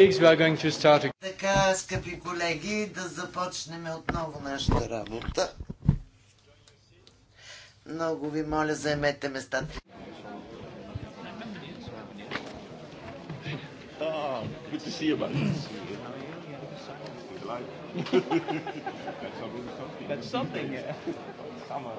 Start... Така, скъпи колеги, да започнем отново нашата работа. Много ви моля, заемете местата. Ah, good to see you, buddy. That's something, yeah. Summer.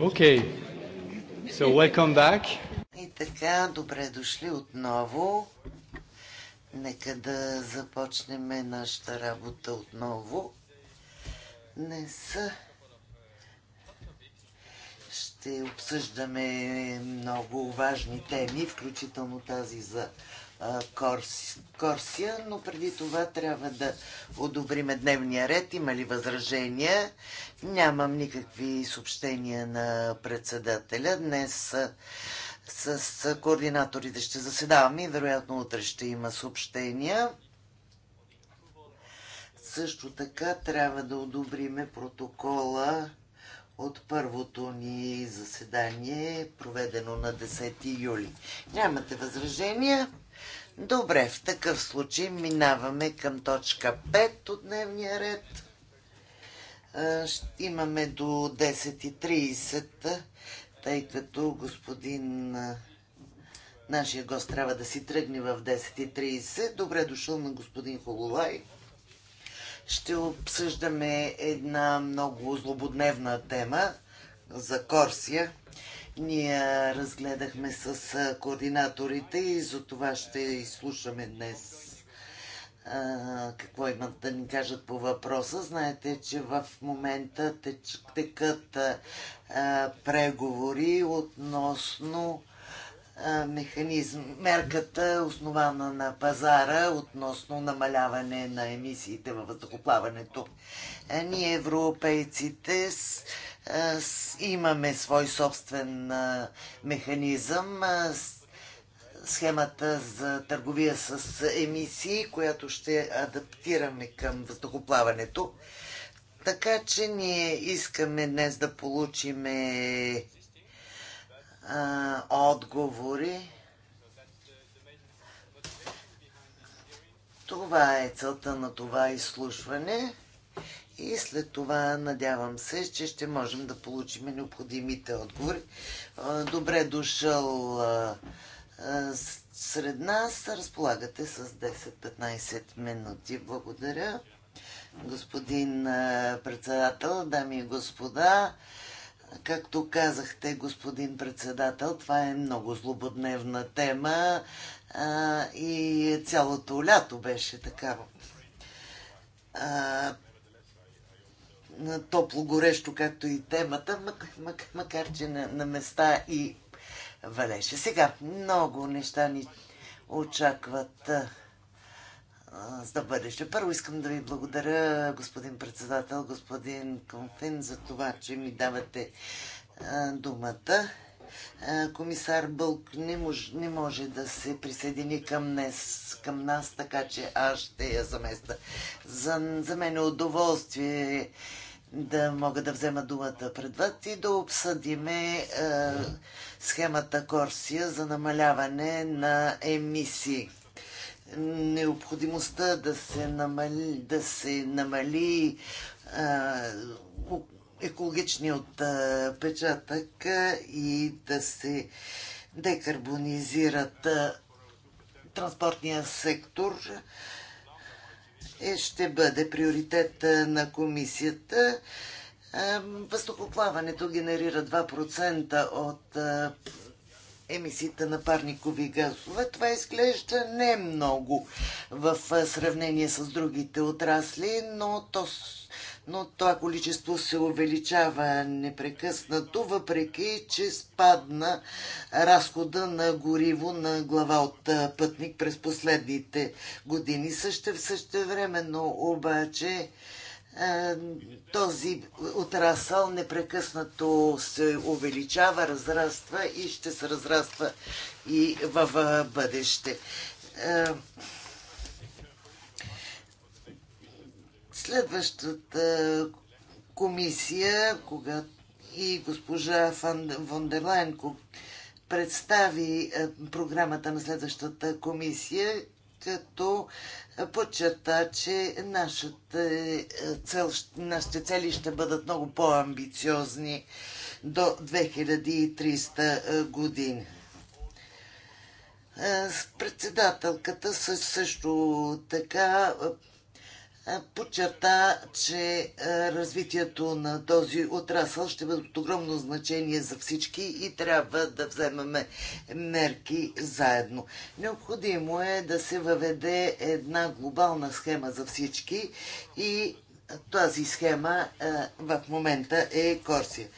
Okay. So welcome back. И така, добре дошли отново. Нека да започнем нашата работа отново. Днес ще обсъждаме много важни теми, включително тази за Корсия, но преди това трябва да одобриме дневния ред. Има ли възражения? Нямам никакви съобщения на председателя. Днес с координаторите ще заседаваме и вероятно утре ще има съобщения. Също така трябва да одобриме протокола от първото ни заседание, проведено на 10 юли. Нямате възражения? Добре, в такъв случай минаваме към точка 5 от дневния ред. Имаме до 10.30, тъй като господин нашия гост трябва да си тръгне в 10.30. Добре дошъл на господин Хололай. Ще обсъждаме една много злободневна тема за Корсия. Ние разгледахме с координаторите и за това ще изслушаме днес какво имат да ни кажат по въпроса. Знаете, че в момента текат преговори относно механизм, мерката, основана на пазара, относно намаляване на емисиите във въздухоплаването. Е, ние, европейците, с, имаме свой собствен механизъм, схемата за търговия с емисии, която ще адаптираме към въздухоплаването. Така че ние искаме днес да получим отговори. Това е целта на това изслушване. И след това надявам се, че ще можем да получим необходимите отговори. Добре дошъл сред нас. Разполагате с 10-15 минути. Благодаря. Господин председател, дами и господа, Както казахте, господин председател, това е много злободневна тема и цялото лято беше такава на топло-горещо, както и темата, макар, макар че на, на места и валеше. Сега много неща ни очакват а, за бъдеще. Първо искам да ви благодаря, господин председател, господин Конфин, за това, че ми давате а, думата. комисар Бълк не може, не може да се присъедини към, днес, към нас, така че аз ще я заместа. За, за мен е удоволствие да мога да взема думата пред вас и да обсъдиме е, схемата Корсия за намаляване на емисии. Необходимостта да се намали, да се намали е, екологичния отпечатък е, е, и да се декарбонизират е, транспортния сектор е, ще бъде приоритет на комисията. Въздухоплаването генерира 2% от емисиите на парникови газове. Това изглежда не много в сравнение с другите отрасли, но то но това количество се увеличава непрекъснато, въпреки че спадна разхода на гориво на глава от пътник през последните години. Също в но обаче този отрасъл непрекъснато се увеличава, разраства и ще се разраства и в бъдеще. следващата комисия, когато и госпожа Фон представи е, програмата на следващата комисия, като подчерта, че нашата е, цел, нашите цели ще бъдат много по-амбициозни до 2300 е, години. Председателката също така подчерта, че развитието на този отрасъл ще бъде от огромно значение за всички и трябва да вземаме мерки заедно. Необходимо е да се въведе една глобална схема за всички и тази схема в момента е Корсия.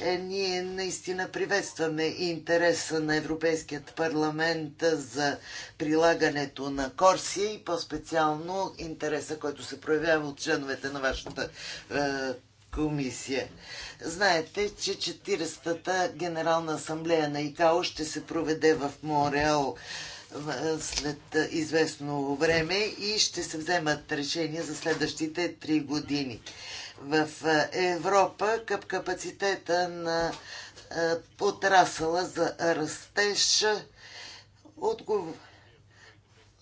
Е, ние наистина приветстваме интереса на Европейският парламент за прилагането на Корсия и по-специално интереса, който се проявява от членовете на вашата комисия. Знаете, че 40-та Генерална асамблея на ИКАО ще се проведе в Мореал след известно време и ще се вземат решения за следващите три години. В е, Европа къп капацитета на е, отрасъла за растеж отговаря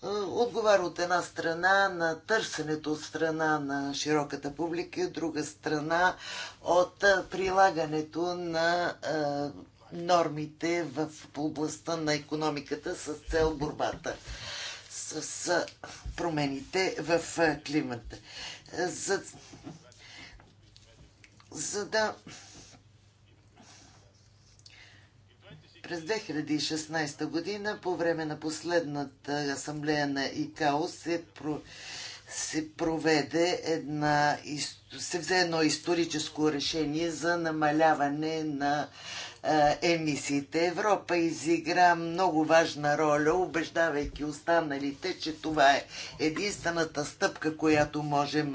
е, отговаря от една страна на търсенето от страна на широката публика, от друга страна от прилагането на нормите в областта на економиката с цел борбата с промените в е, климата. За, за да През 2016 година, по време на последната асамблея на ИКАО, се, про... се проведе една... се взе едно историческо решение за намаляване на е, емисиите. Европа изигра много важна роля, убеждавайки останалите, че това е единствената стъпка, която можем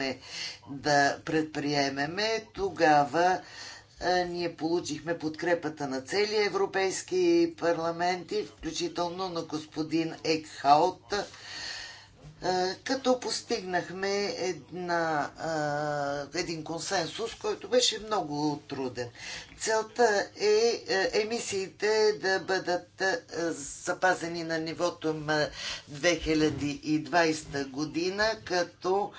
да предприемеме. Тогава е, ние получихме подкрепата на целия Европейски парламент и включително на господин Екхаут като постигнахме една, един консенсус, който беше много труден. Целта е, е емисиите да бъдат запазени на нивото на 2020 година, като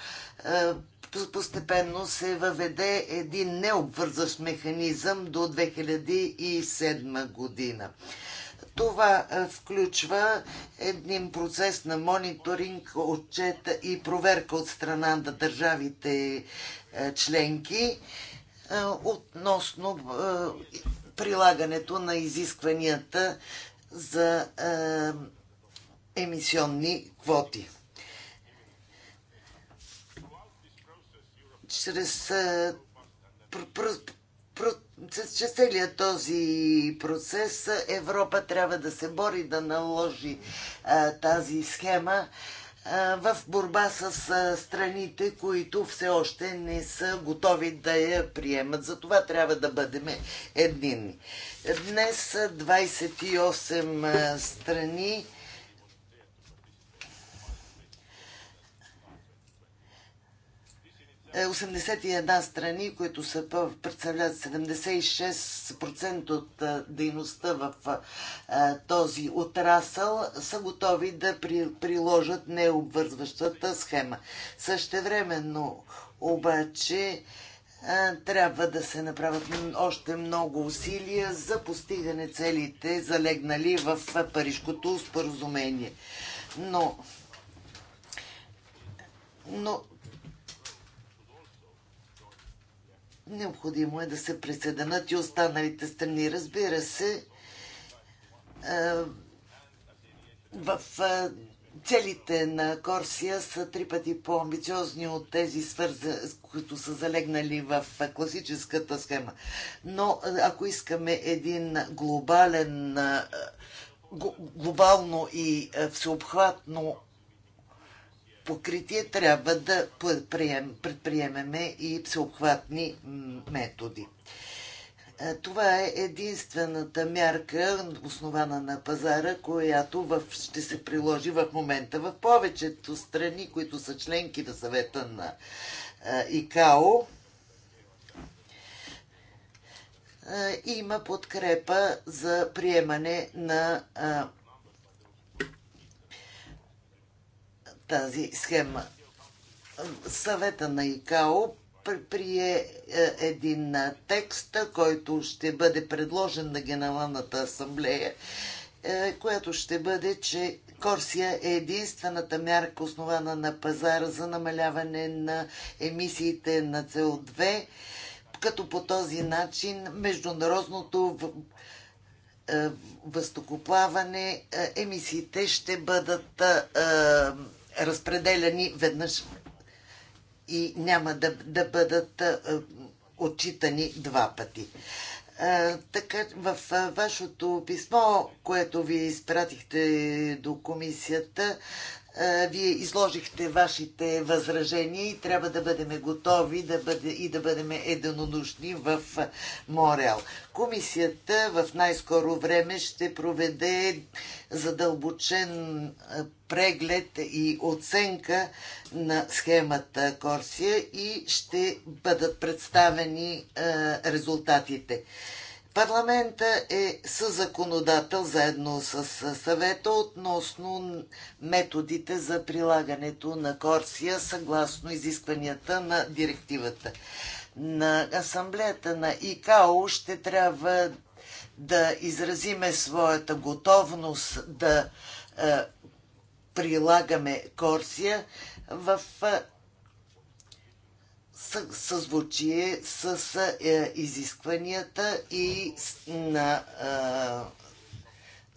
постепенно се въведе един необвързващ механизъм до 2007 година. Това е, включва един процес на мониторинг, отчета и проверка от страна на държавите е, членки е, относно прилагането на изискванията за емисионни квоти. Чрез с целият този процес Европа трябва да се бори да наложи а, тази схема а, в борба с а, страните, които все още не са готови да я приемат. За това трябва да бъдем единни. Днес 28 страни 81 е, страни, които са представляват 76% от е, дейността в е, този отрасъл, са готови да приложат необвързващата схема. Същевременно обаче трябва да се направят още много усилия за постигане целите, залегнали в Парижкото споразумение. Но, но Необходимо е да се присъединят и останалите страни. Разбира се, е, в е, целите на Корсия са три пъти по-амбициозни от тези, свърза, които са залегнали в класическата схема. Но е, ако искаме един глобален, глобално и всеобхватно покритие, трябва да предприемеме и всеобхватни методи. Е, това е единствената мярка, основана на пазара, която в, ще се приложи в момента. В повечето страни, които са членки на съвета на е, ИКАО, е, има подкрепа за приемане на тази схема. Съвета на ИКАО прие е, един текст, който ще бъде предложен на Генералната асамблея, е, която ще бъде, че Корсия е единствената мярка, основана на пазара за намаляване на емисиите на СО2, като по този начин международното е, въздухоплаване емисиите ще бъдат разпределяни веднъж и няма да, да бъдат отчитани два пъти. А, така, в а, вашето писмо, което ви изпратихте до комисията, вие изложихте вашите възражения и трябва да бъдем готови да бъде, и да бъдем единодушни в Мореал. Комисията в най-скоро време ще проведе задълбочен преглед и оценка на схемата Корсия и ще бъдат представени резултатите. Парламента е съзаконодател заедно с съвета относно методите за прилагането на Корсия съгласно изискванията на директивата. На асамблеята на ИКАО ще трябва да изразиме своята готовност да е, прилагаме Корсия в е, съзвучие с е, изискванията и на, е,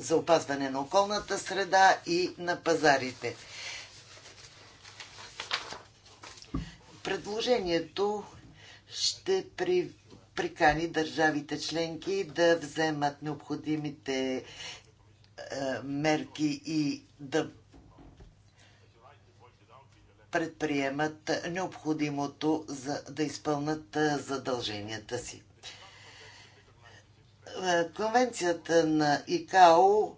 за опазване на околната среда и на пазарите. Предложението ще при, прикани държавите членки да вземат необходимите е, мерки и да предприемат необходимото за да изпълнат задълженията си. Конвенцията на ИКАО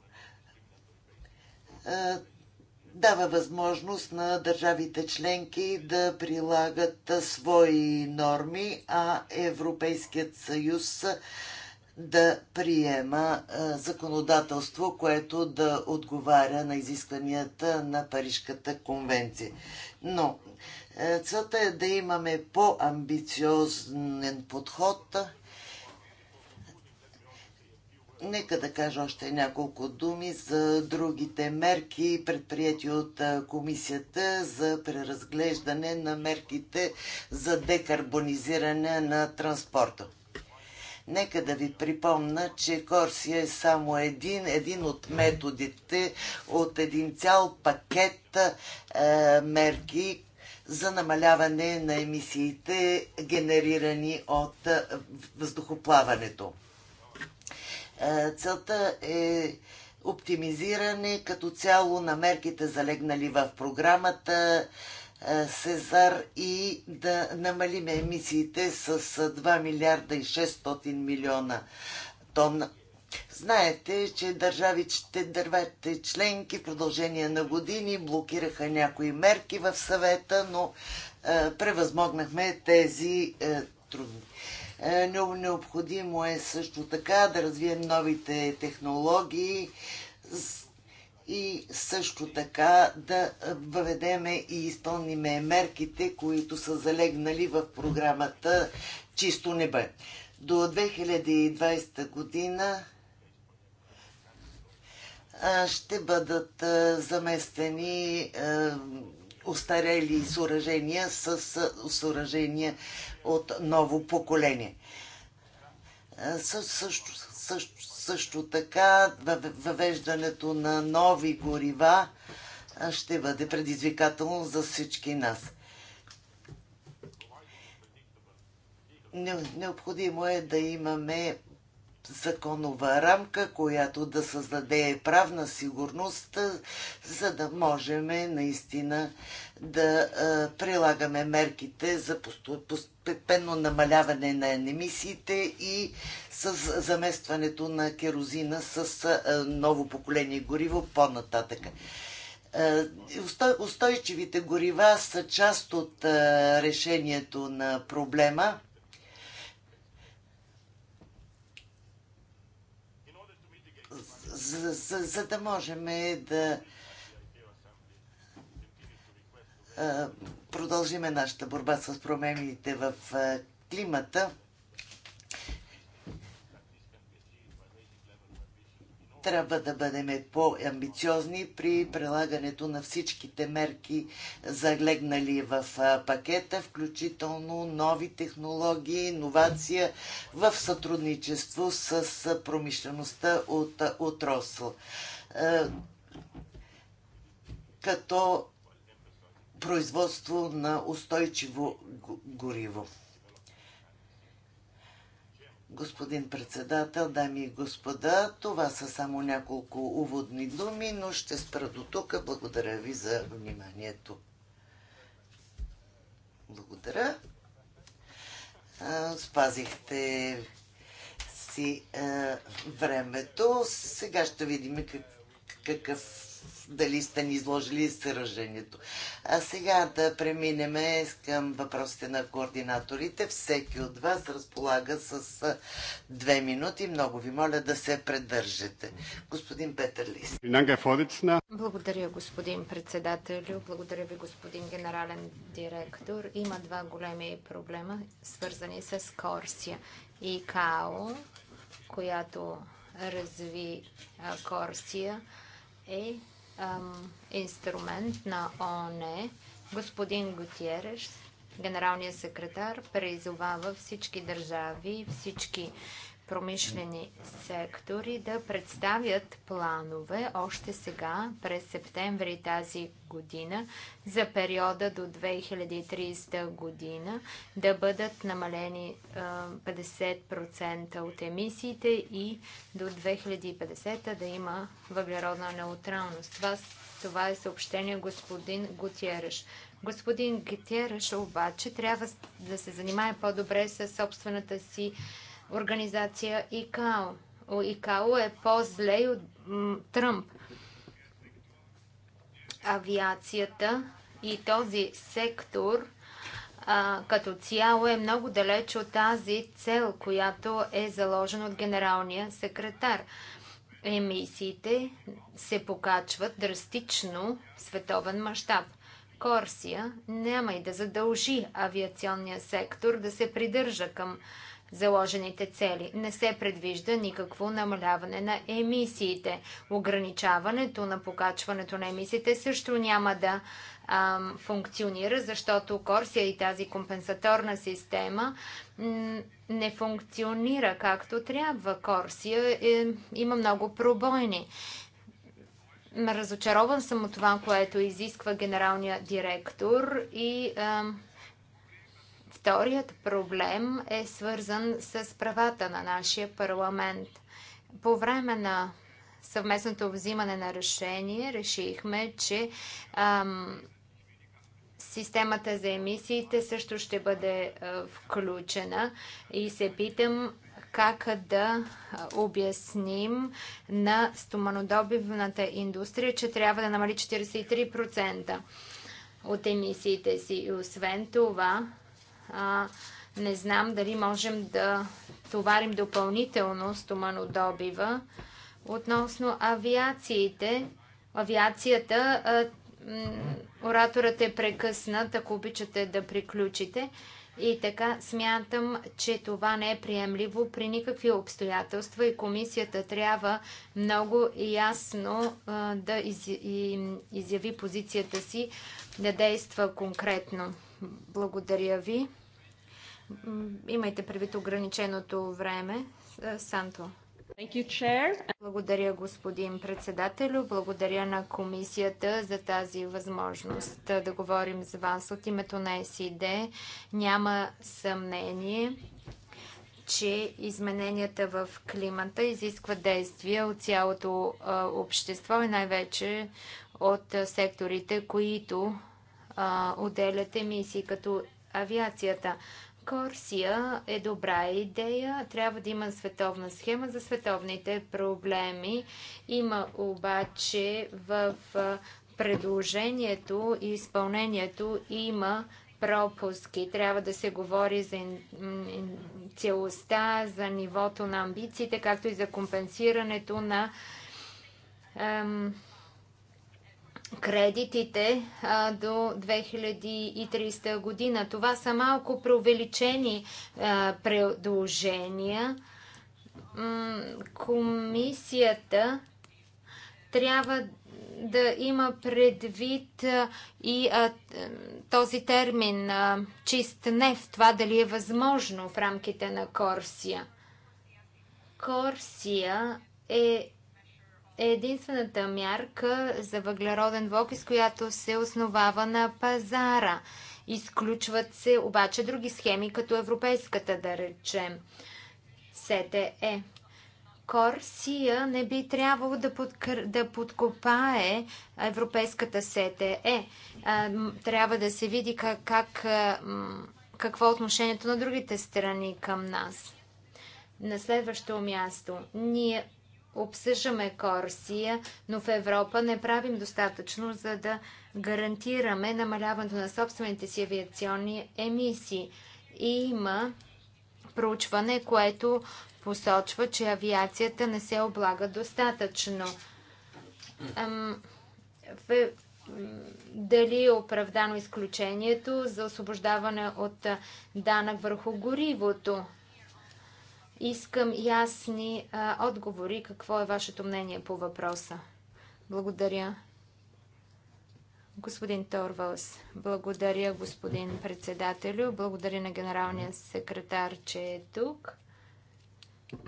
дава възможност на държавите членки да прилагат свои норми, а Европейският съюз да приема законодателство, което да отговаря на изискванията на Парижката конвенция. Но е, целта е да имаме по-амбициозен подход. Нека да кажа още няколко думи за другите мерки, предприяти от е, комисията за преразглеждане на мерките за декарбонизиране на транспорта. Нека да ви припомна, че Корсия е само един, един от методите от един цял пакет е, мерки за намаляване на емисиите, генерирани от е, въздухоплаването. Е, целта е оптимизиране като цяло на мерките залегнали в програмата, е, Сезар и да намалим емисиите с 2 е, милиарда и 600 милиона тонна. Знаете, че държавите, дървете членки в продължение на години блокираха някои мерки в съвета, но е, превъзмогнахме тези е, трудни. Е, необходимо е също така да развием новите технологии, и също така да въведеме и изпълниме мерките, които са залегнали в програмата Чисто небе. До 2020 година ще бъдат заместени устарели съоръжения с съоръжения от ново поколение. Също, също, също така въвеждането на нови горива ще бъде предизвикателно за всички нас. Необходимо е да имаме законова рамка, която да създаде правна сигурност, за да можем наистина да прилагаме мерките за постепенно намаляване на емисиите и с заместването на керозина с ново поколение гориво по-нататък. Устойчивите горива са част от решението на проблема. За, за, за да можем да продължиме нашата борба с промените в климата, трябва да бъдем по-амбициозни при прилагането на всичките мерки, заглегнали в пакета, включително нови технологии, иновация в сътрудничество с промишлеността от отрасъл. Като производство на устойчиво гориво. Господин председател, дами и господа, това са само няколко уводни думи, но ще спра до тук. Благодаря ви за вниманието. Благодаря. Спазихте си времето. Сега ще видим какъв дали сте ни изложили съражението. А сега да преминем към въпросите на координаторите. Всеки от вас разполага с две минути. Много ви моля да се предържете. Господин Петър Лис. Благодаря, господин председателю. Благодаря ви, господин генерален директор. Има два големи проблема, свързани с Корсия и КАО, която разви Корсия е инструмент на ООН. Господин Готиереш, генералният секретар, призовава всички държави, всички промишлени сектори да представят планове още сега, през септември тази година, за периода до 2030 година да бъдат намалени 50% от емисиите и до 2050 да има въглеродна неутралност. Това, това е съобщение господин Гутиереш. Господин Гетереш обаче трябва да се занимае по-добре с собствената си организация ИКАО. ИКАО е по-зле от Тръмп. Авиацията и този сектор а, като цяло е много далеч от тази цел, която е заложена от генералния секретар. Емисиите се покачват драстично в световен мащаб. Корсия няма и да задължи авиационния сектор да се придържа към заложените цели. Не се предвижда никакво намаляване на емисиите. Ограничаването на покачването на емисиите също няма да ам, функционира, защото Корсия и тази компенсаторна система не функционира както трябва. Корсия е, има много пробойни. Разочарован съм от това, което изисква генералния директор и ам, Вторият проблем е свързан с правата на нашия парламент. По време на съвместното взимане на решение решихме, че ам, системата за емисиите също ще бъде а, включена и се питам как да обясним на стоманодобивната индустрия, че трябва да намали 43% от емисиите си. И освен това, не знам дали можем да товарим допълнително стоманодобива. Относно авиациите, авиацията, ораторът е прекъснат, ако обичате да приключите. И така смятам, че това не е приемливо при никакви обстоятелства и комисията трябва много ясно а, да из, и, изяви позицията си, да действа конкретно. Благодаря ви имайте предвид ограниченото време. Е, Санто. Благодаря, господин председател, Благодаря на комисията за тази възможност да говорим с вас от името на СИД. Няма съмнение, че измененията в климата изискват действия от цялото е, общество и най-вече от секторите, които е, отделят емисии, като авиацията. Корсия е добра идея. Трябва да има световна схема за световните проблеми. Има обаче в предложението и изпълнението има пропуски. Трябва да се говори за целостта, за нивото на амбициите, както и за компенсирането на кредитите а, до 2030 година. Това са малко преувеличени а, предложения. М комисията трябва да има предвид и а, този термин а, чист нефт, това дали е възможно в рамките на Корсия. Корсия е е единствената мярка за въглероден двокис, която се основава на пазара. Изключват се обаче други схеми, като европейската, да речем. СТЕ. Корсия не би трябвало да, подкр... да подкопае европейската СТЕ. Трябва да се види как, как, какво е отношението на другите страни към нас. На следващо място, ние обсъждаме Корсия, но в Европа не правим достатъчно, за да гарантираме намаляването на собствените си авиационни емисии. И има проучване, което посочва, че авиацията не се облага достатъчно. Ам, в, дали е оправдано изключението за освобождаване от данък върху горивото? Искам ясни а, отговори. Какво е вашето мнение по въпроса? Благодаря. Господин Торвалс, благодаря господин председателю, благодаря на генералния секретар, че е тук.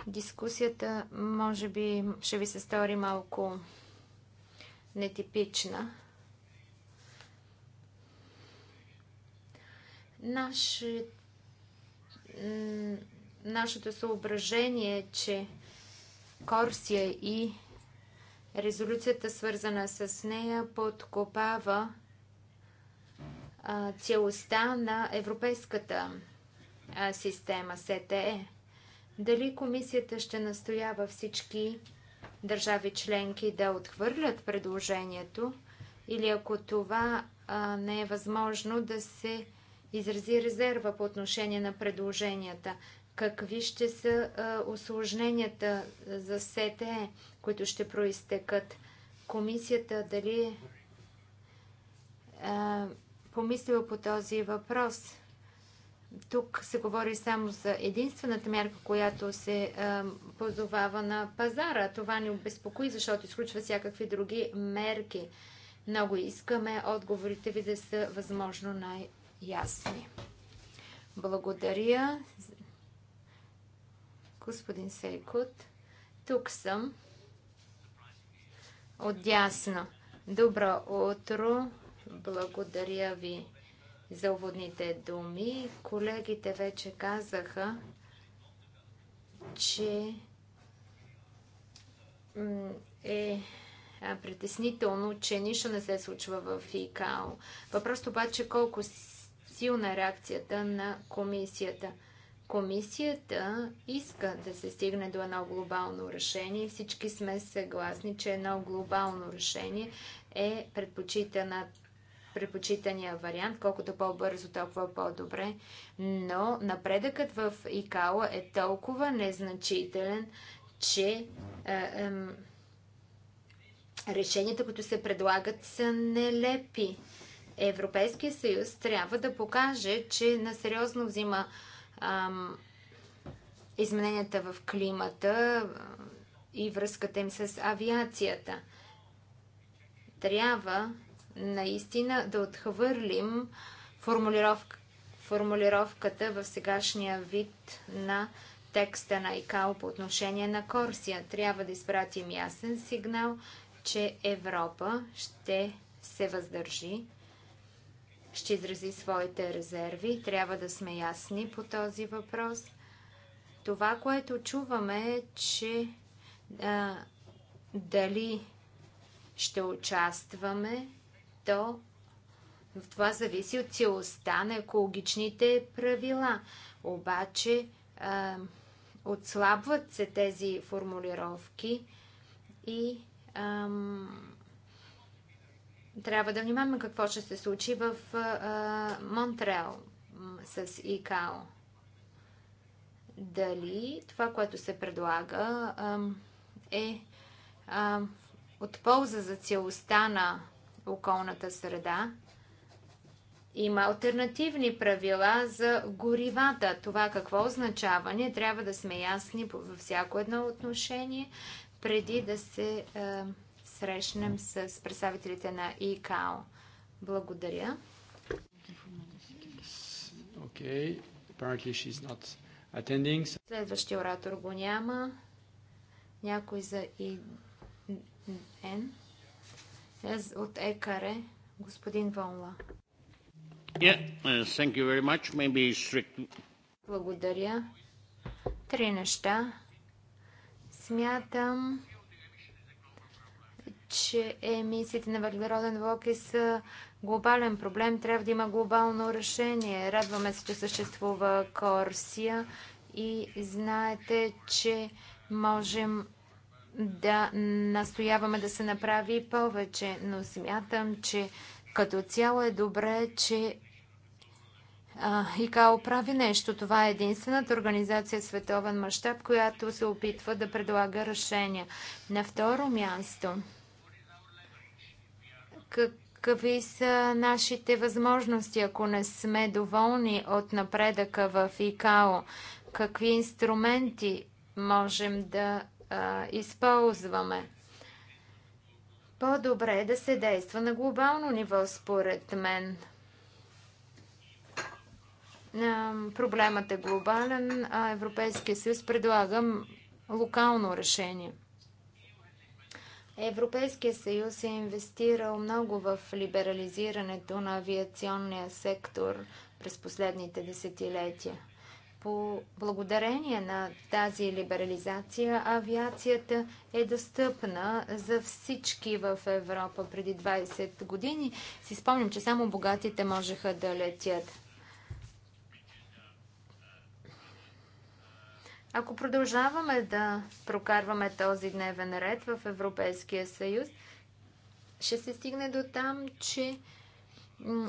Дискусията може би ще ви се стори малко нетипична. Наши нашето съображение, че Корсия и резолюцията свързана с нея подкопава целостта на европейската система СТЕ. Дали комисията ще настоява всички държави членки да отхвърлят предложението или ако това а, не е възможно да се изрази резерва по отношение на предложенията какви ще са а, осложненията за СТЕ, които ще проистекат. Комисията дали а, помислила по този въпрос? Тук се говори само за единствената мярка, която се е, позовава на пазара. Това ни обезпокои, защото изключва всякакви други мерки. Много искаме отговорите ви да са възможно най-ясни. Благодаря Господин Сейкот, тук съм. отясно. Добро утро. Благодаря ви за уводните думи. Колегите вече казаха, че е притеснително, че нищо не се случва в ИКАО. Въпрос обаче е колко силна е реакцията на комисията – Комисията иска да се стигне до едно глобално решение. Всички сме съгласни, че едно глобално решение е предпочитания вариант, колкото по-бързо, толкова по-добре. Но напредъкът в ИКАЛА е толкова незначителен, че е, е, решенията, които се предлагат, са нелепи. Европейския съюз трябва да покаже, че на сериозно взима измененията в климата и връзката им с авиацията. Трябва наистина да отхвърлим формулировка, формулировката в сегашния вид на текста на ИКАО по отношение на Корсия. Трябва да изпратим ясен сигнал, че Европа ще се въздържи ще изрази своите резерви. Трябва да сме ясни по този въпрос. Това, което чуваме е, че а, дали ще участваме, то в това зависи от целостта на екологичните правила. Обаче а, отслабват се тези формулировки и ам, трябва да внимаваме какво ще се случи в Монтреал с ИКАО. Дали това, което се предлага, е от полза за целостта на околната среда. Има альтернативни правила за горивата. Това какво означава? Ние трябва да сме ясни във всяко едно отношение, преди да се е, срещнем с представителите на ИКАО. Благодаря. Okay. Apparently she's not attending. Следващия оратор го няма. Някой за ИН. От ЕКАРЕ, господин Вонла. Yeah, uh, thank you very much. Maybe strict... Благодаря. Три неща. Смятам, че емисиите на въглероден двуокис са глобален проблем. Трябва да има глобално решение. Радваме се, че съществува Корсия и знаете, че можем да настояваме да се направи повече, но смятам, че като цяло е добре, че а, ИКАО прави нещо. Това е единствената организация световен мащаб, която се опитва да предлага решения. На второ място – какви са нашите възможности, ако не сме доволни от напредъка в ИКАО? Какви инструменти можем да а, използваме? По-добре е да се действа на глобално ниво, според мен. проблемът е глобален, а Европейския съюз предлага локално решение. Европейския съюз е инвестирал много в либерализирането на авиационния сектор през последните десетилетия. По благодарение на тази либерализация авиацията е достъпна за всички в Европа преди 20 години. Си спомням, че само богатите можеха да летят. Ако продължаваме да прокарваме този дневен ред в Европейския съюз, ще се стигне до там, че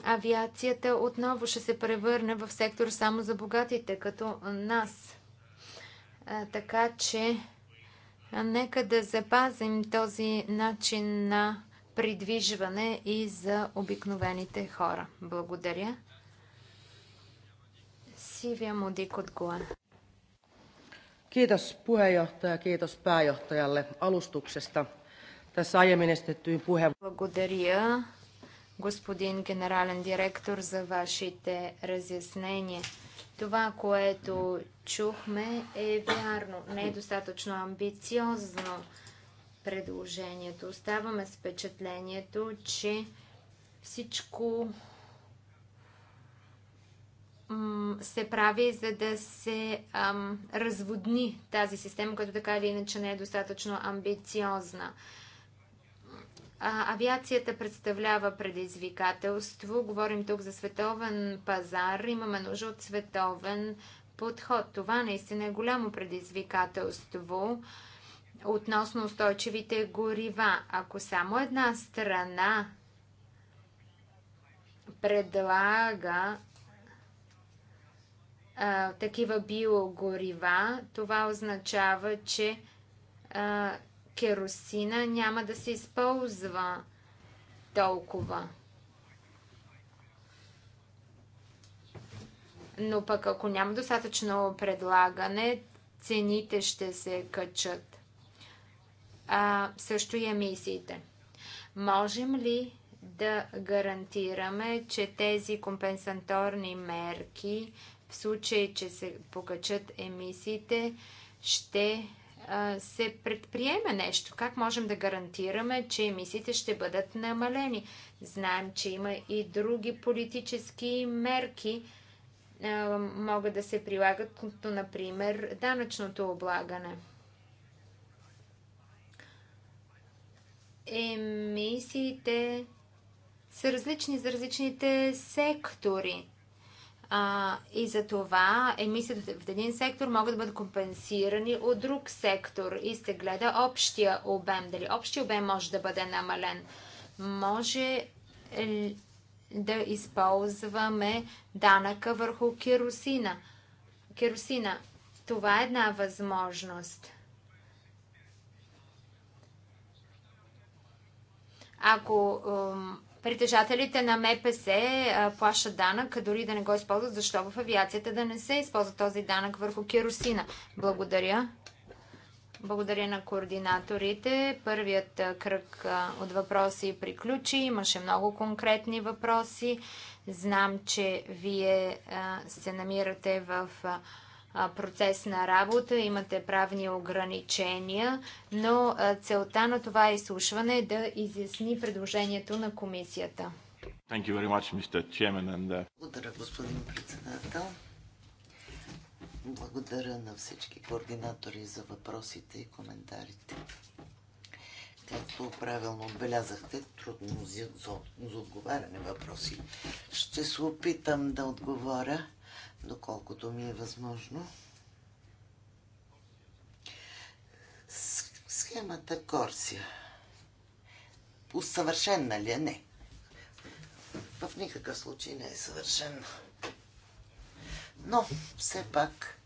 авиацията отново ще се превърне в сектор само за богатите, като нас. Така че нека да запазим този начин на придвижване и за обикновените хора. Благодаря. Сивия Модик от Гоа. Kiitos puheenjohtaja, kiitos pääjohtajalle alustuksesta. Tässä aiemmin esitettyihin puheenvuoroihin. господин генерален директор, за вашите разяснения. Това, което чухме, е вярно. Не е достатъчно амбициозно предложението. Оставаме с впечатлението, че всичко се прави, за да се ам, разводни тази система, която така или иначе не е достатъчно амбициозна. А, авиацията представлява предизвикателство. Говорим тук за световен пазар. Имаме нужда от световен подход. Това наистина е голямо предизвикателство относно устойчивите горива. Ако само една страна предлага а, такива биогорива, това означава, че а, керосина няма да се използва толкова. Но пък ако няма достатъчно предлагане, цените ще се качат. А, също и емисиите. Можем ли да гарантираме, че тези компенсаторни мерки в случай, че се покачат емисиите, ще се предприеме нещо. Как можем да гарантираме, че емисиите ще бъдат намалени? Знаем, че има и други политически мерки, могат да се прилагат, като например данъчното облагане. Емисиите са различни за различните сектори. А, и за това емисиите в един сектор могат да бъдат компенсирани от друг сектор и се гледа общия обем. Дали общия обем може да бъде намален? Може да използваме данъка върху керосина. Керосина. Това е една възможност. Ако Притежателите на МПС плащат данък, дори да не го използват, защо в авиацията да не се използва този данък върху керосина. Благодаря. Благодаря на координаторите. Първият кръг от въпроси приключи. Имаше много конкретни въпроси. Знам, че вие се намирате в процес на работа, имате правни ограничения, но целта на това изслушване е да изясни предложението на комисията. Uh, Благодаря, господин председател. Благодаря на всички координатори за въпросите и коментарите. Както правилно отбелязахте, трудно за, за, за отговаряне въпроси. Ще се опитам да отговоря доколкото ми е възможно. Схемата Корсия. Усъвършенна ли е? Не. В никакъв случай не е съвършенна. Но, все пак,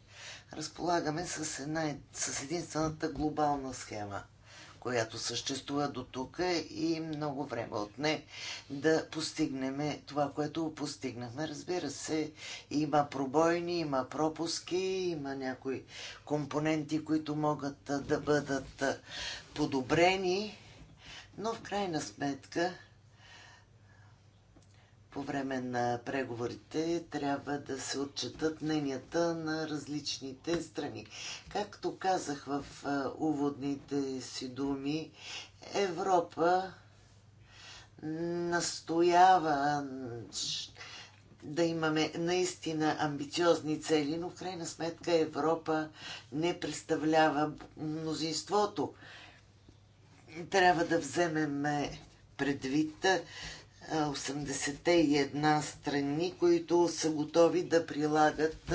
разполагаме с, една, с единствената глобална схема – която съществува до тук и много време отне да постигнем това, което постигнахме. Разбира се, има пробойни, има пропуски, има някои компоненти, които могат да бъдат подобрени, но в крайна сметка по време на преговорите трябва да се отчетат мненията на различните страни. Както казах в уводните си думи, Европа настоява да имаме наистина амбициозни цели, но в крайна сметка Европа не представлява мнозинството. Трябва да вземем предвид 81 страни, които са готови да прилагат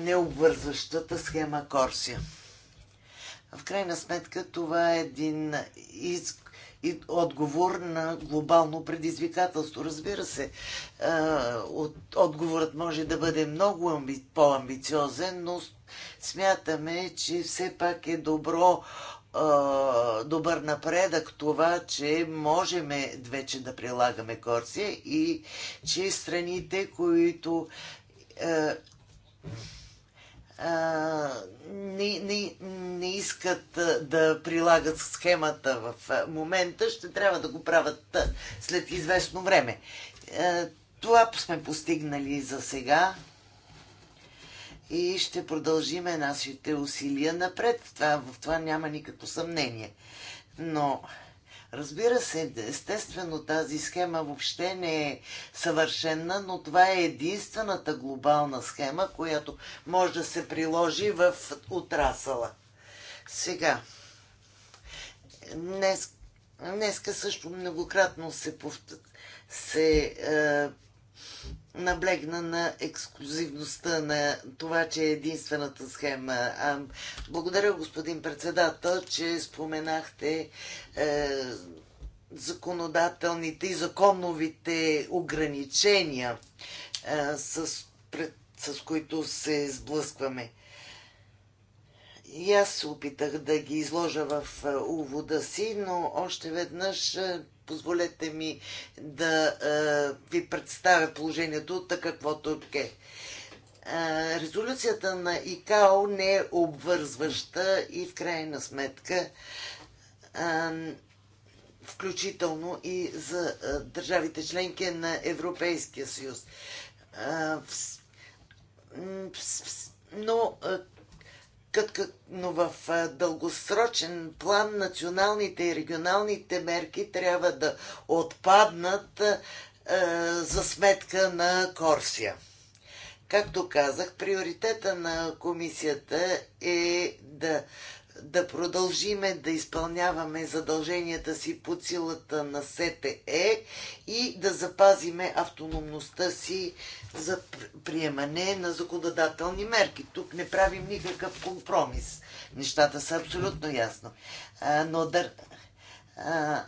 необвързващата схема Корсия. В крайна сметка това е един из... отговор на глобално предизвикателство. Разбира се, от... отговорът може да бъде много амби... по-амбициозен, но смятаме, че все пак е добро добър напредък това, че можем вече да прилагаме Корсия и че страните, които е, е, не, не, не искат да прилагат схемата в момента, ще трябва да го правят след известно време. Е, това сме постигнали за сега и ще продължиме нашите усилия напред. В това, в това няма никакво съмнение. Но Разбира се, естествено тази схема въобще не е съвършена, но това е единствената глобална схема, която може да се приложи в отрасала. Сега, днес, днеска също многократно се, повтър, се е, наблегна на ексклюзивността на това, че е единствената схема. Благодаря, господин председател, че споменахте е, законодателните и законовите ограничения, е, с, пред, с които се сблъскваме. И аз се опитах да ги изложа в е, увода си, но още веднъж е, позволете ми да а, ви представя положението така каквото е. е. резолюцията на ИКАО не е обвързваща и в крайна сметка а, включително и за а, държавите членки на Европейския съюз. А, в, в, в, но Кът, кът, но в дългосрочен план националните и регионалните мерки трябва да отпаднат за сметка на Корсия. Както казах, приоритета на комисията е да да продължиме да изпълняваме задълженията си по силата на СТЕ и да запазиме автономността си за приемане на законодателни мерки. Тук не правим никакъв компромис. Нещата са абсолютно ясно. А, но да, а,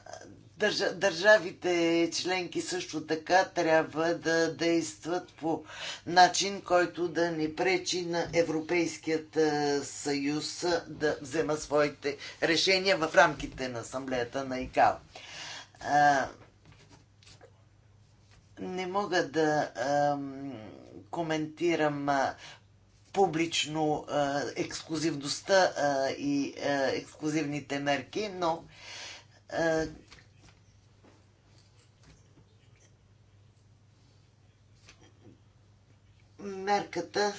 държавите членки също така трябва да действат по начин, който да не пречи на Европейският е, съюз е, да взема своите решения в рамките на асамблеята на ИКАО. Не мога да коментирам публично ексклюзивността и ексклюзивните мерки, но мерката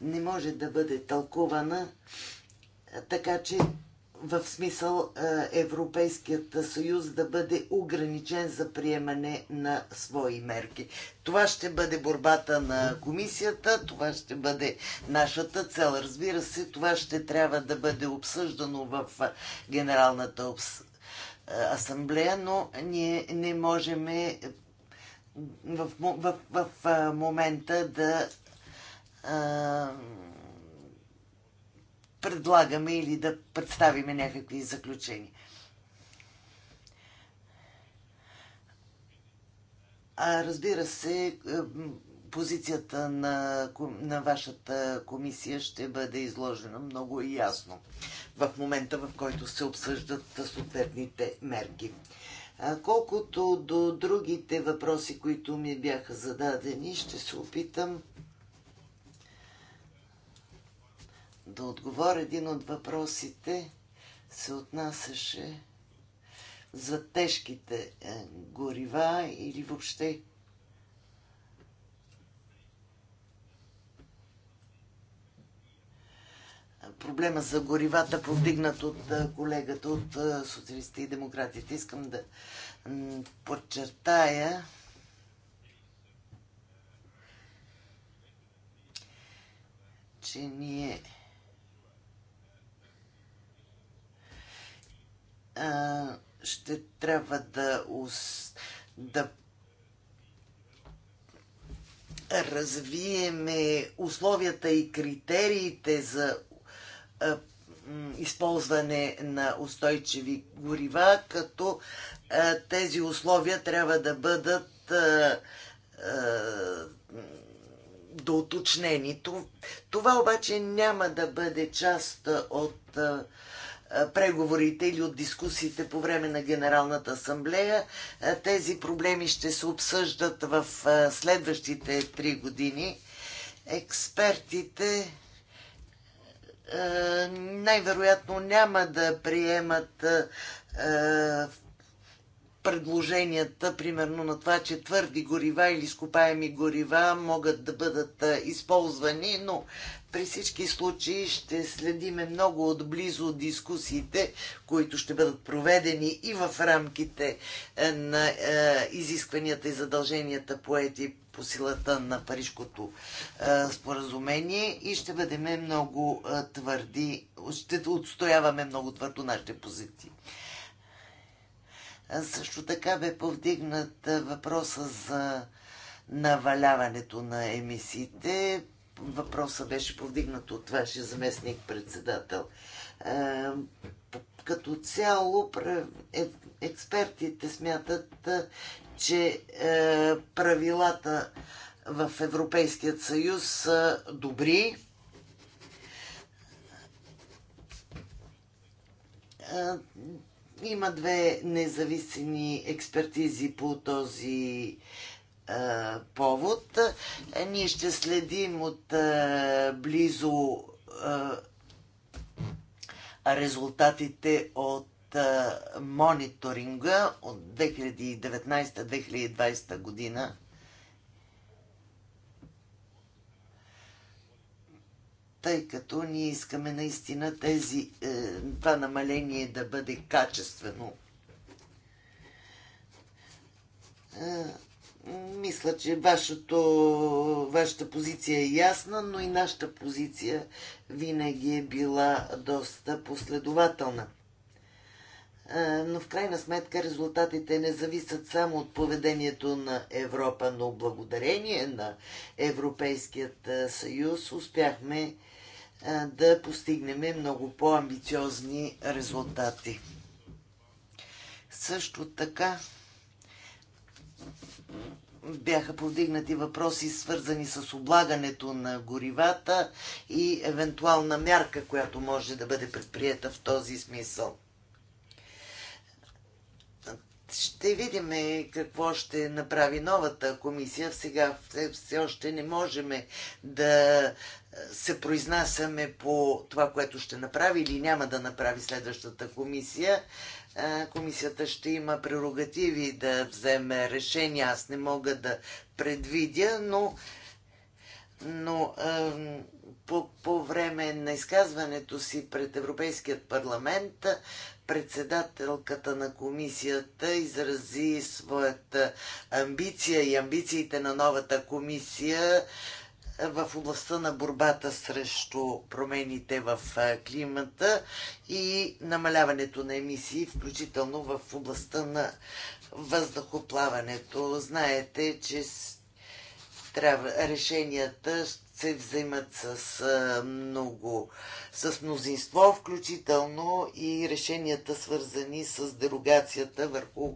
не може да бъде тълкувана така, че в смисъл Европейският съюз да бъде ограничен за приемане на свои мерки. Това ще бъде борбата на комисията, това ще бъде нашата цел. Разбира се, това ще трябва да бъде обсъждано в Генералната асамблея, но ние не можем в, в, в, в момента да а, предлагаме или да представиме някакви заключения. А разбира се, позицията на, на вашата комисия ще бъде изложена много ясно в момента, в който се обсъждат съответните мерки. Колкото до другите въпроси, които ми бяха зададени, ще се опитам да отговоря. Един от въпросите се отнасяше за тежките е, горива или въобще проблема за горивата, повдигнат от колегата от социалистите и демократите. Искам да подчертая, че ние ще трябва да, да развиеме условията и критериите за използване на устойчиви горива, като тези условия трябва да бъдат доуточнени. Това обаче няма да бъде част от преговорите или от дискусиите по време на Генералната асамблея. Тези проблеми ще се обсъждат в следващите три години. Експертите е, най-вероятно няма да приемат е, е, предложенията, примерно на това, че твърди горива или изкопаеми горива могат да бъдат използвани, но при всички случаи ще следиме много отблизо дискусиите, които ще бъдат проведени и в рамките на изискванията и задълженията поети по силата на Парижкото споразумение и ще бъдем много твърди, ще отстояваме много твърдо нашите позиции. Също така бе повдигнат въпроса за наваляването на емисиите. Въпросът беше повдигнат от вашия заместник председател. Като цяло е- експертите смятат, че е, правилата в Европейският съюз са добри. Е, има две независими експертизи по този е, повод. Е, ние ще следим от е, близо е, резултатите от мониторинга от 2019-2020 година тъй като ние искаме наистина тези, е, това намаление да бъде качествено. Е, мисля, че вашето, вашата позиция е ясна, но и нашата позиция винаги е била доста последователна но в крайна сметка резултатите не зависят само от поведението на Европа, но благодарение на Европейският съюз успяхме да постигнем много по-амбициозни резултати. Също така бяха повдигнати въпроси, свързани с облагането на горивата и евентуална мярка, която може да бъде предприета в този смисъл ще видим е, какво ще направи новата комисия. Сега все още не можем е, да е, се произнасяме по това, което ще направи или няма да направи следващата комисия. Комисията ще има прерогативи да вземе решение. Аз не мога да предвидя, но, но по, по време на изказването си пред Европейският парламент председателката на комисията изрази своята амбиция и амбициите на новата комисия в областта на борбата срещу промените в климата и намаляването на емисии, включително в областта на въздухоплаването. Знаете, че трябва решенията се взимат с много, с мнозинство, включително и решенията свързани с дерогацията върху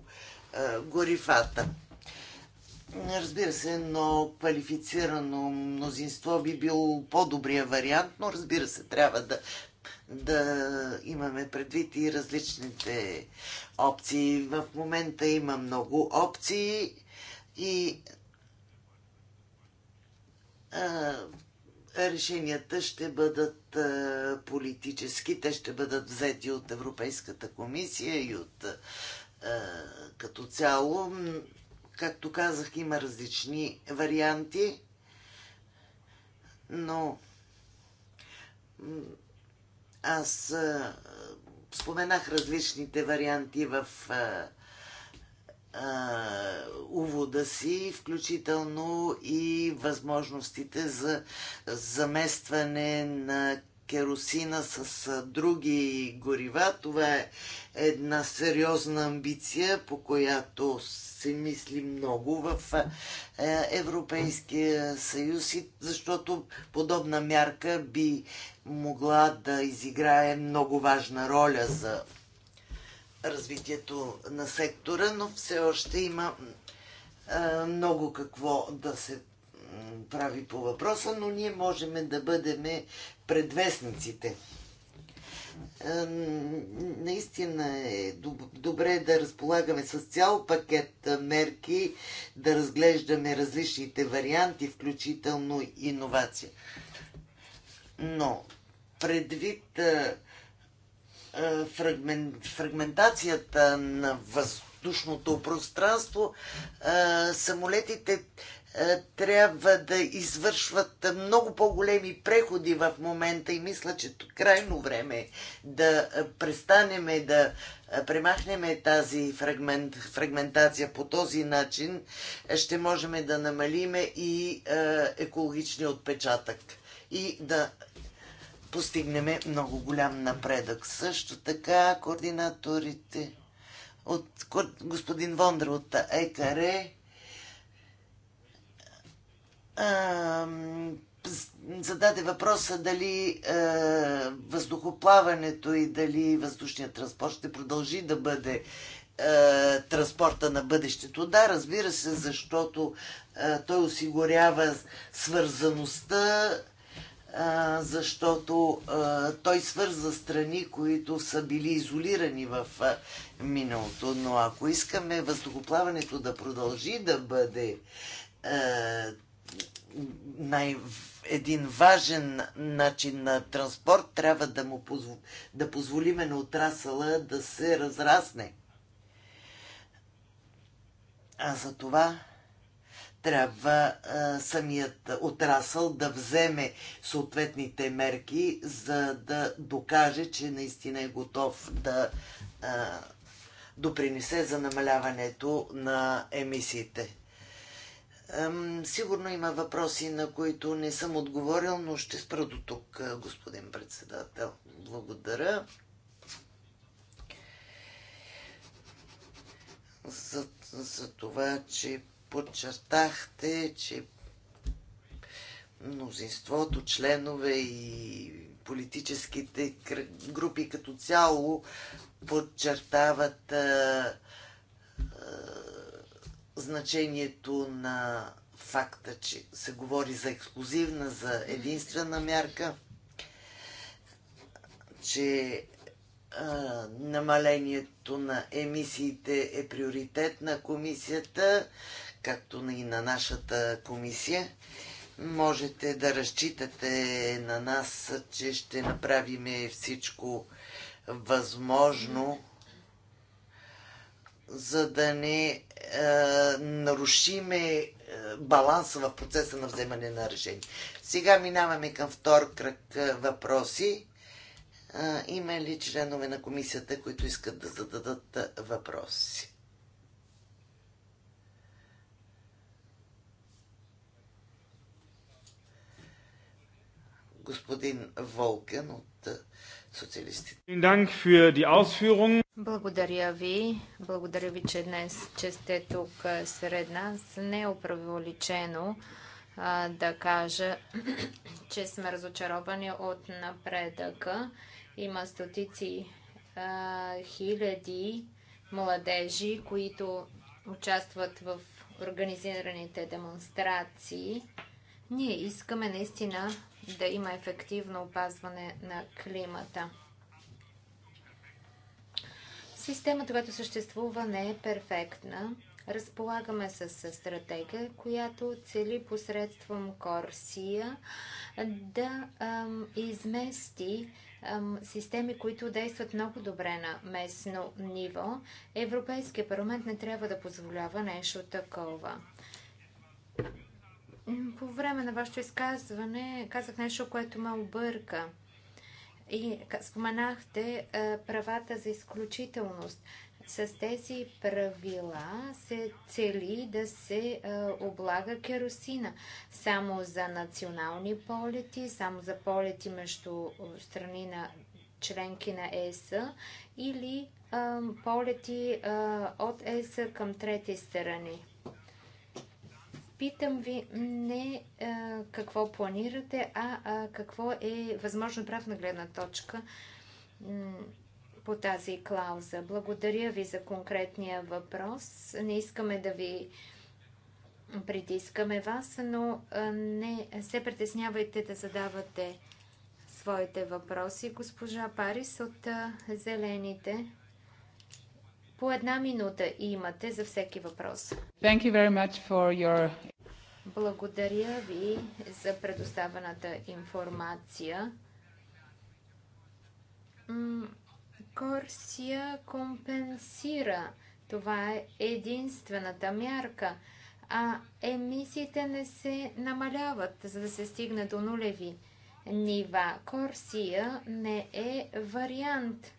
горифата. Разбира се, но квалифицирано мнозинство би бил по-добрия вариант, но разбира се, трябва да, да имаме предвид и различните опции. В момента има много опции и решенията ще бъдат политически, те ще бъдат взети от Европейската комисия и от като цяло. Както казах, има различни варианти, но аз споменах различните варианти в увода си, включително и възможностите за заместване на керосина с други горива. Това е една сериозна амбиция, по която се мисли много в е, Европейския съюз, защото подобна мярка би могла да изиграе много важна роля за развитието на сектора, но все още има много какво да се прави по въпроса, но ние можем да бъдем предвестниците. Наистина е добре да разполагаме с цял пакет мерки, да разглеждаме различните варианти, включително иновация. Но предвид е, фрагмент, фрагментацията на въздушното пространство, е, самолетите е, трябва да извършват много по-големи преходи в момента и мисля, че крайно време е да престанеме да премахнем тази фрагмент, фрагментация по този начин, ще можем да намалиме и екологичния отпечатък и да постигнем много голям напредък. Също така координаторите от господин Вондра от ЕКАРЕ зададе въпроса дали е, въздухоплаването и дали въздушният транспорт ще продължи да бъде е, транспорта на бъдещето. Да, разбира се, защото е, той осигурява свързаността, защото той свърза страни, които са били изолирани в миналото. Но ако искаме въздухоплаването да продължи да бъде най- един важен начин на транспорт, трябва да, му позв... да позволиме на отрасъла да се разрасне. А за това трябва а, самият отрасъл да вземе съответните мерки, за да докаже, че наистина е готов да а, допринесе за намаляването на емисиите. Ам, сигурно има въпроси, на които не съм отговорил, но ще спра до тук, господин председател. Благодаря. За, за това, че подчертахте, че мнозинството, членове и политическите групи като цяло подчертават а, а, значението на факта, че се говори за ексклюзивна, за единствена мярка, че а, намалението на емисиите е приоритет на комисията както и на нашата комисия. Можете да разчитате на нас, че ще направим всичко възможно, за да не е, нарушиме е, баланса в процеса на вземане на решение. Сега минаваме към втор кръг е, въпроси. Е, има ли членове на комисията, които искат да зададат въпроси? господин Волкен от социалистите. Благодаря ви. Благодаря ви, че днес че сте тук сред нас. Не е оправоличено да кажа, че сме разочаровани от напредъка. Има стотици хиляди младежи, които участват в организираните демонстрации. Ние искаме наистина да има ефективно опазване на климата. Системата, която съществува, не е перфектна. Разполагаме с стратегия, която цели посредством Корсия да ам, измести ам, системи, които действат много добре на местно ниво. Европейския парламент не трябва да позволява нещо такова. По време на вашето изказване казах нещо, което ме обърка. И споменахте е, правата за изключителност. С тези правила се цели да се е, облага керосина само за национални полети, само за полети между е, страни на членки на ЕС или полети от ЕС към трети страни. Питам ви не а, какво планирате, а, а какво е възможно правна гледна точка по тази клауза. Благодаря ви за конкретния въпрос. Не искаме да ви притискаме вас, но не се притеснявайте да задавате своите въпроси. Госпожа Парис от Зелените. По една минута имате за всеки въпрос. Thank you very much for your... Благодаря ви за предоставената информация. Корсия компенсира. Това е единствената мярка. А емисиите не се намаляват, за да се стигне до нулеви нива. Корсия не е вариант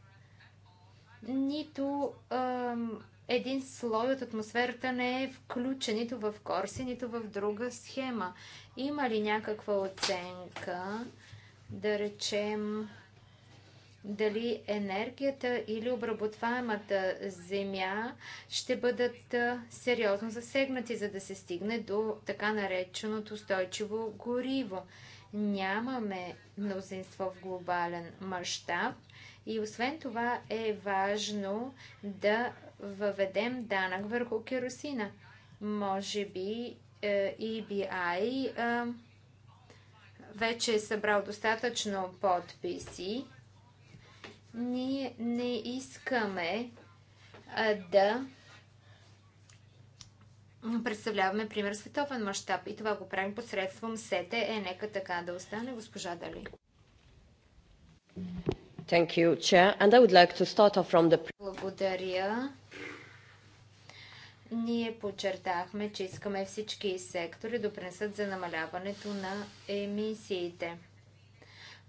нито ам, един слой от атмосферата не е включен нито в Корси, нито в друга схема. Има ли някаква оценка, да речем, дали енергията или обработваемата земя ще бъдат сериозно засегнати, за да се стигне до така нареченото устойчиво гориво. Нямаме мнозинство в глобален мащаб и освен това е важно да въведем данък върху керосина. Може би е, EBI е, вече е събрал достатъчно подписи. Ние не искаме е, да представляваме пример световен мащаб и това го правим посредством сете. Е, нека така да остане госпожа Дали. Благодаря. Ние подчертахме, че искаме всички сектори да принесат за намаляването на емисиите.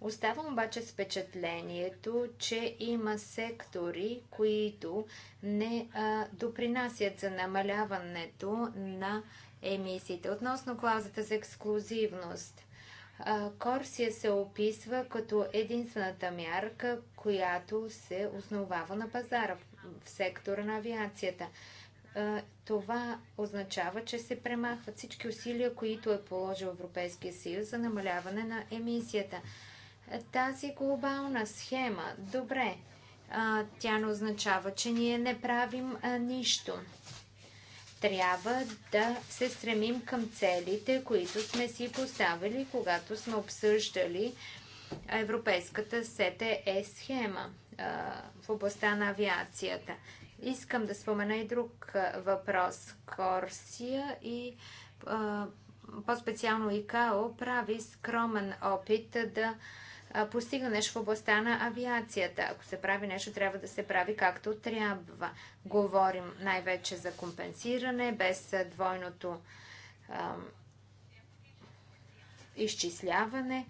Оставам обаче с впечатлението, че има сектори, които не а, допринасят за намаляването на емисиите. Относно клаузата за ексклюзивност, Корсия се описва като единствената мярка, която се основава на пазара в сектора на авиацията. Това означава, че се премахват всички усилия, които е положил Европейския съюз за намаляване на емисията. Тази глобална схема, добре, тя не означава, че ние не правим нищо трябва да се стремим към целите, които сме си поставили, когато сме обсъждали европейската СТЕ схема в областта на авиацията. Искам да спомена и друг въпрос. Корсия и по-специално ИКАО прави скромен опит да постига нещо в областта на авиацията. Ако се прави нещо, трябва да се прави както трябва. Говорим най-вече за компенсиране, без двойното изчисляване.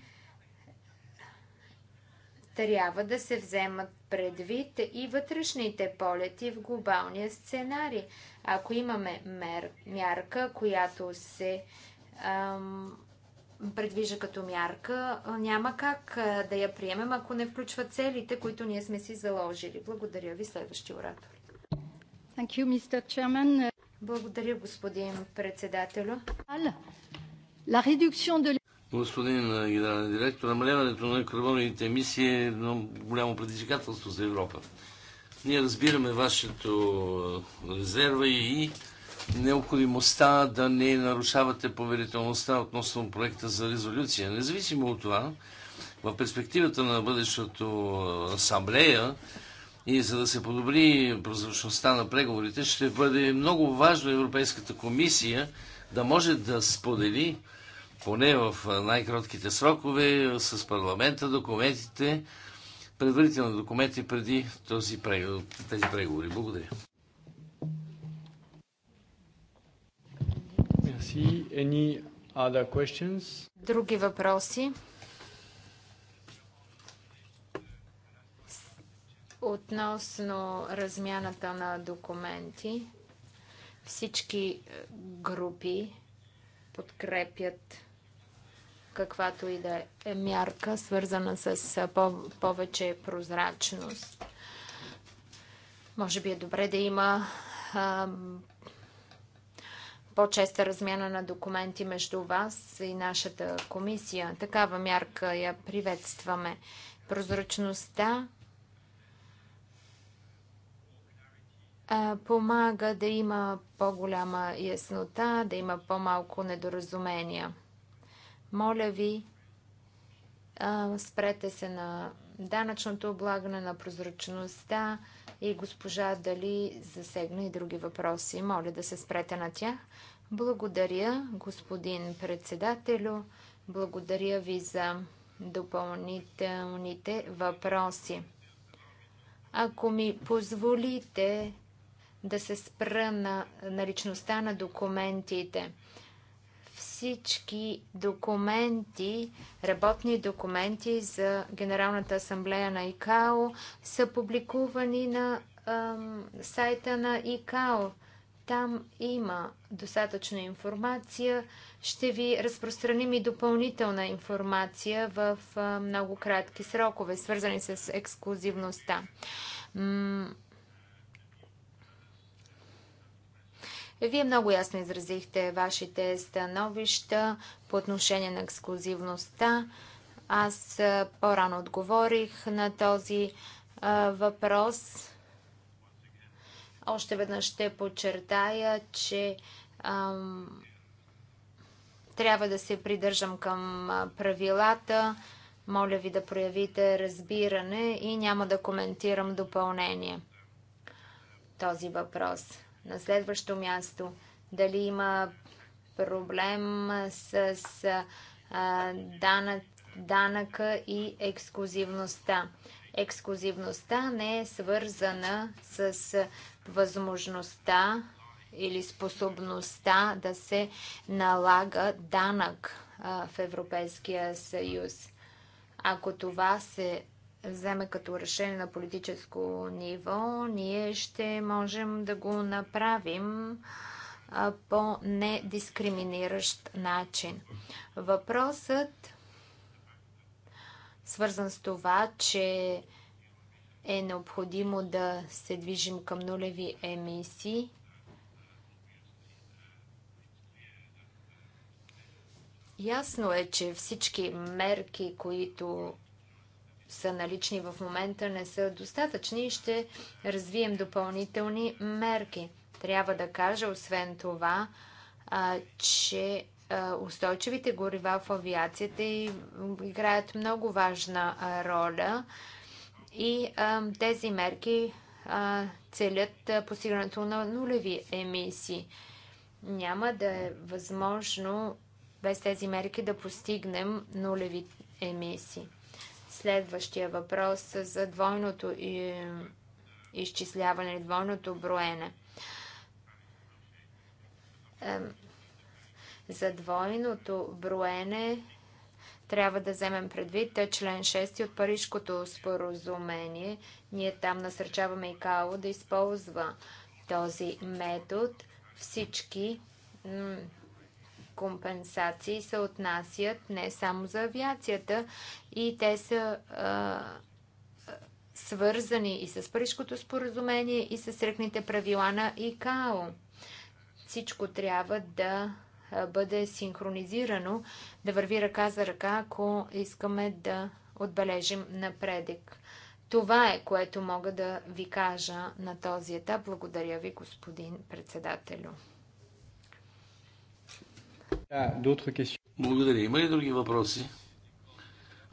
Трябва да се вземат предвид и вътрешните полети в глобалния сценарий. Ако имаме мер, мярка, която се ам, предвижда като мярка, няма как да я приемем, ако не включва целите, които ние сме си заложили. Благодаря ви, следващи оратор. Thank you, Mr. Chairman. Благодаря, господин председателю. La réduction de господин генерален директор, намаляването на карбоновите емисии е едно голямо предизвикателство за Европа. Ние разбираме вашето резерва и необходимостта да не нарушавате поверителността относно проекта за резолюция. Независимо от това, в перспективата на бъдещото асамблея и за да се подобри прозрачността на преговорите, ще бъде много важно Европейската комисия да може да сподели поне в най-кратките срокове с парламента документите, предварителни документи преди този преговор, тези преговори. Благодаря. Any other questions? Други въпроси? Относно размяната на документи, всички е, групи подкрепят каквато и да е мярка, свързана с е, повече прозрачност. Може би е добре да има по-честа размяна на документи между вас и нашата комисия. Такава мярка я приветстваме. Прозрачността помага да има по-голяма яснота, да има по-малко недоразумения. Моля ви, спрете се на данъчното облагане на прозрачността и госпожа Дали засегна и други въпроси. Моля да се спрете на тях. Благодаря, господин председателю. Благодаря ви за допълнителните въпроси. Ако ми позволите да се спра на наличността на документите – всички документи, работни документи за Генералната асамблея на ИКАО са публикувани на ем, сайта на ИКАО. Там има достатъчно информация. Ще ви разпространим и допълнителна информация в е, много кратки срокове, свързани с ексклюзивността. Вие много ясно изразихте вашите становища по отношение на ексклюзивността. Аз по-рано отговорих на този въпрос. Още веднъж ще подчертая, че ам, трябва да се придържам към правилата. Моля ви да проявите разбиране и няма да коментирам допълнение този въпрос. На следващо място, дали има проблем с, с а, данък, данъка и ексклюзивността. Ексклюзивността не е свързана с възможността или способността да се налага данък в Европейския съюз. Ако това се вземе като решение на политическо ниво, ние ще можем да го направим по недискриминиращ начин. Въпросът, свързан с това, че е необходимо да се движим към нулеви емисии, Ясно е, че всички мерки, които са налични в момента, не са достатъчни и ще развием допълнителни мерки. Трябва да кажа, освен това, а, че а, устойчивите горива в авиацията играят много важна а, роля и тези мерки целят постигането на нулеви емисии. Няма да е възможно без тези мерки да постигнем нулеви емисии. Следващия въпрос за двойното изчисляване, двойното броене. За двойното броене трябва да вземем предвид е член 6 от Парижкото споразумение. Ние там насърчаваме ИКАО да използва този метод. Всички компенсации се отнасят не само за авиацията и те са а, свързани и с Парижкото споразумение и с ръкните правила на ИКАО. Всичко трябва да бъде синхронизирано, да върви ръка за ръка, ако искаме да отбележим напредък. Това е, което мога да ви кажа на този етап. Благодаря ви, господин председателю. Благодаря. Има ли други въпроси?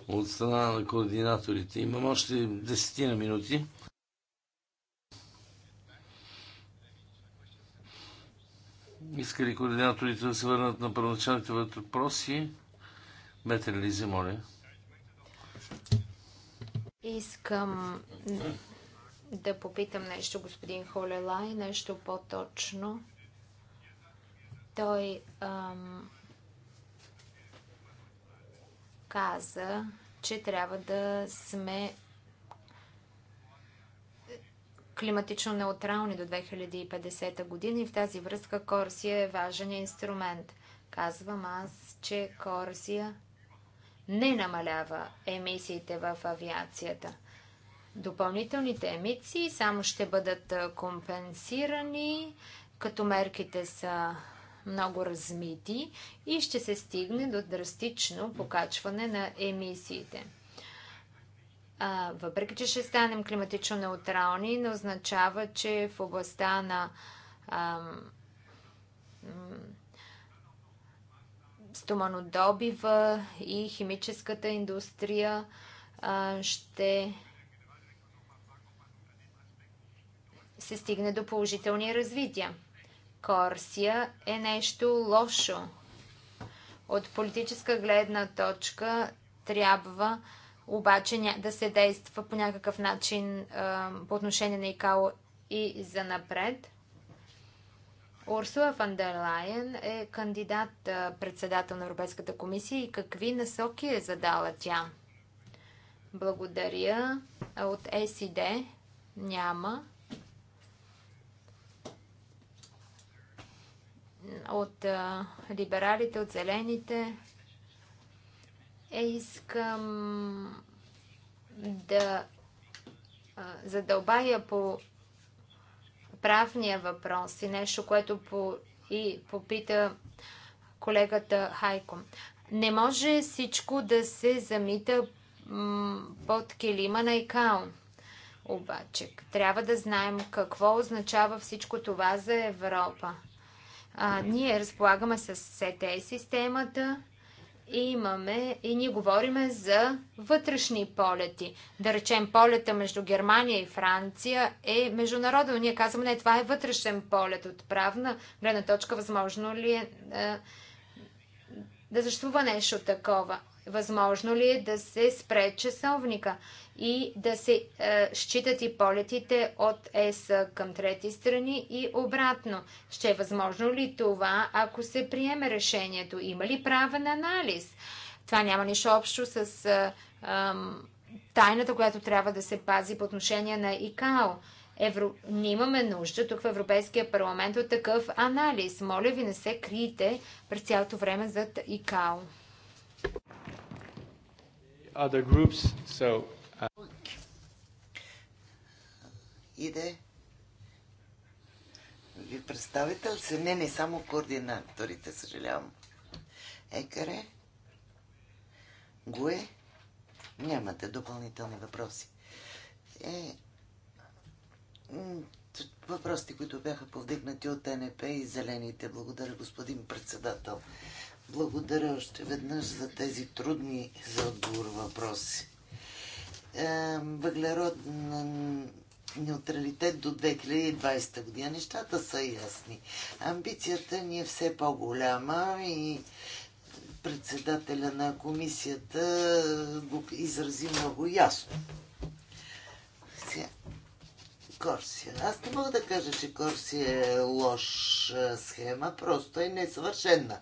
От страна на координаторите. Имам още десетина минути. Иска ли координаторите да се върнат на първоначалните въпроси? Метър Лизи, моля. Искам да попитам нещо, господин Холелай, нещо по-точно той ам, каза, че трябва да сме климатично неутрални до 2050 година и в тази връзка Корсия е важен инструмент. Казвам аз, че Корсия не намалява емисиите в авиацията. Допълнителните емисии само ще бъдат компенсирани, като мерките са много размити и ще се стигне до драстично покачване на емисиите. А, въпреки, че ще станем климатично неутрални, не означава, че в областта на ам, стоманодобива и химическата индустрия а, ще се стигне до положителни развития. Корсия е нещо лошо. От политическа гледна точка трябва обаче да се действа по някакъв начин по отношение на ИКАО и за напред. Урсула фон дер Лайен е кандидат председател на Европейската комисия и какви насоки е задала тя? Благодаря. От е СИД няма. от а, либералите, от зелените. Е, искам да а, задълбая по правния въпрос и нещо, което по, и попита колегата Хайко. Не може всичко да се замита под килима на ИКАО. Обаче, трябва да знаем какво означава всичко това за Европа. А, ние разполагаме с СТ системата и имаме и ние говориме за вътрешни полети. Да речем, полета между Германия и Франция е международен. Ние казваме, не, това е вътрешен полет от правна гледна точка. Възможно ли е, е да съществува нещо такова? Възможно ли е да се спре часовника и да се е, считат и полетите от ЕС към трети страни и обратно? Ще е възможно ли това, ако се приеме решението? Има ли права на анализ? Това няма нищо общо с е, е, тайната, която трябва да се пази по отношение на ИКАО. Евро... Ние имаме нужда тук в Европейския парламент от такъв анализ. Моля ви, не се криете през цялото време зад ИКАО other groups, so... Uh... Иде ви представител се, не, не само координаторите, съжалявам. Екаре? Гуе? Нямате допълнителни въпроси. Е, въпросите, които бяха повдигнати от НП и зелените. Благодаря, господин председател. Благодаря още веднъж за тези трудни за отговор въпроси. на неутралитет до 2020 година. Нещата са ясни. Амбицията ни е все по-голяма и председателя на комисията го изрази много ясно. Корсия. Аз не мога да кажа, че Корсия е лош схема, просто е несъвършена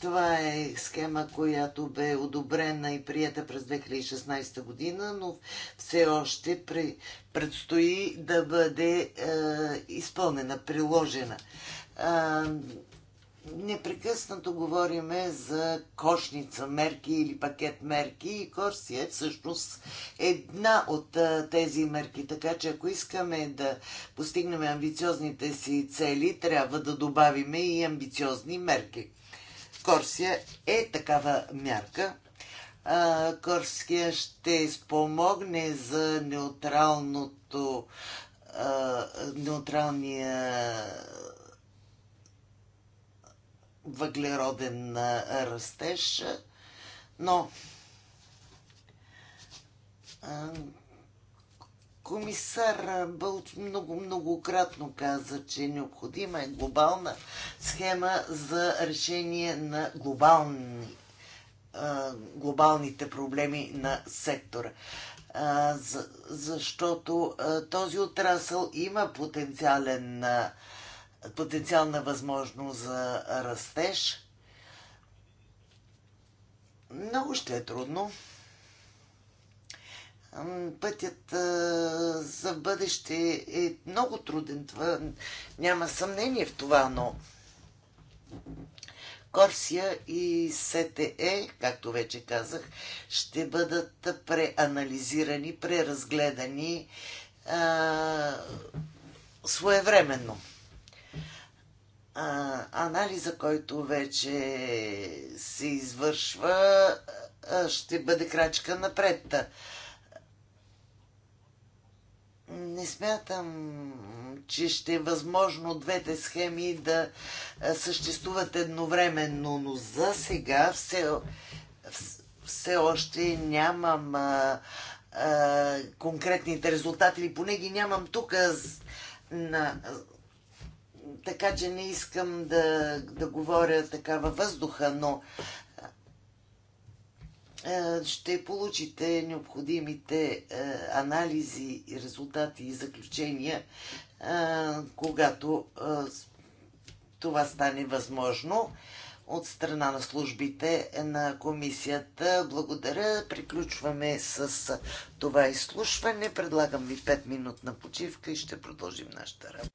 това е схема, която бе одобрена и прията през 2016 година, но все още предстои да бъде изпълнена, приложена непрекъснато говориме за кошница мерки или пакет мерки и Корси е всъщност една от тези мерки. Така че ако искаме да постигнем амбициозните си цели, трябва да добавиме и амбициозни мерки. Корсия е такава мярка. Корсия ще спомогне за неутралното неутралния въглероден растеж, но комисар Бълч много, многократно каза, че необходима е глобална схема за решение на глобални, глобалните проблеми на сектора защото този отрасъл има потенциален потенциална възможност за растеж. Много ще е трудно. Пътят за бъдеще е много труден. Това, няма съмнение в това, но Корсия и СТЕ, както вече казах, ще бъдат преанализирани, преразгледани а, своевременно а, анализа, който вече се извършва, а, ще бъде крачка напред. Не смятам, че ще е възможно двете схеми да съществуват едновременно, но за сега все, все още нямам а, а, конкретните резултати или поне ги нямам тук на, така че не искам да, да говоря така във въздуха, но е, ще получите необходимите е, анализи, резултати и заключения, е, когато това стане възможно от страна на службите на комисията. Благодаря. Приключваме с това изслушване. Предлагам ви 5 минутна почивка и ще продължим нашата работа.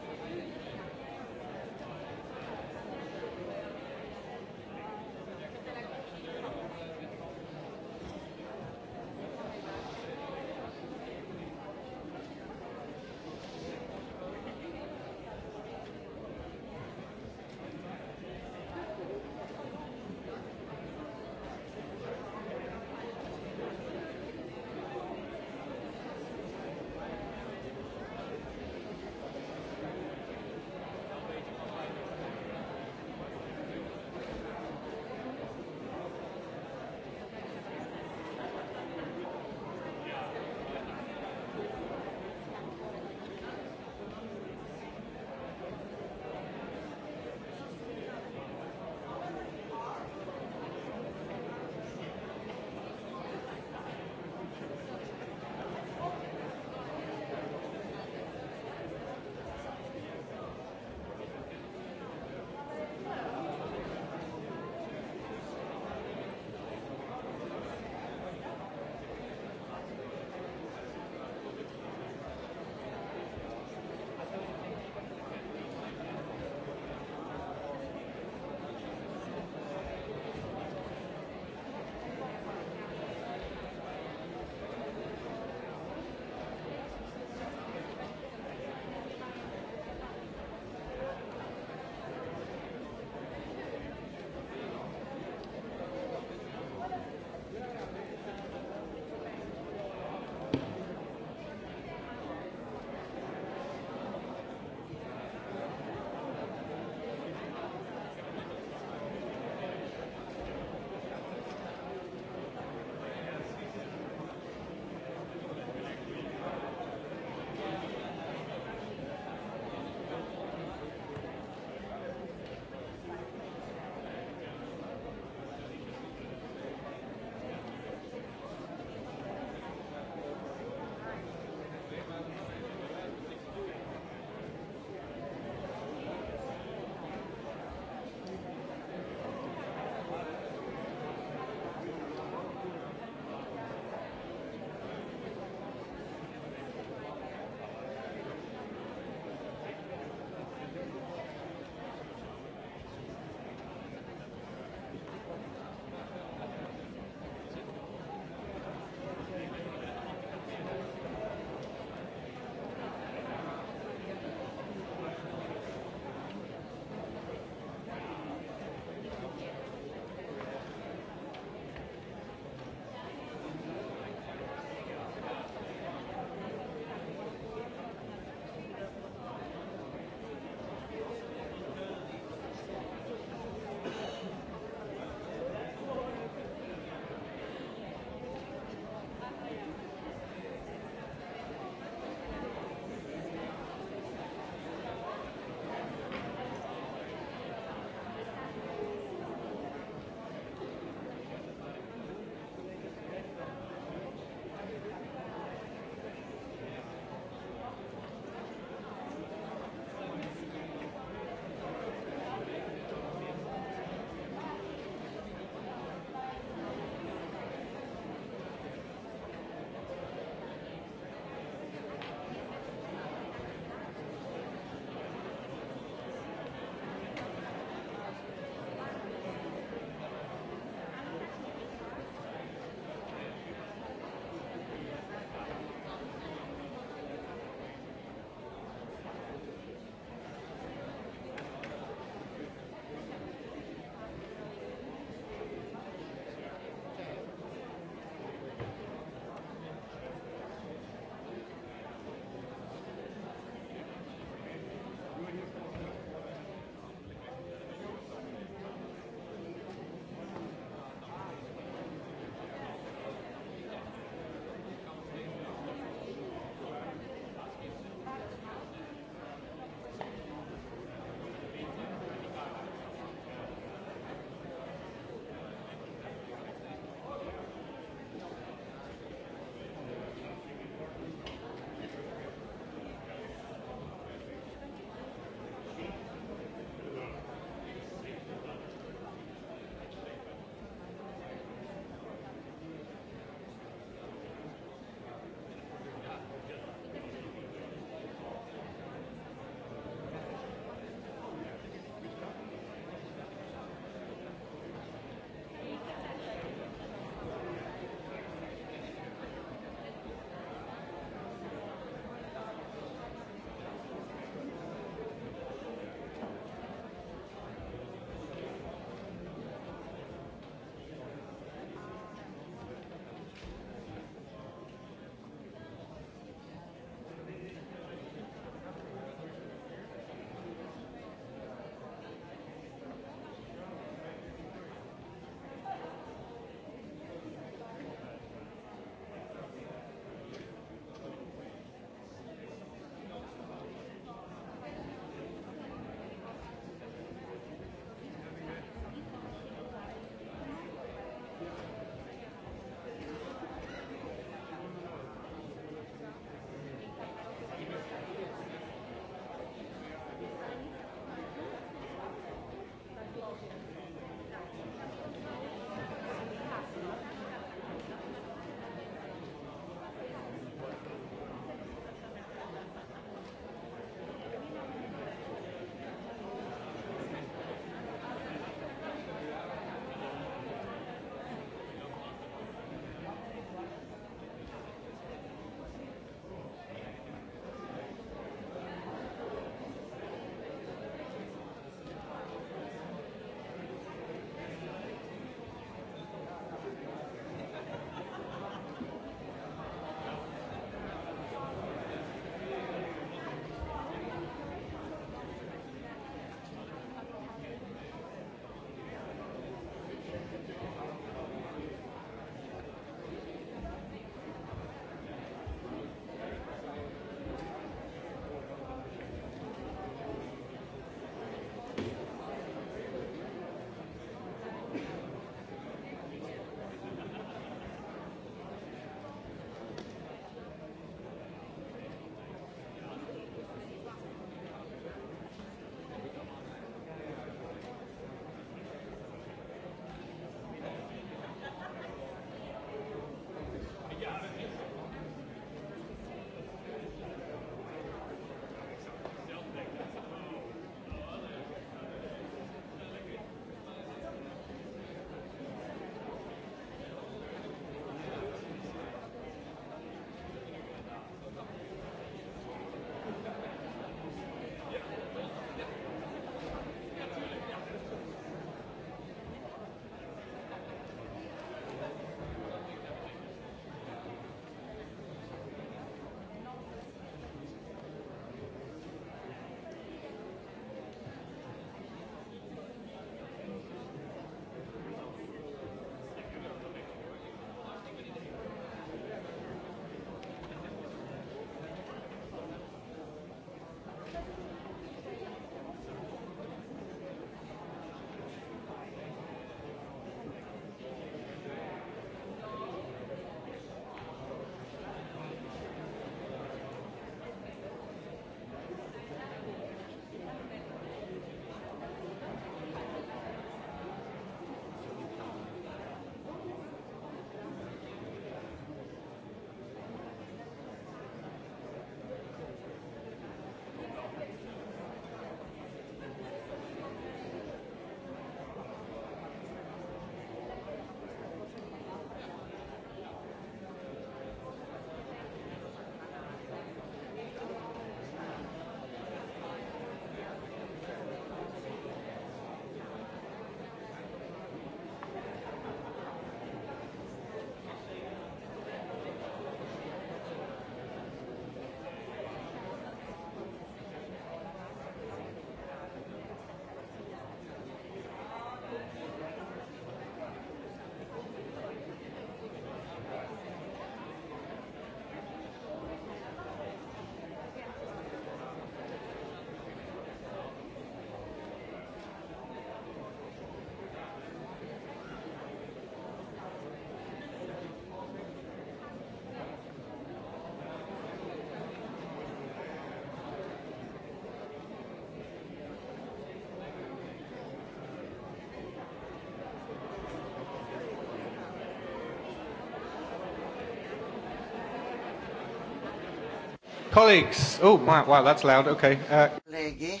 Colleagues. Oh, wow, that's loud. Okay. Uh, Колеги,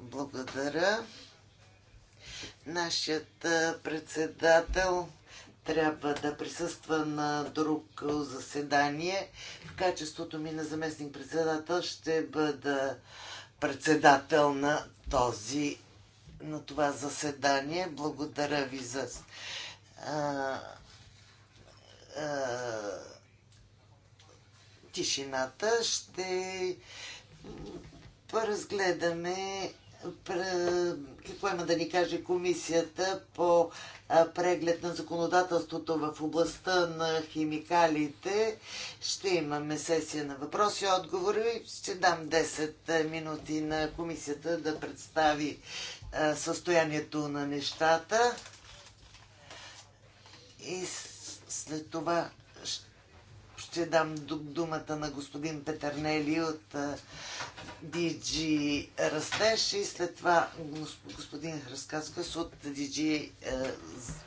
благодаря. Нашият председател трябва да присъства на друг заседание. В качеството ми на заместник-председател ще бъда председател на този на това заседание. Благодаря ви за а, тишината ще разгледаме какво има да ни каже комисията по преглед на законодателството в областта на химикалите. Ще имаме сесия на въпроси и отговори. Ще дам 10 минути на комисията да представи състоянието на нещата. И след това ще дам думата на господин Петърнели от DG Растеж и след това господин Храскаскас от DG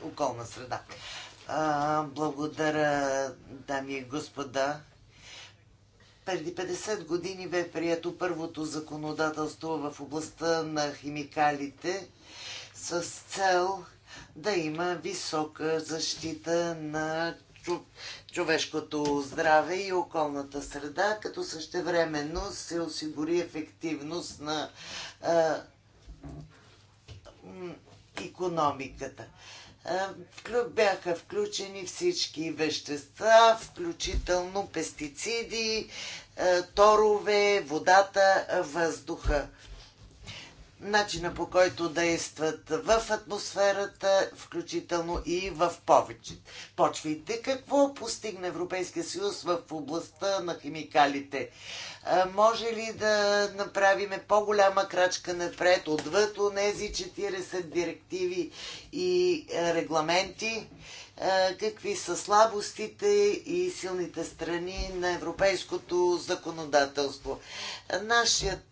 Околна среда. Благодаря, дами и господа. Преди 50 години бе прието първото законодателство в областта на химикалите с цел да има висока защита на човешкото здраве и околната среда, като същевременно се осигури ефективност на а, економиката. Бяха включени всички вещества, включително пестициди, торове, водата, въздуха начина по който действат в атмосферата, включително и в повече. Почвайте Какво постигна Европейския съюз в областта на химикалите? Може ли да направим по-голяма крачка напред отвъд от тези 40 директиви и регламенти? какви са слабостите и силните страни на европейското законодателство. Нашият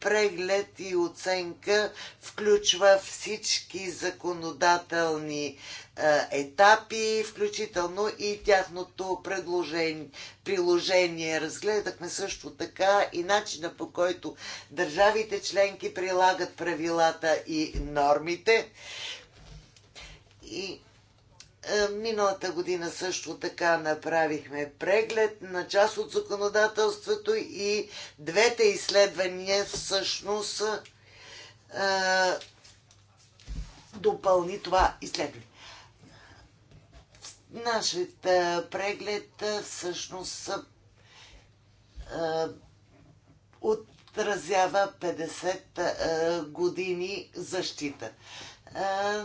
преглед и оценка включва всички законодателни етапи, включително и тяхното приложение. Разгледахме също така и начина по който държавите членки прилагат правилата и нормите. И е, миналата година също така направихме преглед на част от законодателството и двете изследвания всъщност е, допълни това изследване. Нашият е, преглед всъщност отразява 50 години защита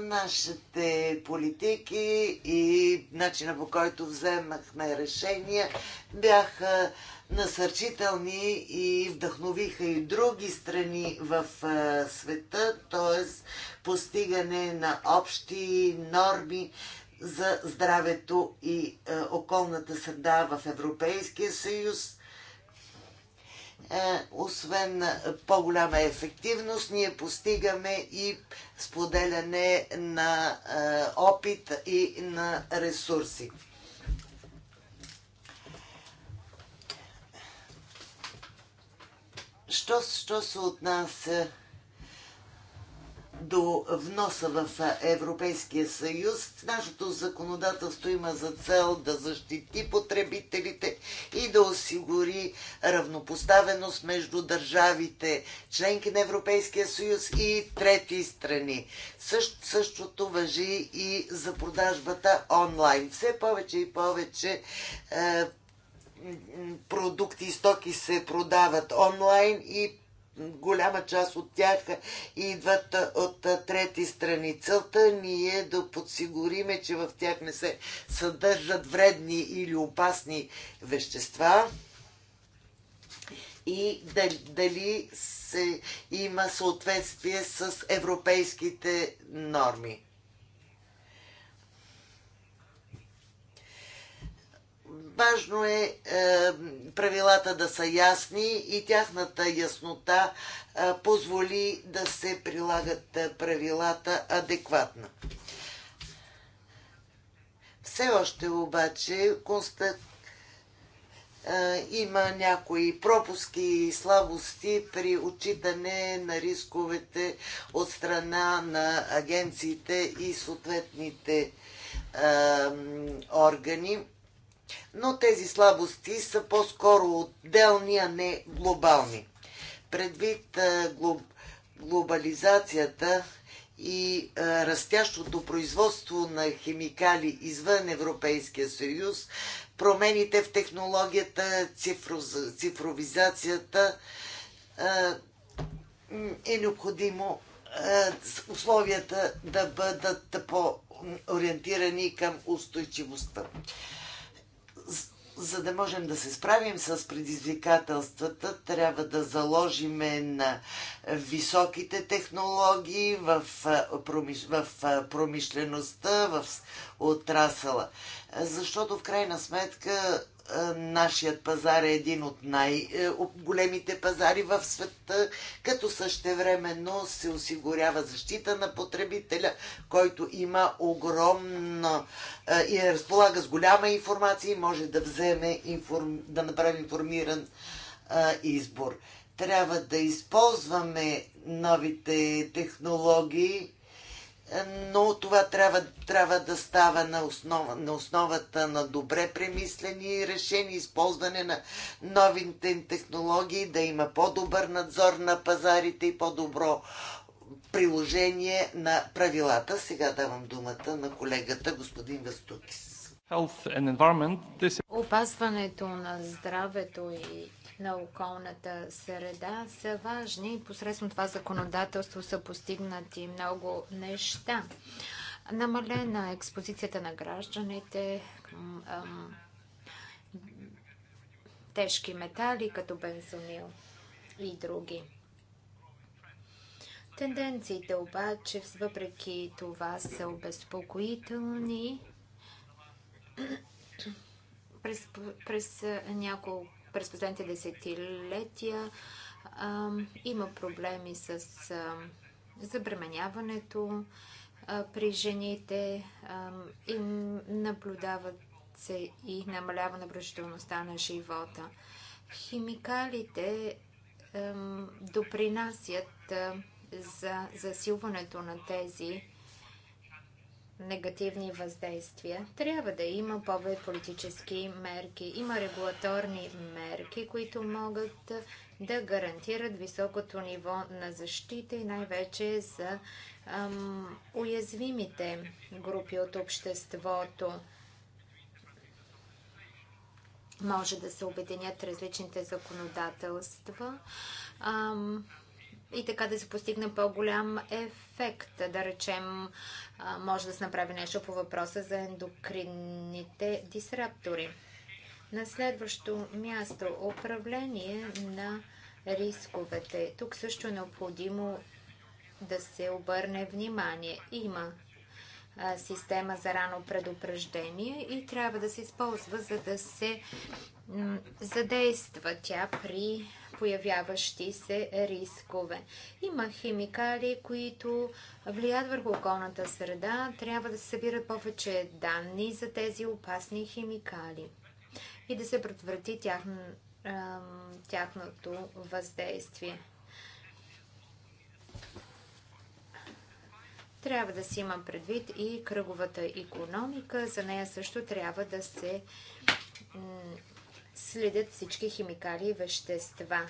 нашите политики и начина по който вземахме решения бяха насърчителни и вдъхновиха и други страни в света, т.е. постигане на общи норми за здравето и околната среда в Европейския съюз е, освен е, по-голяма ефективност, ние постигаме и споделяне на е, опит и на ресурси. Що, що се отнася до вноса в Европейския съюз. Нашето законодателство има за цел да защити потребителите и да осигури равнопоставеност между държавите, членки на Европейския съюз и трети страни. Също, същото въжи и за продажбата онлайн. Все повече и повече е, продукти и стоки се продават онлайн и голяма част от тях идват от трети страни. Целта ни е да подсигуриме, че в тях не се съдържат вредни или опасни вещества и дали, дали се има съответствие с европейските норми. Важно е, е правилата да са ясни и тяхната яснота е, позволи да се прилагат е, правилата адекватно. Все още обаче констат, е, има някои пропуски и слабости при отчитане на рисковете от страна на агенциите и съответните е, органи но тези слабости са по-скоро отделни, а не глобални. Предвид глоб, глобализацията и растящото производство на химикали извън Европейския съюз, промените в технологията, цифровизацията е необходимо условията да бъдат по-ориентирани към устойчивостта за да можем да се справим с предизвикателствата, трябва да заложиме на високите технологии в, промиш... в промишлеността, в отрасъла. Защото в крайна сметка е, нашият пазар е един от най-големите е, пазари в света, като същевременно се осигурява защита на потребителя, който има огромна е, и разполага с голяма информация и може да вземе, да направи информиран избор. Трябва да използваме новите технологии но това трябва, трябва да става на, основа, на основата на добре премислени решения, използване на новите технологии, да има по-добър надзор на пазарите и по-добро приложение на правилата. Сега давам думата на колегата господин Вастукис. Опазването на здравето и на околната среда са важни и посредством това законодателство са постигнати много неща. Намалена е експозицията на гражданите тежки метали, като бензонил и други. Тенденциите обаче, въпреки това, са обезпокоителни. През, през няколко през последните десетилетия а, има проблеми с а, забременяването а, при жените и наблюдават се и намалява на на живота. Химикалите допринасят за засилването на тези негативни въздействия. Трябва да има повече политически мерки. Има регулаторни мерки, които могат да гарантират високото ниво на защита и най-вече за ам, уязвимите групи от обществото. Може да се обединят различните законодателства. Ам, и така да се постигне по-голям ефект. Да речем, може да се направи нещо по въпроса за ендокринните дисраптори. На следващо място управление на рисковете. Тук също е необходимо да се обърне внимание. Има система за рано предупреждение и трябва да се използва, за да се задейства тя при появяващи се рискове. Има химикали, които влияят върху околната среда. Трябва да се събират повече данни за тези опасни химикали и да се предотврати тяхно, тяхното въздействие. Трябва да си има предвид и кръговата економика. За нея също трябва да се следят всички химикали и вещества.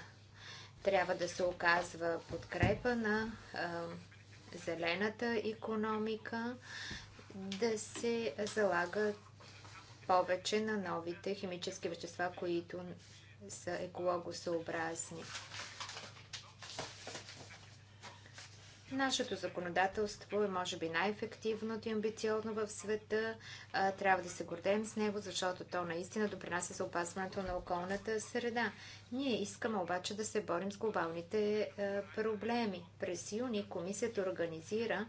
Трябва да се оказва подкрепа на а, зелената економика, да се залага повече на новите химически вещества, които са екологосъобразни. Нашето законодателство е, може би, най-ефективното и амбициозно в света. Трябва да се гордеем с него, защото то наистина допринася за опазването на околната среда. Ние искаме обаче да се борим с глобалните е, проблеми. През юни комисията организира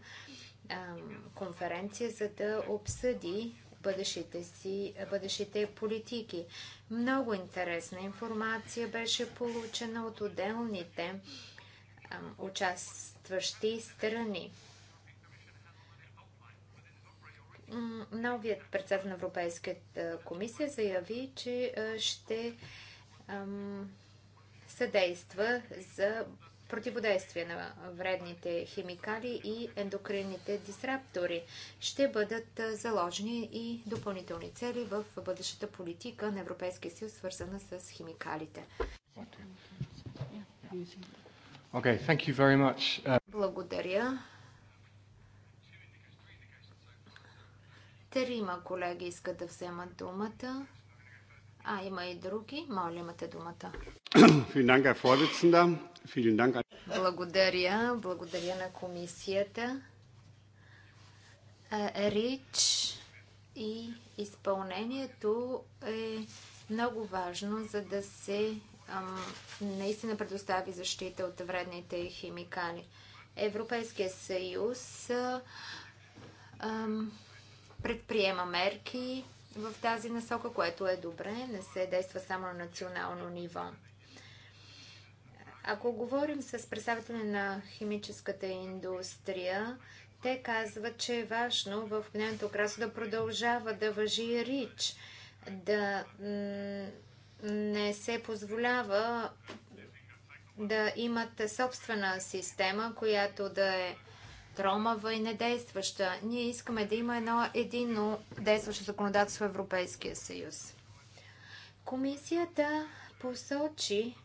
конференция, за да обсъди бъдещите, си, бъдещите политики. Много интересна информация беше получена от отделните участници съпътстващи страни. Новият председател на Европейската комисия заяви, че ще съдейства за противодействие на вредните химикали и ендокринните дисраптори. Ще бъдат заложени и допълнителни цели в бъдещата политика на Европейския съюз, свързана с химикалите. Okay, thank you very much. Uh... Благодаря. Трима колеги искат да вземат думата. А, има и други. Моля, имате думата. Благодаря. Благодаря на комисията. Е, рич и изпълнението е много важно, за да се наистина предостави защита от вредните химикали. Европейския съюз предприема мерки в тази насока, което е добре, не се действа само на национално ниво. Ако говорим с представители на химическата индустрия, те казват, че е важно в гнението красо да продължава да въжи рич, да не се позволява да имат собствена система, която да е тромава и недействаща. Ние искаме да има едно единно действащо законодателство в Европейския съюз. Комисията посочи,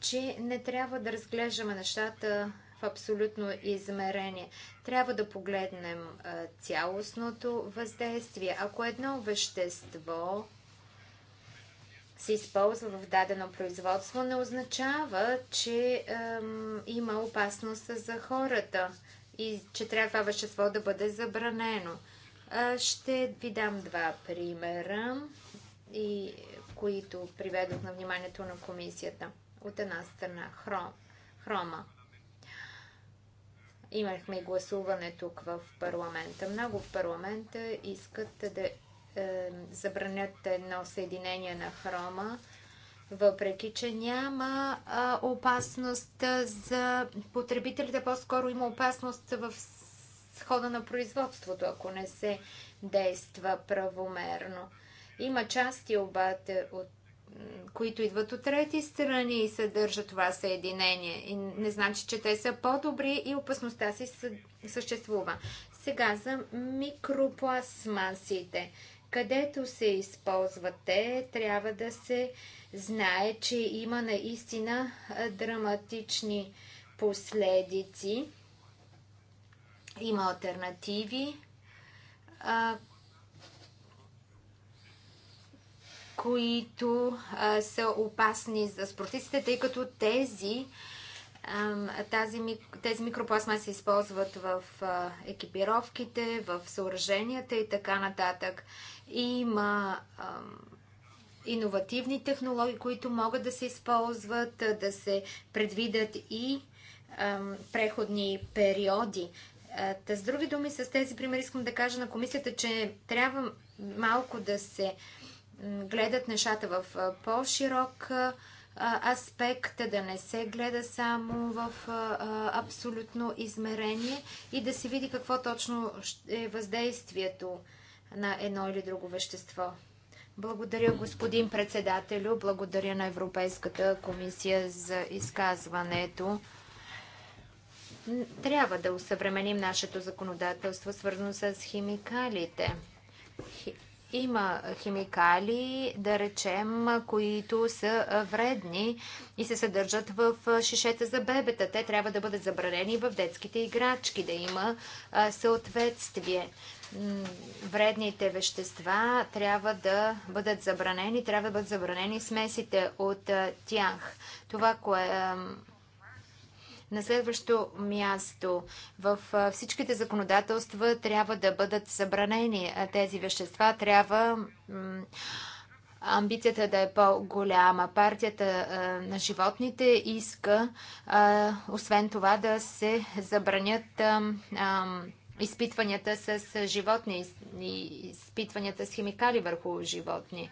че не трябва да разглеждаме нещата в абсолютно измерение. Трябва да погледнем цялостното въздействие. Ако едно вещество се използва в дадено производство, не означава, че ем, има опасност за хората и че трябва това вещество да бъде забранено. ще ви дам два примера, и, които приведох на вниманието на комисията. От една страна хром, хрома. Имахме гласуване тук в парламента. Много в парламента искат да е, забранят едно съединение на хрома, въпреки че няма а, опасност за потребителите, по-скоро има опасност в хода на производството, ако не се действа правомерно. Има части обаче, от, които идват от трети страни и съдържат това съединение. И не значи, че те са по-добри и опасността си съществува. Сега за микропластмасите. Където се използват те, трябва да се знае, че има наистина драматични последици. Има альтернативи, а, които а, са опасни за спортистите, тъй като тези, а, тази, тези микропластма се използват в екипировките, в съоръженията и така нататък. Има иновативни технологии, които могат да се използват, да се предвидят и преходни периоди. с други думи, с тези примери искам да кажа на комисията, че трябва малко да се гледат нещата в по-широк аспект, да не се гледа само в абсолютно измерение и да се види какво точно е въздействието на едно или друго вещество. Благодаря, господин председателю. Благодаря на Европейската комисия за изказването. Трябва да усъвременим нашето законодателство, свързано с химикалите. Има химикали, да речем, които са вредни и се съдържат в шишета за бебета. Те трябва да бъдат забранени в детските играчки, да има съответствие вредните вещества трябва да бъдат забранени, трябва да бъдат забранени смесите от тях. Това, кое, на следващо място, в всичките законодателства трябва да бъдат забранени тези вещества. Трябва амбицията да е по-голяма. Партията на животните иска, освен това, да се забранят изпитванията с животни и изпитванията с химикали върху животни.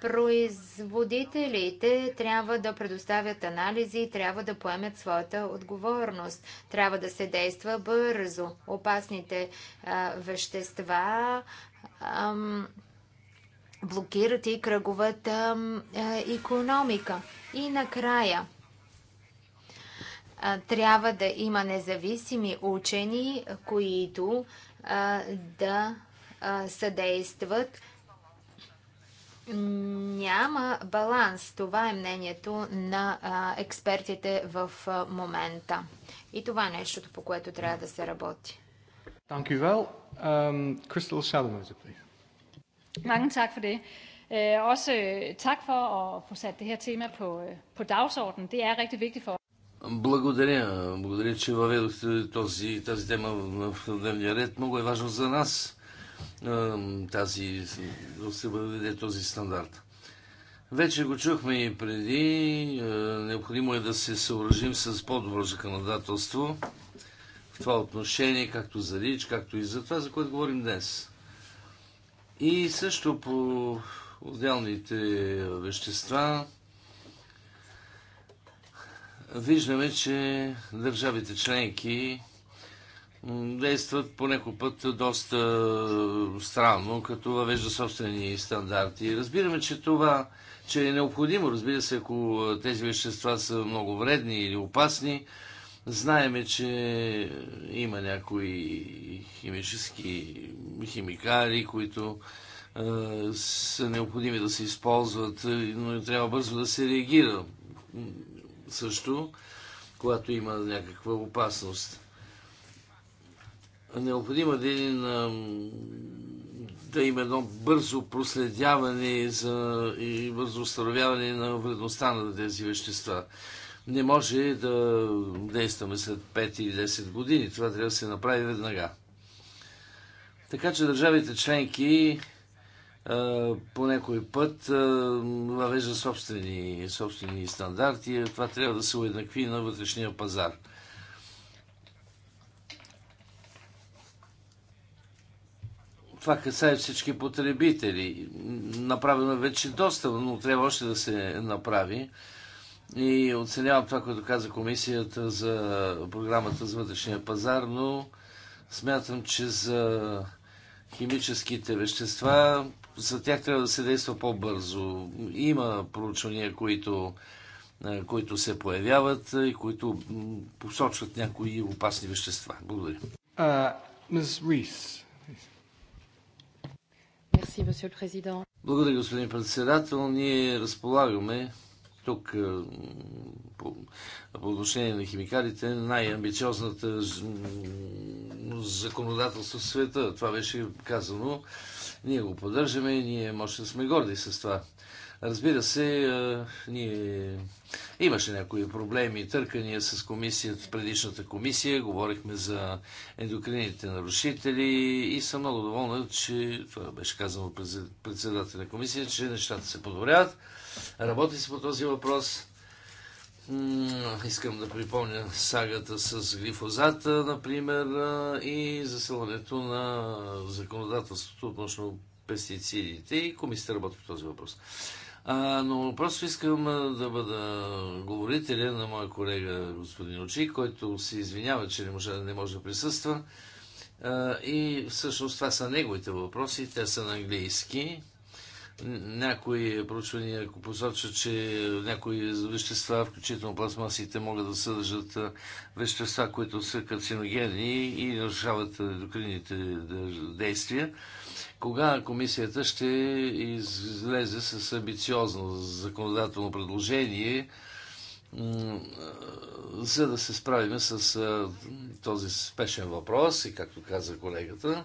Производителите трябва да предоставят анализи, трябва да поемат своята отговорност, трябва да се действа бързо. Опасните а, вещества ам, блокират и кръговата а, економика. И накрая – трябва да има независими учени, които да съдействат. Няма баланс. Това е мнението на експертите в момента. И това е нещото, по което трябва да се работи. Um, Mange tak for det. Øh, også tak for at få sat det her tema på, øh, på dagsordenen. Det er rigtig vigtigt for благодаря. Благодаря, че въведохте този, тази тема в дневния ред. Много е важно за нас тази, да се въведе този стандарт. Вече го чухме и преди. Необходимо е да се съоръжим с по-добро законодателство в това отношение, както за РИЧ, както и за това, за което говорим днес. И също по отделните вещества, виждаме, че държавите членки действат по някой път доста е, странно, като въвежда собствени стандарти. Разбираме, че това че е необходимо, разбира се, ако е, тези вещества са много вредни или опасни, знаеме, че има някои химически химикали, които е, са необходими да се използват, но трябва бързо да се реагира също, когато има някаква опасност. Необходимо е да, да има едно бързо проследяване за, и бързо установяване на вредността на тези вещества. Не може да действаме след 5 или 10 години. Това трябва да се направи веднага. Така че държавите членки по някой път въвежда собствени, собствени стандарти. Това трябва да се уеднакви на вътрешния пазар. това касае всички потребители. Направено е вече доста, но трябва още да се направи. И оценявам това, което каза комисията за програмата за вътрешния пазар, но смятам, че за химическите вещества за тях трябва да се действа по-бързо. Има проучвания, които, които се появяват и които посочват някои опасни вещества. Благодаря. благодаря, господин председател. Ние разполагаме тук по, по отношение на химикалите най-амбициозната законодателство в света. Това беше казано ние го поддържаме и ние може да сме горди с това. Разбира се, ние имаше някои проблеми, търкания с комисията, предишната комисия, говорихме за ендокрините нарушители и съм много доволна, че това беше казано от председателя на комисия, че нещата се подобряват. Работи се по този въпрос. Искам да припомня сагата с глифозата, например, и засилването на законодателството относно пестицидите и комисията работи по този въпрос. А, но просто искам да бъда говорителя на моя колега господин Очи, който се извинява, че не може, не може да присъства. А, и всъщност това са неговите въпроси. Те са на английски. Някои проучвания посочват, че някои вещества, включително пластмасите, могат да съдържат вещества, които са карциногени и нарушават докрините действия. Кога комисията ще излезе с амбициозно законодателно предложение, за да се справим с този спешен въпрос и, както каза колегата,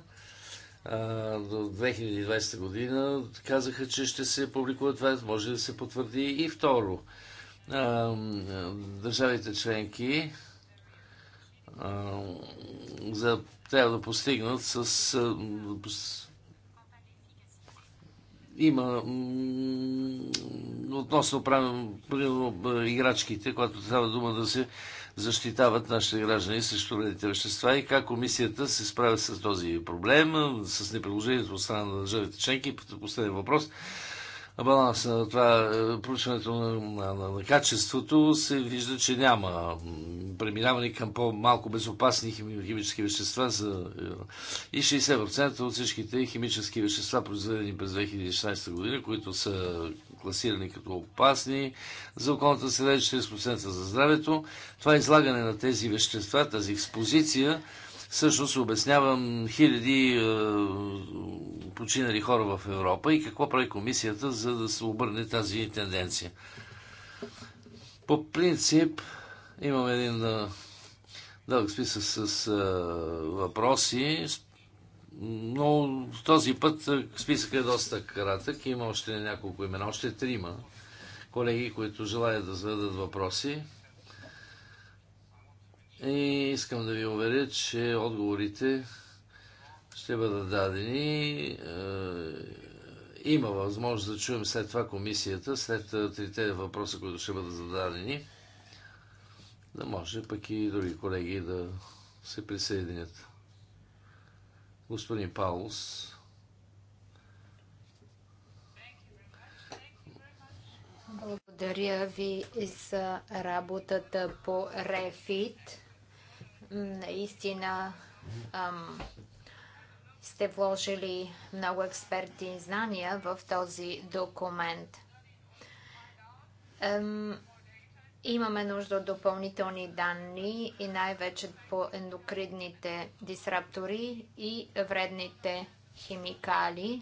до 2020 година казаха, че ще се публикува това, може да се потвърди. И второ, държавите членки за, трябва да постигнат с... Има относно правилно играчките, когато трябва дума да се защитават нашите граждани срещу вредните вещества и как комисията се справя с този проблем, с неприложението от страна на държавите членки. Последен въпрос баланс на това е, проучването на, на, на, на качеството се вижда, че няма преминаване към по-малко безопасни химически вещества за, е, и 60% от всичките химически вещества, произведени през 2016 година, които са класирани като опасни за околната среда и 40% за здравето. Това излагане на тези вещества, тази експозиция, се обяснявам хиляди е, починали хора в Европа и какво прави комисията, за да се обърне тази тенденция. По принцип, имам един е, дълъг списък с е, въпроси. Но в този път списъкът е доста кратък. Има още няколко имена, още трима колеги, които желаят да зададат въпроси. И искам да ви уверя, че отговорите ще бъдат дадени. Е, има възможност да чуем след това комисията, след е, трите въпроса, които ще бъдат зададени, да може пък и други колеги да се присъединят. Господин Паулс. Благодаря ви за работата по Рефит. Наистина ам, сте вложили много експертни знания в този документ. Ам, Имаме нужда от допълнителни данни и най-вече по ендокридните дисраптори и вредните химикали.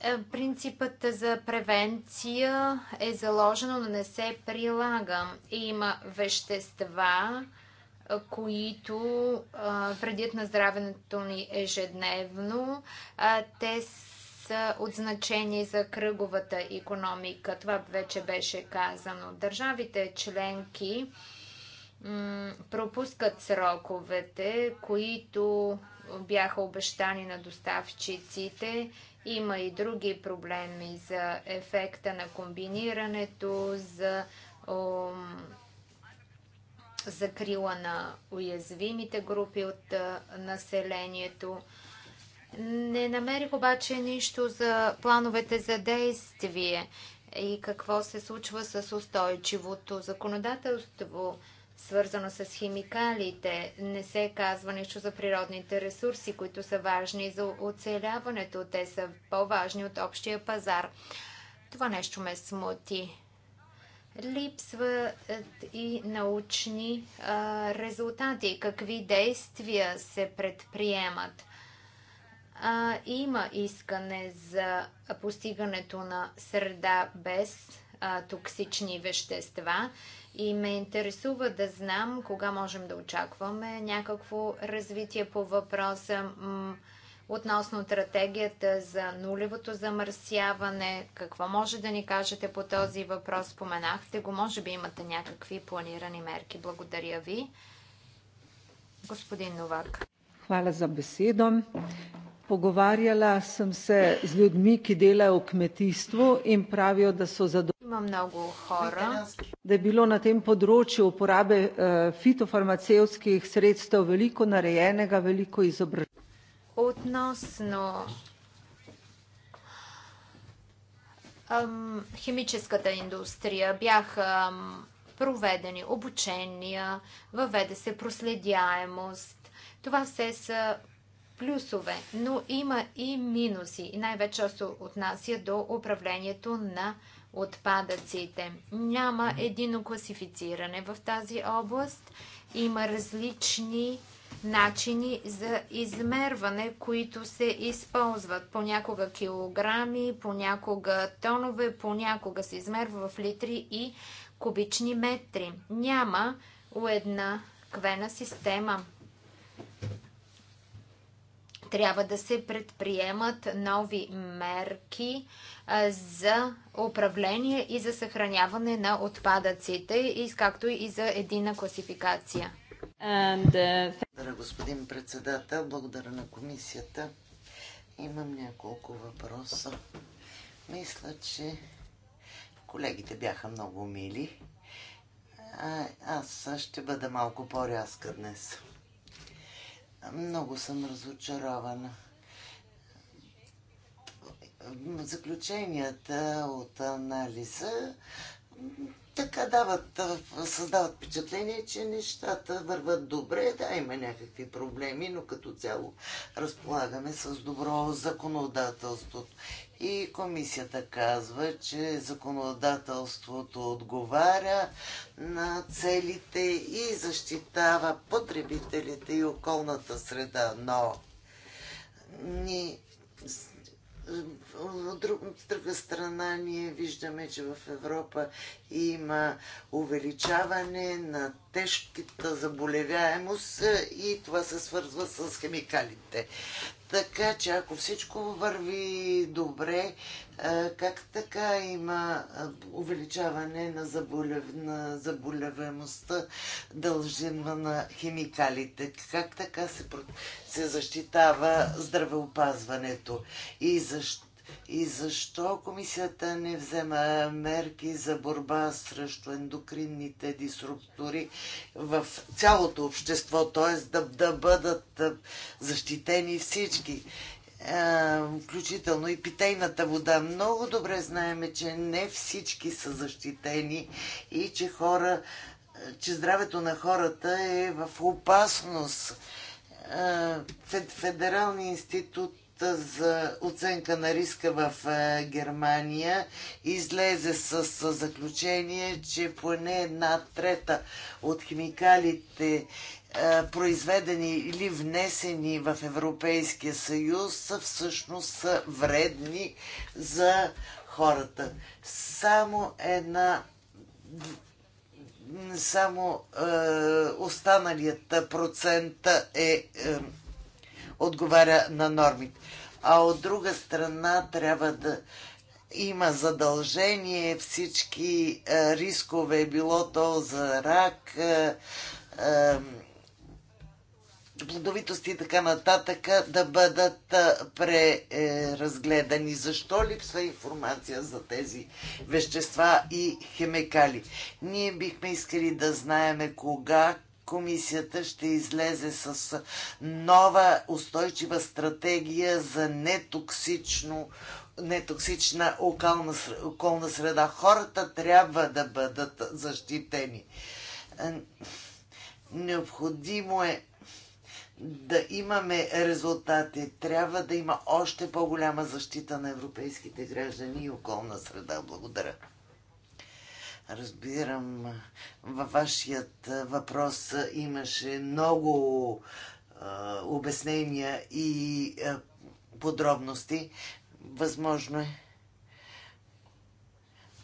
Е, принципът за превенция е заложено, но не се прилага. Има вещества, които вредят на здравето ни ежедневно. Те са са от значение за кръговата економика. Това вече беше казано. Държавите членки пропускат сроковете, които бяха обещани на доставчиците. Има и други проблеми за ефекта на комбинирането, за закрила на уязвимите групи от населението. Не намерих обаче нищо за плановете за действие и какво се случва с устойчивото законодателство, свързано с химикалите. Не се казва нищо за природните ресурси, които са важни за оцеляването. Те са по-важни от общия пазар. Това нещо ме смути. Липсват е, и научни а, резултати. Какви действия се предприемат? а, има искане за постигането на среда без а, токсични вещества и ме интересува да знам кога можем да очакваме някакво развитие по въпроса относно стратегията за нулевото замърсяване. Какво може да ни кажете по този въпрос? Споменахте го. Може би имате някакви планирани мерки. Благодаря ви. Господин Новак. Hvala za besedo. Pogovarjala sem se z ljudmi, ki delajo v kmetijstvu in pravijo, da so zadovoljni, da je bilo na tem področju uporabe fitofarmacevtskih sredstev veliko narejenega, veliko химическата индустрия бяха проведени обучения, въведе се проследяемост. Това все са плюсове, но има и минуси. И най-вече се отнася е до управлението на отпадъците. Няма едино класифициране в тази област. Има различни начини за измерване, които се използват. Понякога килограми, понякога тонове, понякога се измерва в литри и кубични метри. Няма уедна квена система трябва да се предприемат нови мерки за управление и за съхраняване на отпадъците, и, както и за едина класификация. And, uh... Благодаря, господин председател. Благодаря на комисията. Имам няколко въпроса. Мисля, че колегите бяха много мили. А, аз ще бъда малко по-рязка днес. Много съм разочарована. Заключенията от анализа така дават, създават впечатление, че нещата върват добре. Да, има някакви проблеми, но като цяло разполагаме с добро законодателство. И комисията казва, че законодателството отговаря на целите и защитава потребителите и околната среда, но ни от друга страна ние виждаме, че в Европа има увеличаване на тежката заболеваемост и това се свързва с химикалите. Така че ако всичко върви добре, как така има увеличаване на, заболев... на заболеваемостта дължина на химикалите? Как така се, се защитава здравеопазването? И защо? и защо комисията не взема мерки за борба срещу ендокринните дисруптори в цялото общество, т.е. Да, да бъдат защитени всички, включително и питейната вода. Много добре знаеме, че не всички са защитени и че хора че здравето на хората е в опасност. Федералния институт за оценка на риска в е, Германия излезе с заключение, че поне една трета от химикалите, е, произведени или внесени в Европейския съюз, са всъщност вредни за хората. Само една само е, останалият процент е, е отговаря на нормите. А от друга страна трябва да има задължение всички е, рискове, било то за рак, е, е, плодовитост и така нататък, да бъдат преразгледани. Защо липсва информация за тези вещества и химикали? Ние бихме искали да знаеме кога, комисията ще излезе с нова устойчива стратегия за нетоксично нетоксична околна, околна среда. Хората трябва да бъдат защитени. Е, необходимо е да имаме резултати. Трябва да има още по-голяма защита на европейските граждани и околна среда. Благодаря. Разбирам, във вашият въпрос имаше много е, обяснения и е, подробности. Възможно е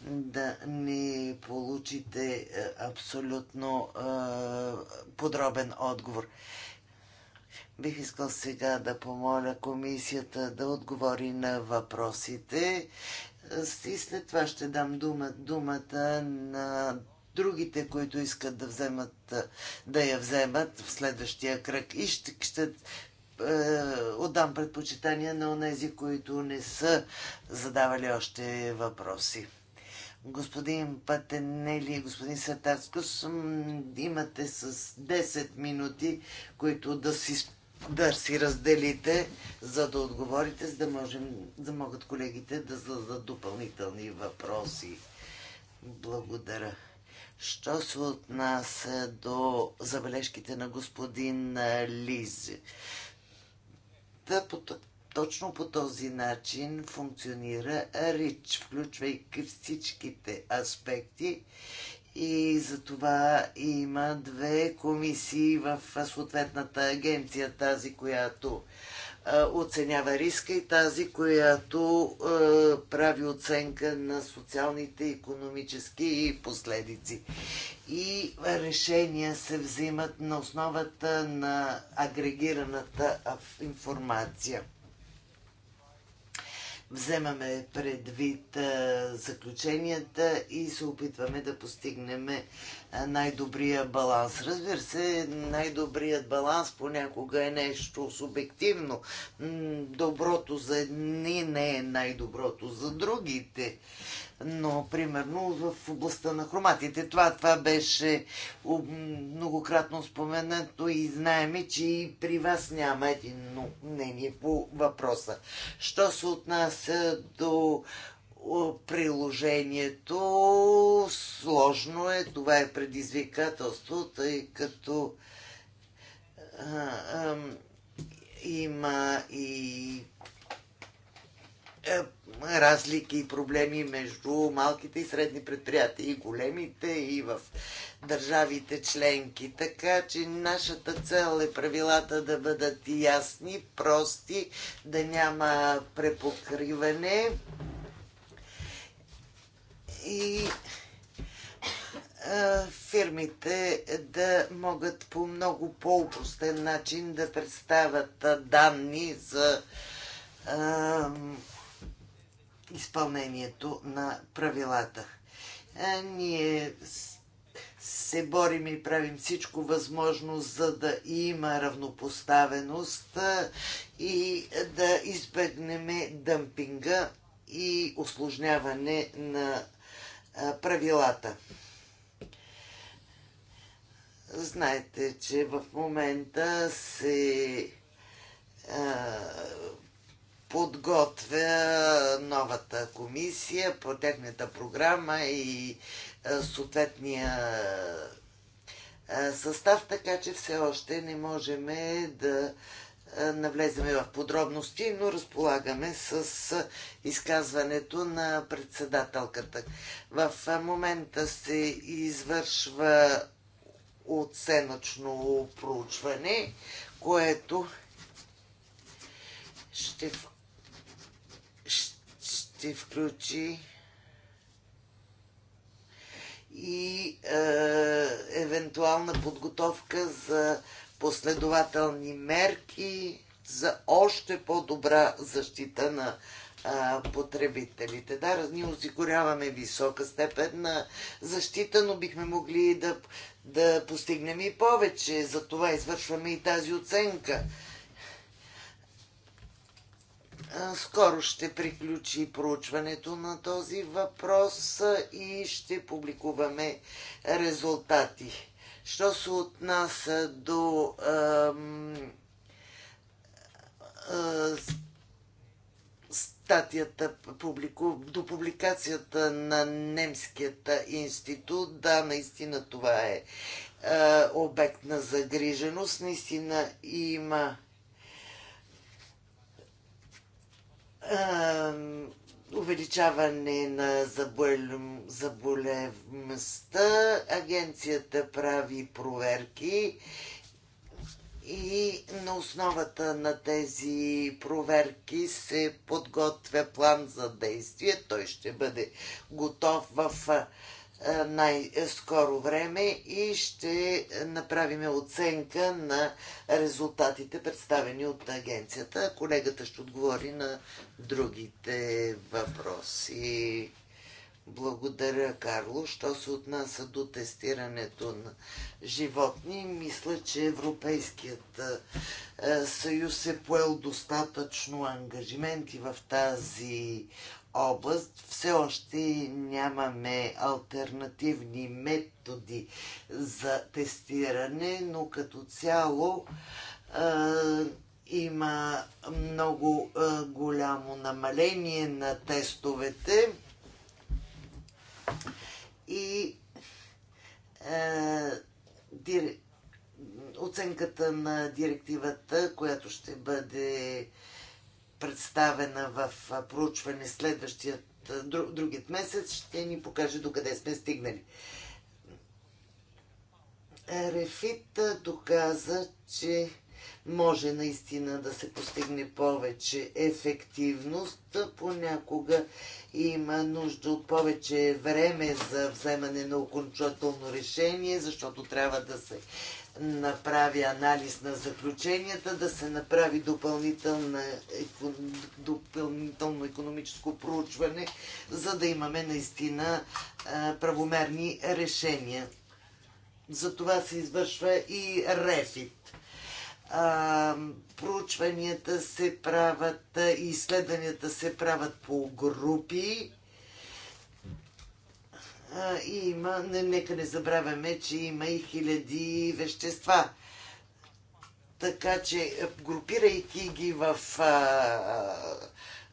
да не получите абсолютно е, подробен отговор. Бих искал сега да помоля комисията да отговори на въпросите и след това ще дам дума, думата на другите, които искат да вземат, да я вземат в следващия кръг. И ще, ще е, отдам предпочитания на онези, които не са задавали още въпроси. Господин Патенели, господин Сатарскос, имате с 10 минути, които да си да си разделите, за да отговорите, за да, можем, да могат колегите да зададат допълнителни въпроси. Благодаря. Що се отнася до забележките на господин Лиз? Да, по, точно по този начин функционира РИЧ, включвайки всичките аспекти и за това има две комисии в съответната агенция, тази, която оценява риска и тази, която прави оценка на социалните, економически последици. И решения се взимат на основата на агрегираната информация вземаме предвид заключенията и се опитваме да постигнем най-добрия баланс. Разбира се, най-добрият баланс понякога е нещо субективно. Доброто за едни не е най-доброто за другите но примерно в областта на хроматите. Това, това беше многократно споменато и знаеме, че и при вас няма един мнение по въпроса. Що се отнася до приложението, сложно е, това е предизвикателство, тъй като а, а, има и а, е, има разлики и проблеми между малките и средни предприятия и големите и в държавите членки. Така че нашата цел е правилата да бъдат ясни, прости, да няма препокриване и фирмите да могат по много по-упростен начин да представят данни за изпълнението на правилата. А, е, ние се борим и правим всичко възможно, за да има равнопоставеност е, и да избегнем дъмпинга и осложняване на е, правилата. Знаете, че в момента се подготвя новата комисия по техната програма и съответния състав, така че все още не можем да навлеземе в подробности, но разполагаме с изказването на председателката. В момента се извършва оценъчно проучване, което ще ще включи и е, евентуална подготовка за последователни мерки за още по-добра защита на е, потребителите. Да, ние осигуряваме висока степен на защита, но бихме могли да, да постигнем и повече. Затова извършваме и тази оценка. Скоро ще приключи проучването на този въпрос и ще публикуваме резултати. Що се отнася до статията, до публикацията на Немският институт, да, наистина това е обект на загриженост. Наистина има увеличаване на заболеваемостта. Агенцията прави проверки и на основата на тези проверки се подготвя план за действие. Той ще бъде готов в е, най-скоро време и ще направим оценка на резултатите, представени от агенцията. Колегата ще отговори на другите въпроси. Благодаря, Карло. Що се отнася до тестирането на животни, мисля, че Европейският е, съюз е поел достатъчно ангажименти в тази област все още нямаме альтернативни методи за тестиране, но като цяло а, има много а, голямо намаление на тестовете и а, дир... оценката на директивата, която ще бъде представена в проучване следващият, другият месец, ще ни покаже до къде сме стигнали. Рефит доказа, че може наистина да се постигне повече ефективност. Понякога има нужда от повече време за вземане на окончателно решение, защото трябва да се направи анализ на заключенията, да се направи допълнително економическо проучване, за да имаме наистина е, правомерни решения. За това се извършва и РЕФИТ. Проучванията се правят и изследванията се правят по групи и има, не, нека не забравяме, че има и хиляди вещества. Така че, е, групирайки ги в а,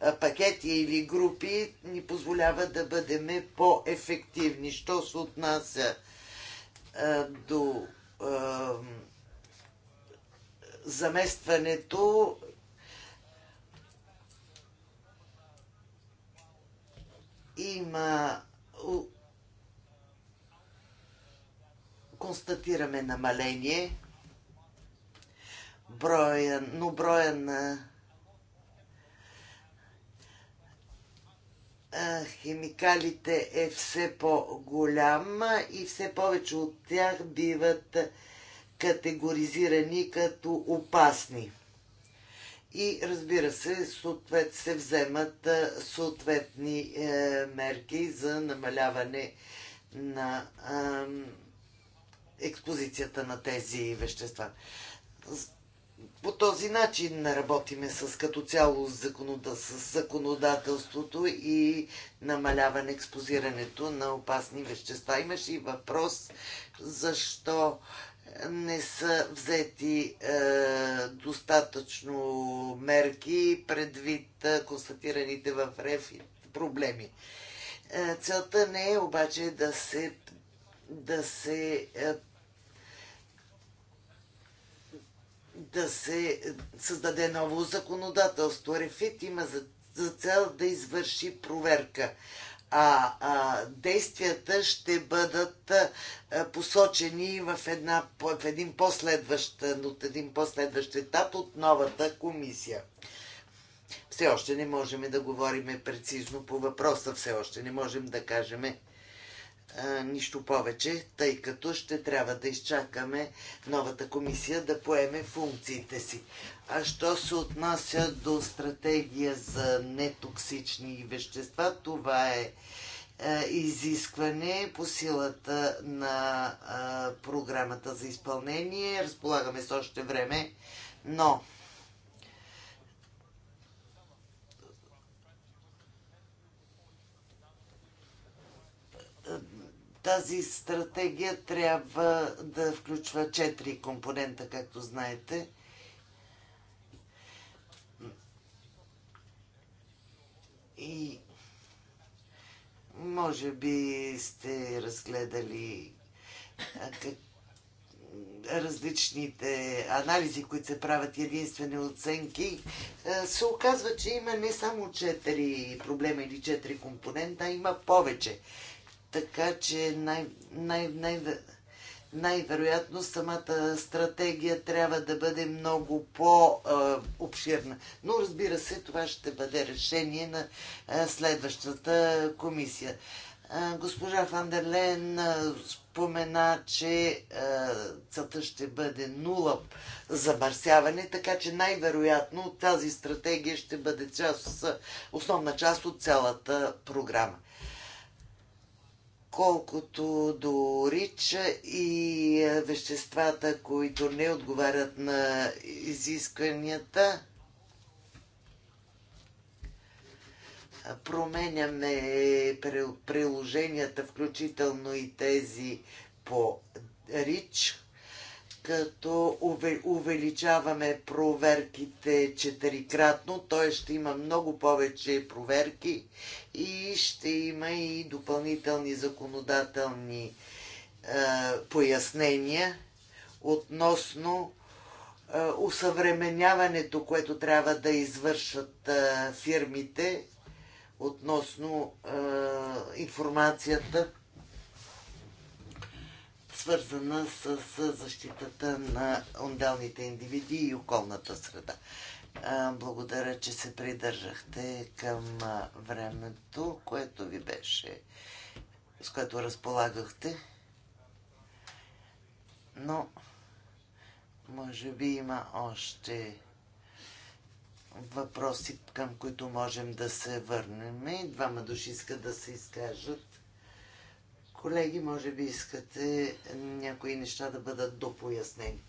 а, пакети или групи, ни позволява да бъдем по-ефективни. Що се отнася а, до а, заместването, има констатираме намаление, броя, но броя на химикалите е все по-голям и все повече от тях биват категоризирани като опасни. И разбира се, съответ, се вземат съответни е, мерки за намаляване на експозицията на тези вещества. По този начин работиме с като цяло с законодателството и намаляване експозирането на опасни вещества. Имаше и въпрос защо не са взети е, достатъчно мерки предвид е, констатираните в РЕФИ проблеми. Е, целта не е обаче да се, да се е, да се създаде ново законодателство. Рефит има за, за цел да извърши проверка. А, а действията ще бъдат а, посочени в, една, в един последващ, от един последващ етап от новата комисия. Все още не можем да говорим прецизно по въпроса, все още не можем да кажем нищо повече, тъй като ще трябва да изчакаме новата комисия да поеме функциите си. А що се отнася до стратегия за нетоксични вещества, това е, е изискване по силата на програмата за изпълнение. Разполагаме с още време, но Тази стратегия трябва да включва четири компонента, както знаете. И може би сте разгледали как, различните анализи, които се правят единствени оценки, се оказва, че има не само четири проблема или четири компонента, а има повече. Така че най, най, най, най-вероятно самата стратегия трябва да бъде много по-обширна. Но разбира се, това ще бъде решение на следващата комисия. Госпожа Фандерлен спомена, че целта ще бъде нула замърсяване, така че най-вероятно тази стратегия ще бъде част, основна част от цялата програма. Колкото до рич и е, веществата, които не отговарят на изискванията, променяме приложенията, включително и тези по рич като увеличаваме проверките четирикратно, т.е. ще има много повече проверки и ще има и допълнителни законодателни е, пояснения относно е, усъвременяването, което трябва да извършат е, фирмите относно е, информацията свързана с защитата на отделните индивиди и околната среда. Благодаря, че се придържахте към времето, което ви беше, с което разполагахте. Но, може би има още въпроси, към които можем да се върнем. И двама души искат да се изкажат. Колеги, може би искате някои неща да бъдат допояснени.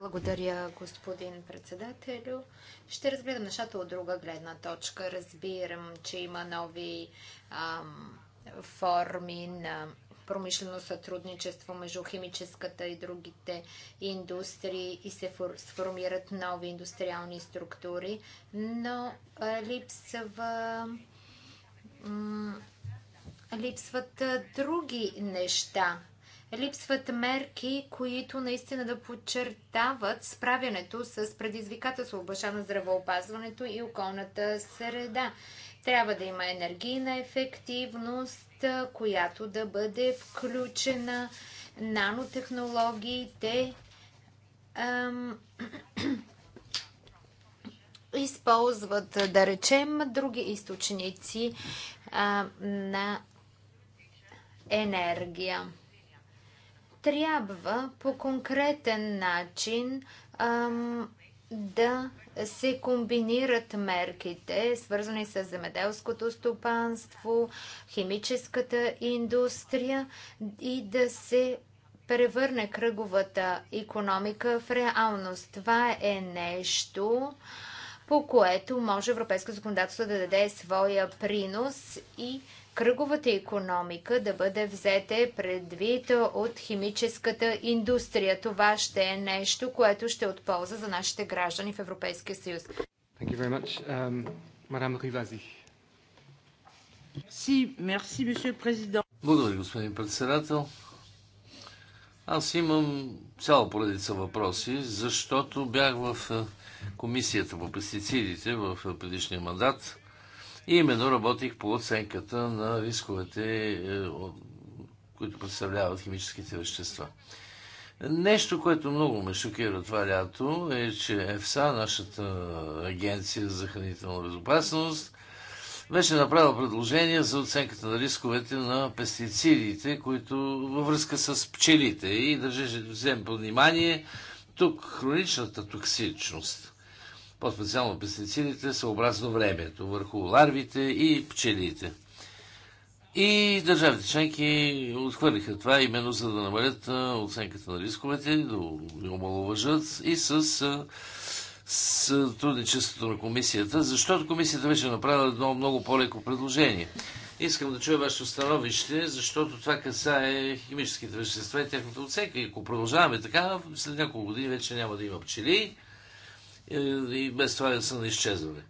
Благодаря, господин председателю. Ще разгледам нещата от друга гледна точка. Разбирам, че има нови ам, форми на промишлено сътрудничество между химическата и другите индустрии и се сформират нови индустриални структури, но липсва липсват други неща. Липсват мерки, които наистина да подчертават справянето с предизвикателство, баща на здравеопазването и околната среда. Трябва да има енергийна ефективност, която да бъде включена, нанотехнологиите, ам, използват, да речем, други източници а, на енергия. Трябва по конкретен начин да се комбинират мерките, свързани с земеделското стопанство, химическата индустрия и да се превърне кръговата економика в реалност. Това е нещо, по което може европейско законодателство да даде своя принос и кръговата економика да бъде взете предвид от химическата индустрия. Това ще е нещо, което ще е от полза за нашите граждани в Европейския съюз. Thank you very much. Um, Merci, merci, monsieur président. Благодаря, господин председател. Аз имам цяла поредица въпроси, защото бях в Комисията по пестицидите в предишния мандат. И именно работих по оценката на рисковете, е, които представляват химическите вещества. Нещо, което много ме шокира това лято е, че ЕФСА, нашата агенция за хранителна безопасност, беше направила предложение за оценката на рисковете на пестицидите, които във връзка с пчелите и държеше да вземе под внимание тук хроничната токсичност, по-специално пестицидите, съобразно времето върху ларвите и пчелите. И държавите членки отхвърлиха това именно за да намалят оценката на рисковете, да омалуважат и с сътрудничеството на комисията, защото комисията беше направила едно много по-леко предложение. Искам да чуя вашето становище, защото това касае химическите вещества и тяхната оценка. И ако продължаваме така, след няколко години вече няма да има пчели е, и без това да са на изчезване.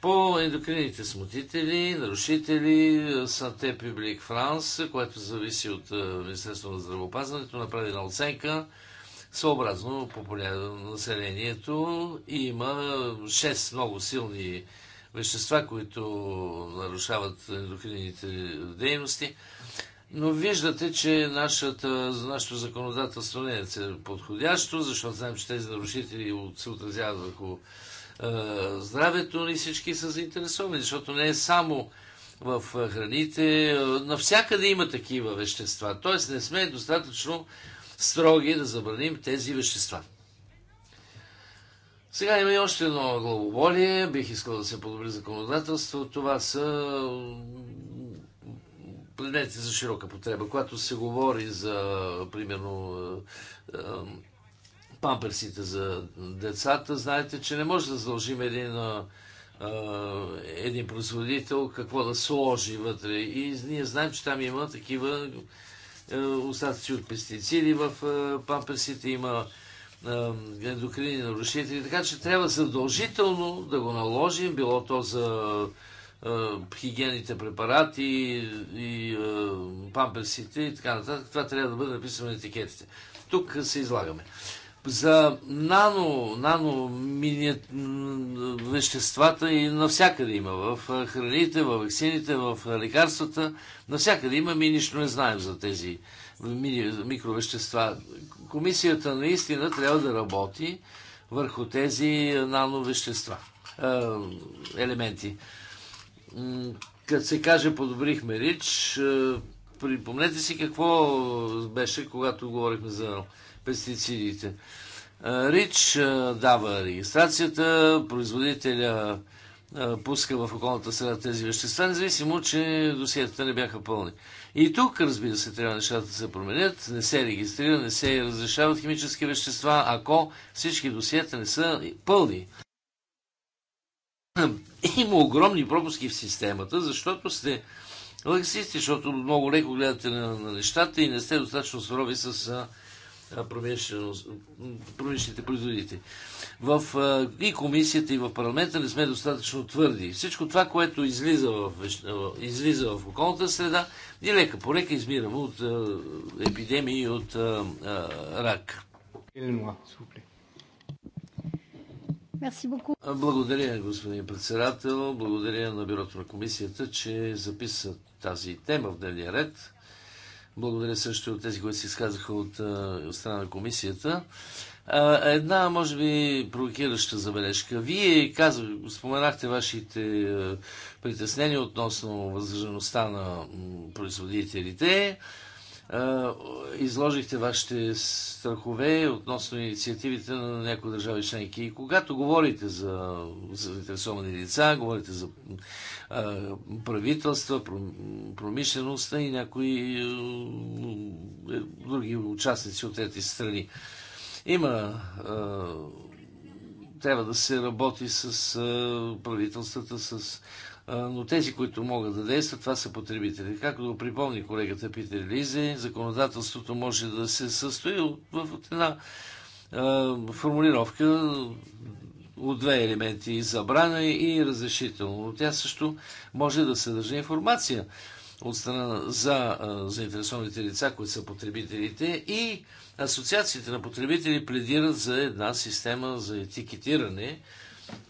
По ендокрините смутители, нарушители, е, Санте Публик Франс, което зависи от е, Министерството на здравеопазването, направи една оценка съобразно популярно населението. И има 6 много силни вещества, които нарушават ендокрините дейности. Но виждате, че нашата, нашето законодателство не е подходящо, защото знаем, че тези нарушители се отразяват върху е, здравето ни всички са заинтересовани, защото не е само в храните, навсякъде има такива вещества. Тоест не сме достатъчно строги да забраним тези вещества. Сега има и още едно главоболие. Бих искал да се подобри законодателство. Това са предмети за широка потреба. Когато се говори за, примерно, е, е, памперсите за децата, знаете, че не може да задължим един, е, един производител какво да сложи вътре. И ние знаем, че там има такива остатъци от пестициди в памперсите, има ендокрини нарушители. Така че трябва задължително да го наложим, било то за хигиените препарати и, памперсите и така нататък. Това трябва да бъде написано на етикетите. Тук се излагаме. За нано, нано мини... веществата и навсякъде има. В храните, в вакцините, в лекарствата. Навсякъде има. Ми нищо не знаем за тези микровещества. Комисията наистина трябва да работи върху тези нановещества, елементи. Като се каже подобрихме РИЧ, припомнете си какво беше, когато говорихме за пестицидите. РИЧ дава регистрацията, производителя пуска в околната среда тези вещества, независимо, че досиетата не бяха пълни. И тук, разбира се, трябва нещата да се променят, не се регистрира, не се разрешават химически вещества, ако всички досиета не са пълни. Има огромни пропуски в системата, защото сте лексисти, защото много леко гледате на, на нещата и не сте достатъчно сурови с промишлените производители в и комисията, и в парламента не сме достатъчно твърди. Всичко това, което излиза в, излиза в околната среда, ни е лека по лека измираме от епидемии и от а, а, рак. Благодаря, господин председател. Благодаря на бюрото на комисията, че записа тази тема в дневния ред. Благодаря също от тези, които се изказаха от, от страна на комисията. Една, може би, провокираща забележка. Вие казах, споменахте вашите притеснения относно въздържаността на производителите. Изложихте вашите страхове относно инициативите на някои държави членки. И когато говорите за заинтересовани лица, говорите за правителства, промишлеността и някои други участници от трети страни. Има трябва да се работи с правителствата, с но тези, които могат да действат, това са потребители. Както го припомни колегата Питер Лизе, законодателството може да се състои от една формулировка от две елементи забрана и разрешително. Но тя също може да съдържа информация от страна за заинтересованите лица, които са потребителите и Асоциациите на потребители пледират за една система за етикетиране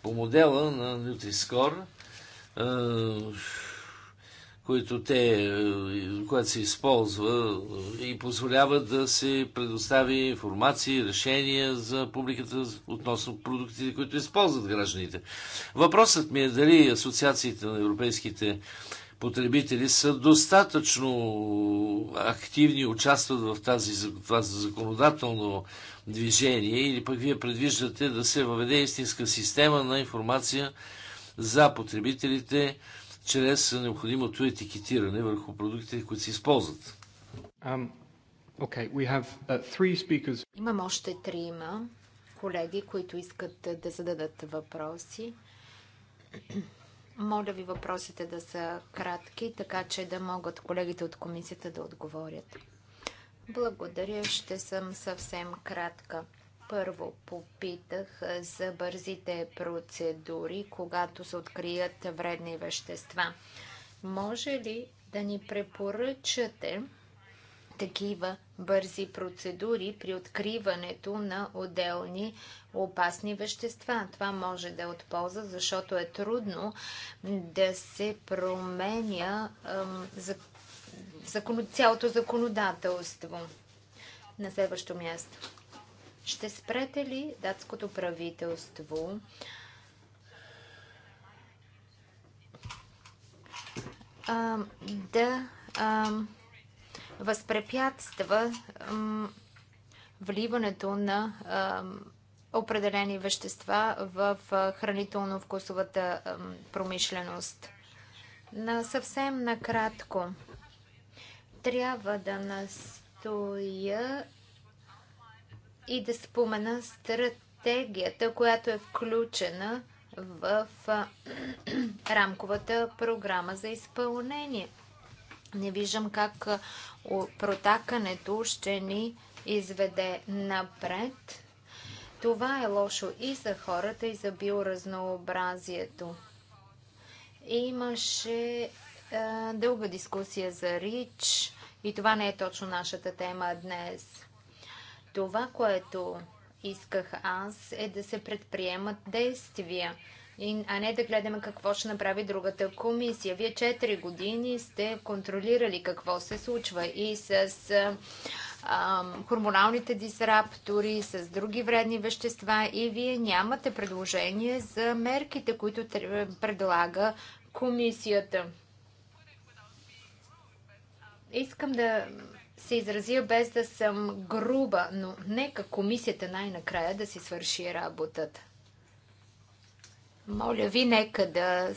по модела на Nutri-Score, те, която се използва и позволява да се предостави информации, решения за публиката относно продуктите, които използват гражданите. Въпросът ми е дали асоциациите на европейските потребители са достатъчно активни, участват в тази, това законодателно движение или пък вие предвиждате да се въведе истинска система на информация за потребителите чрез необходимото етикетиране върху продуктите, които се използват. Um, okay. have, uh, Имам още трима колеги, които искат да зададат въпроси. Моля ви въпросите да са кратки, така че да могат колегите от комисията да отговорят. Благодаря, ще съм съвсем кратка. Първо попитах за бързите процедури, когато се открият вредни вещества. Може ли да ни препоръчате такива бързи процедури при откриването на отделни опасни вещества. Това може да е от полза, защото е трудно да се променя ем, за, закон, цялото законодателство. На следващо място. Ще спрете ли датското правителство ем, да ем, възпрепятства вливането на определени вещества в хранително-вкусовата промишленост. На съвсем накратко трябва да настоя и да спомена стратегията, която е включена в рамковата програма за изпълнение – не виждам как протакането ще ни изведе напред. Това е лошо и за хората, и за биоразнообразието. Имаше е, дълга дискусия за РИЧ и това не е точно нашата тема днес. Това, което исках аз, е да се предприемат действия а не да гледаме какво ще направи другата комисия. Вие 4 години сте контролирали какво се случва и с а, хормоналните дисраптори, с други вредни вещества и вие нямате предложение за мерките, които предлага комисията. Искам да се изразя без да съм груба, но нека комисията най-накрая да си свърши работата. Моля ви, нека да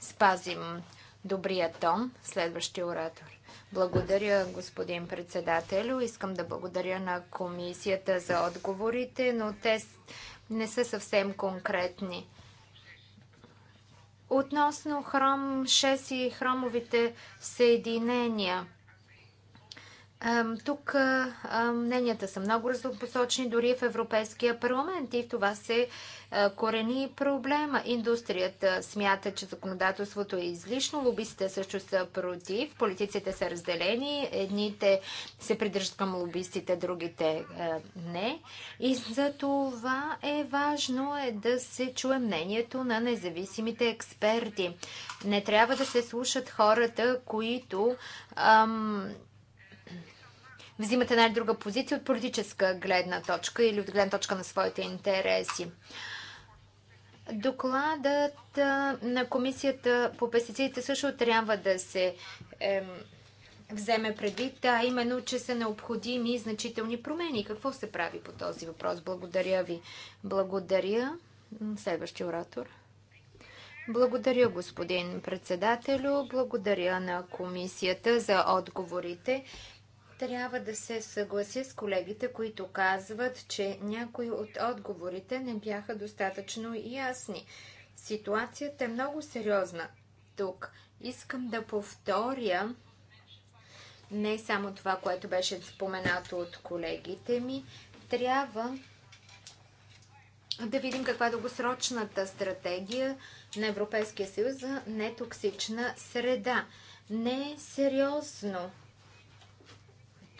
спазим добрия тон. Следващия оратор. Благодаря, господин председателю. Искам да благодаря на комисията за отговорите, но те не са съвсем конкретни. Относно хром 6 и хромовите съединения, тук мненията са много разнопосочни, дори в Европейския парламент и в това се корени проблема. Индустрията смята, че законодателството е излишно, лобистите също са против, политиците са разделени, едните се придържат към лобистите, другите не. И за това е важно е да се чуе мнението на независимите експерти. Не трябва да се слушат хората, които ам, взимате една или друга позиция от политическа гледна точка или от гледна точка на своите интереси. Докладът на Комисията по пестицидите също трябва да се е, вземе предвид, а именно, че са необходими значителни промени. Какво се прави по този въпрос? Благодаря ви. Благодаря. Следващия оратор. Благодаря, господин председателю. Благодаря на комисията за отговорите трябва да се съглася с колегите, които казват, че някои от отговорите не бяха достатъчно ясни. Ситуацията е много сериозна тук. Искам да повторя не само това, което беше споменато от колегите ми. Трябва да видим каква е дългосрочната стратегия на Европейския съюз за нетоксична среда. Не е сериозно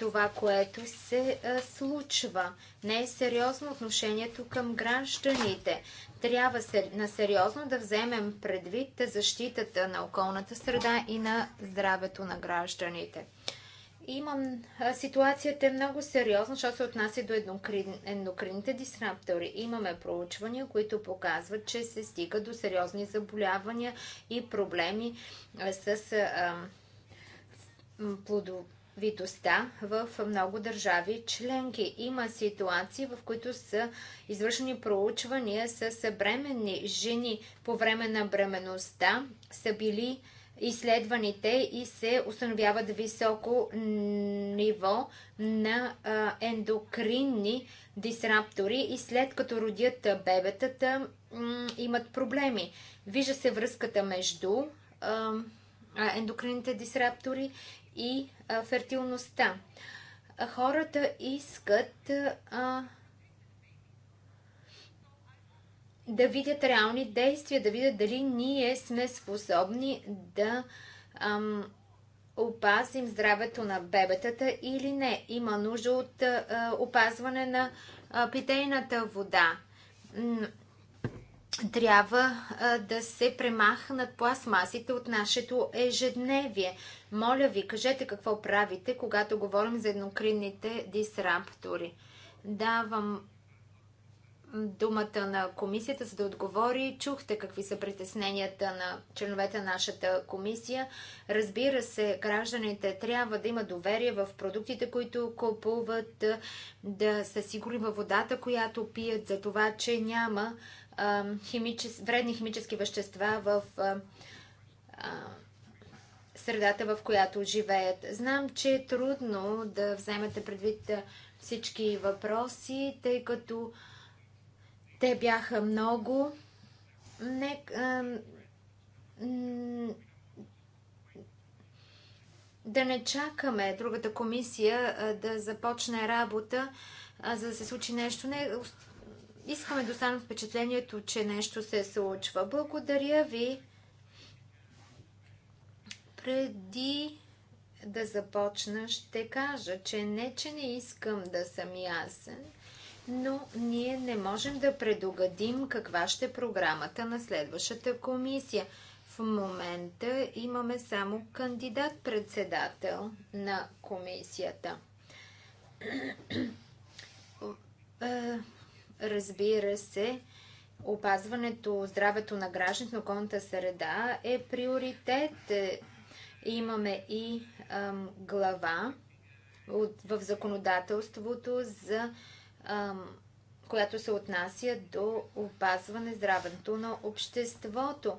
това, което се а, случва. Не е сериозно отношението към гражданите. Трябва се, на сериозно да вземем предвид защитата на околната среда и на здравето на гражданите. Имам, а, ситуацията е много сериозна, защото се отнася до ендокрин, ендокринните дисраптори. Имаме проучвания, които показват, че се стига до сериозни заболявания и проблеми а, с плодо витостта в много държави членки. Има ситуации, в които са извършени проучвания с бременни жени по време на бременността, са били изследваните и се установяват високо ниво на ендокринни дисраптори и след като родят бебетата имат проблеми. Вижда се връзката между ендокринните дисраптори и фертилността. Хората искат а, да видят реални действия, да видят дали ние сме способни да ам, опазим здравето на бебетата или не. Има нужда от а, опазване на а, питейната вода трябва а, да се премахнат пластмасите от нашето ежедневие. Моля ви, кажете какво правите, когато говорим за еднокринните дисраптори. Давам думата на комисията, за да отговори. Чухте какви са притесненията на членовете на нашата комисия. Разбира се, гражданите трябва да имат доверие в продуктите, които купуват, да са сигурни във водата, която пият, за това, че няма химичес, вредни химически вещества в средата, в която живеят. Знам, че е трудно да вземете предвид всички въпроси, тъй като те бяха много. Не, а, да не чакаме другата комисия а, да започне работа, а, за да се случи нещо. Не, искаме да останем впечатлението, че нещо се случва. Благодаря ви. Преди да започна, ще кажа, че не, че не искам да съм ясен, но ние не можем да предугадим каква ще е програмата на следващата комисия. В момента имаме само кандидат-председател на комисията е, Разбира се, опазването здравето на гражданите на околната среда е приоритет. Е, имаме и ам, глава от, в законодателството за ам, която се отнася до опазване здравето на обществото.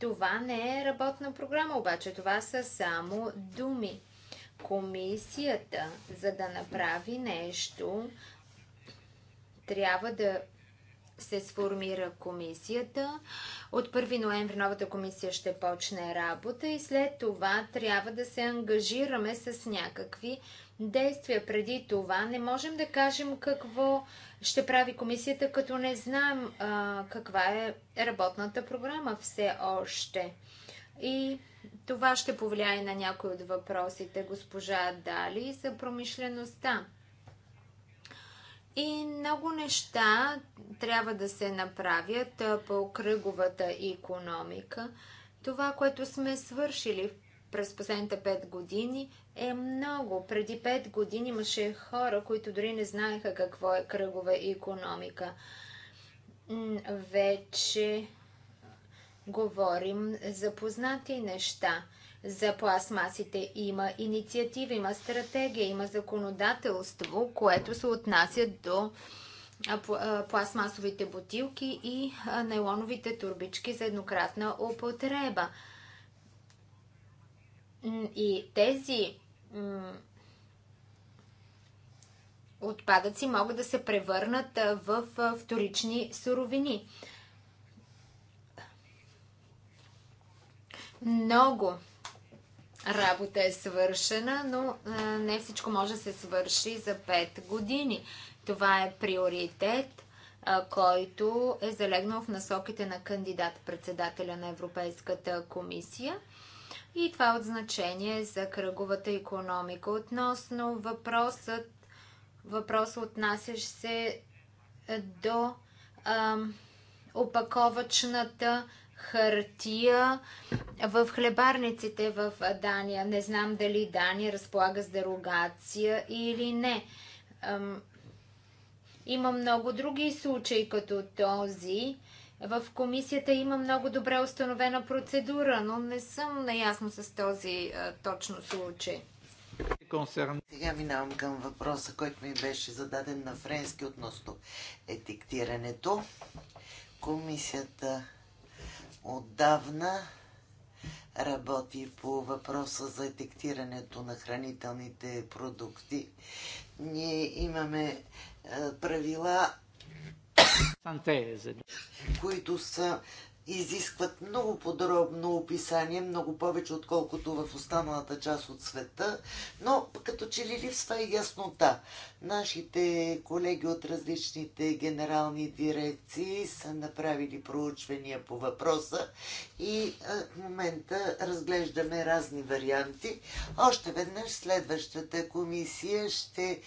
Това не е работна програма, обаче това са само думи. Комисията, за да направи нещо, трябва да се сформира комисията. От 1 ноември новата комисия ще почне работа и след това трябва да се ангажираме с някакви действия. Преди това не можем да кажем какво ще прави комисията, като не знаем а, каква е работната програма все още. И това ще повлияе на някои от въпросите госпожа Дали за промишлеността. И много неща трябва да се направят по кръговата економика. Това, което сме свършили през последните 5 години е много. Преди 5 години имаше хора, които дори не знаеха какво е кръгова економика. Вече говорим за познати неща за пластмасите. Има инициатива, има стратегия, има законодателство, което се отнася до пластмасовите бутилки и нейлоновите турбички за еднократна употреба. И тези отпадъци могат да се превърнат в вторични суровини. Много работа е свършена, но не всичко може да се свърши за 5 години. Това е приоритет, който е залегнал в насоките на кандидат-председателя на Европейската комисия. И това е от значение за кръговата економика. Относно въпросът, въпрос отнасящ се до опаковачната хартия в хлебарниците в Дания. Не знам дали Дания разполага с дерогация или не. Има много други случаи като този. В комисията има много добре установена процедура, но не съм наясно с този точно случай. Сега минавам към въпроса, който ми беше зададен на френски относно етиктирането. Комисията отдавна работи по въпроса за етиктирането на хранителните продукти. Ние имаме е, правила, които са изискват много подробно описание, много повече отколкото в останалата част от света, но като че ли липсва и е яснота. Нашите колеги от различните генерални дирекции са направили проучвания по въпроса и в момента разглеждаме разни варианти. Още веднъж следващата комисия ще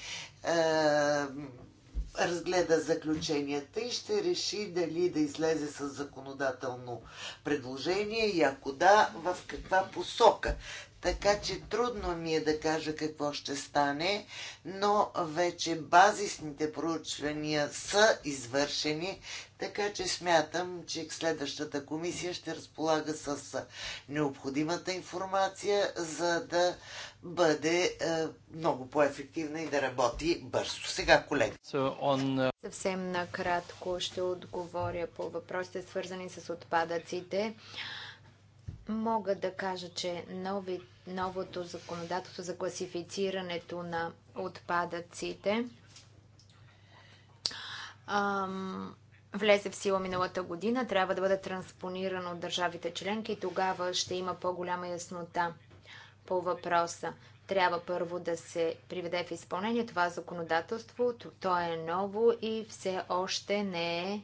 разгледа заключенията и ще реши дали да излезе с законодателно предложение и ако да, в каква посока така че трудно ми е да кажа какво ще стане, но вече базисните проучвания са извършени, така че смятам, че следващата комисия ще разполага с необходимата информация, за да бъде е, много по-ефективна и да работи бързо. Сега, колеги. So on... Uh, Съвсем накратко ще отговоря по въпросите, свързани с отпадъците. Мога да кажа, че новите новото законодателство за класифицирането на отпадъците. влезе в сила миналата година, трябва да бъде транспонирано от държавите членки и тогава ще има по-голяма яснота по въпроса. Трябва първо да се приведе в изпълнение това законодателство. То е ново и все още не е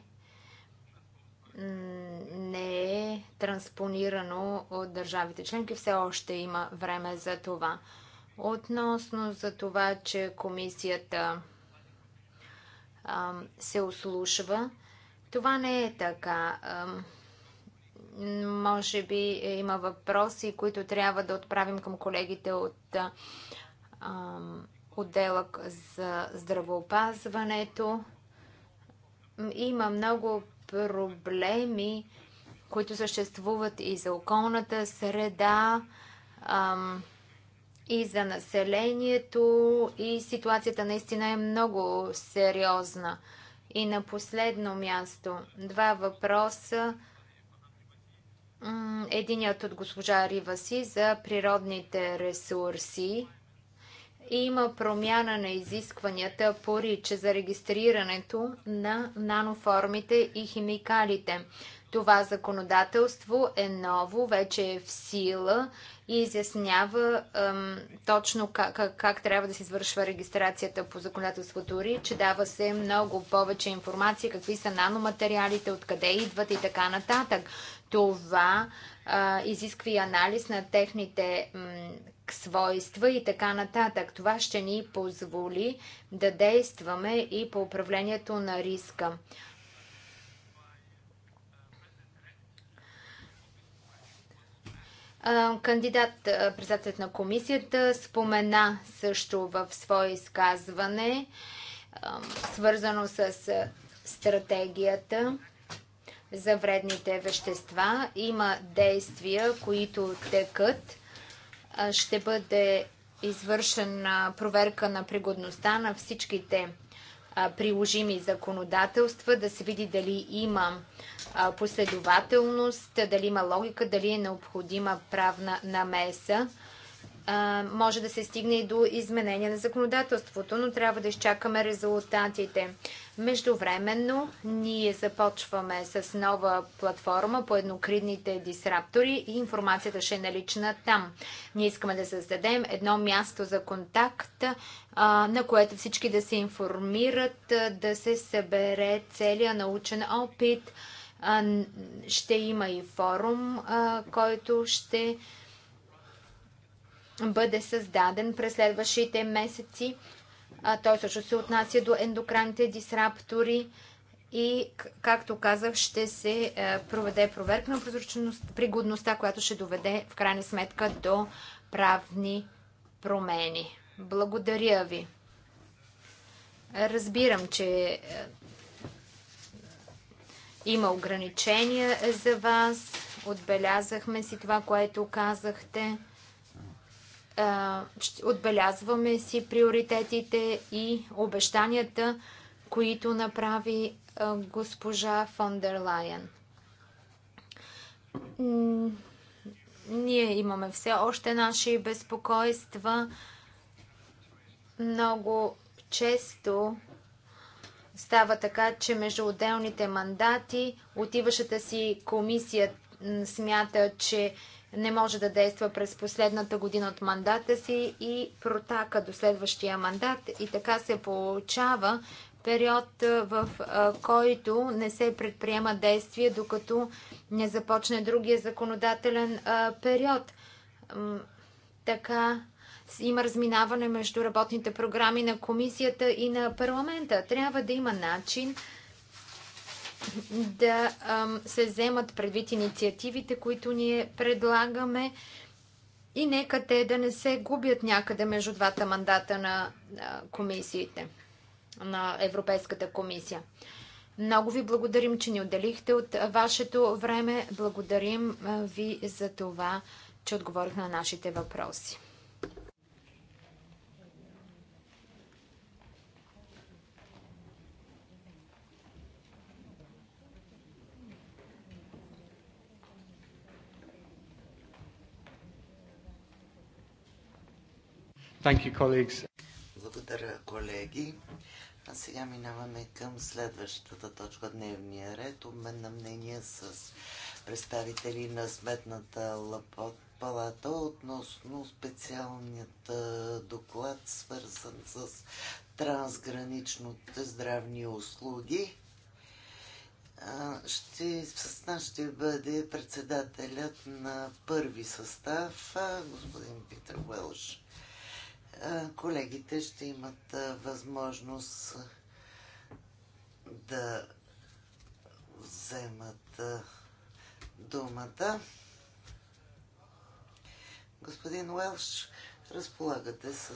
не е транспонирано от държавите членки. Все още има време за това. Относно за това, че комисията а, се ослушва, това не е така. А, може би има въпроси, които трябва да отправим към колегите от а, отдела за здравоопазването, Има много проблеми които съществуват и за околната среда, и за населението, и ситуацията наистина е много сериозна. И на последно място, два въпроса. Единият от госпожа Риваси за природните ресурси. Има промяна на изискванията по риче за регистрирането на наноформите и химикалите. Това законодателство е ново, вече е в сила и изяснява ем, точно как, как, как трябва да се извършва регистрацията по законодателството Че Дава се много повече информация, какви са наноматериалите, откъде идват и така нататък. Това е, изисква и анализ на техните м, свойства и така нататък. Това ще ни позволи да действаме и по управлението на риска. Кандидат председателят на комисията спомена също в свое изказване, свързано с стратегията за вредните вещества. Има действия, които текат. Ще бъде извършена проверка на пригодността на всичките приложими законодателства, да се види дали има последователност, дали има логика, дали е необходима правна намеса може да се стигне и до изменение на законодателството, но трябва да изчакаме резултатите. Междувременно ние започваме с нова платформа по еднокридните дисраптори и информацията ще е налична там. Ние искаме да създадем едно място за контакт, на което всички да се информират, да се събере целият научен опит. Ще има и форум, който ще бъде създаден през следващите месеци. Той също се отнася до ендокранните дисраптори и, както казах, ще се е, проведе проверка на пригодността, която ще доведе в крайна сметка до правни промени. Благодаря ви. Разбирам, че е, има ограничения за вас. Отбелязахме си това, което казахте отбелязваме си приоритетите и обещанията, които направи госпожа фон дер Лайен. Ние имаме все още наши безпокойства. Много често става така, че между отделните мандати отиващата си комисия смята, че не може да действа през последната година от мандата си и протака до следващия мандат. И така се получава период, в който не се предприема действие, докато не започне другия законодателен период. Така има разминаване между работните програми на комисията и на парламента. Трябва да има начин да се вземат предвид инициативите, които ние предлагаме и нека те да не се губят някъде между двата мандата на комисиите, на Европейската комисия. Много ви благодарим, че ни отделихте от вашето време. Благодарим ви за това, че отговорих на нашите въпроси. Thank you, colleagues. Благодаря, колеги. А сега минаваме към следващата точка дневния ред. Обмен на мнение с представители на Сметната палата относно специалният доклад, свързан с трансграничните здравни услуги. Ще, с нас ще бъде председателят на първи състав, господин Питър Уелш колегите ще имат възможност да вземат думата. Господин Уелш, разполагате с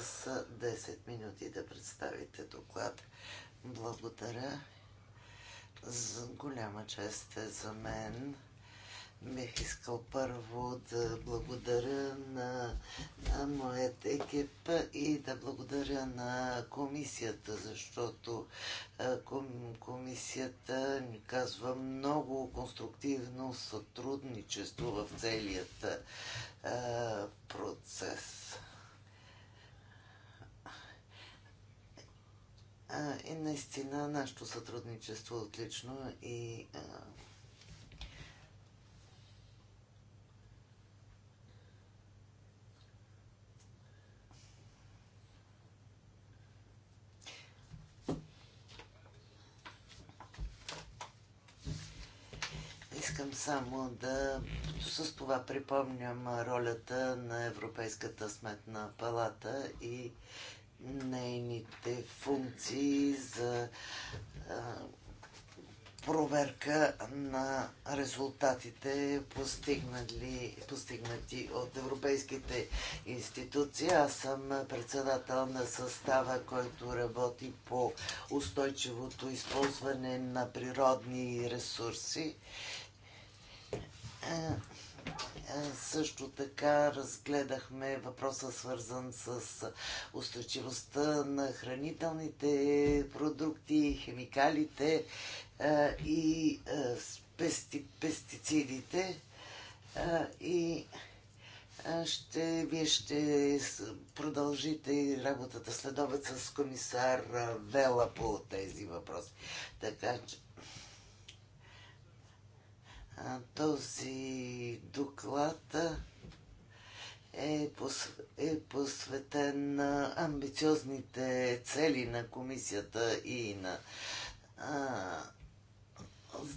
10 минути да представите доклад. Благодаря. За голяма чест е за мен бих искал първо да благодаря на, на моят екип и да благодаря на комисията, защото ком, комисията ни казва много конструктивно сътрудничество в целият а, процес. А, и наистина нашето сътрудничество е отлично и а, Искам само да с това припомням ролята на Европейската сметна палата и нейните функции за проверка на резултатите постигнати от европейските институции. Аз съм председател на състава, който работи по устойчивото използване на природни ресурси е, е, също така разгледахме въпроса свързан с устойчивостта на хранителните продукти, химикалите е, и пести, пестицидите. И ще, вие ще продължите работата следобед с комисар Вела по тези въпроси. Така че този доклад е, е, посветен на амбициозните цели на комисията и на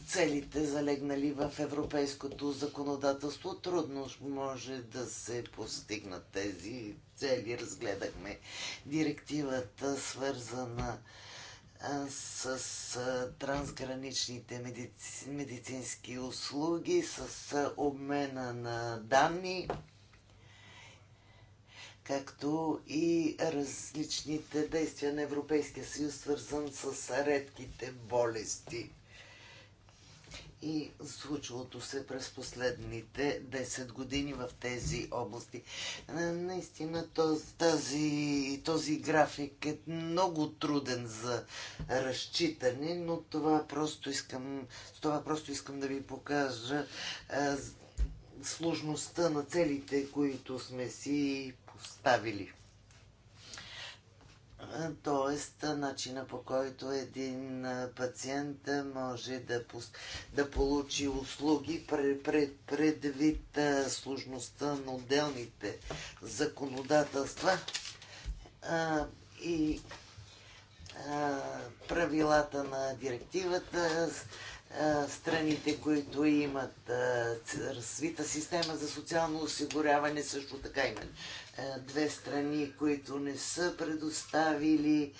целите залегнали в европейското законодателство. Трудно може да се постигнат тези цели. Разгледахме директивата свързана с с трансграничните медици, медицински услуги, с обмена на данни, както и различните действия на Европейския съюз, свързан с редките болести и случилото се през последните 10 години в тези области. Е, наистина този, този график е много труден за разчитане, но това просто искам, това просто искам да ви покажа е, сложността на целите, които сме си поставили т.е. начина по който един пациент може да, да получи услуги пред, предвид сложността на отделните законодателства и правилата на директивата, страните, които имат развита система за социално осигуряване, също така имат е, две страни, които не са предоставили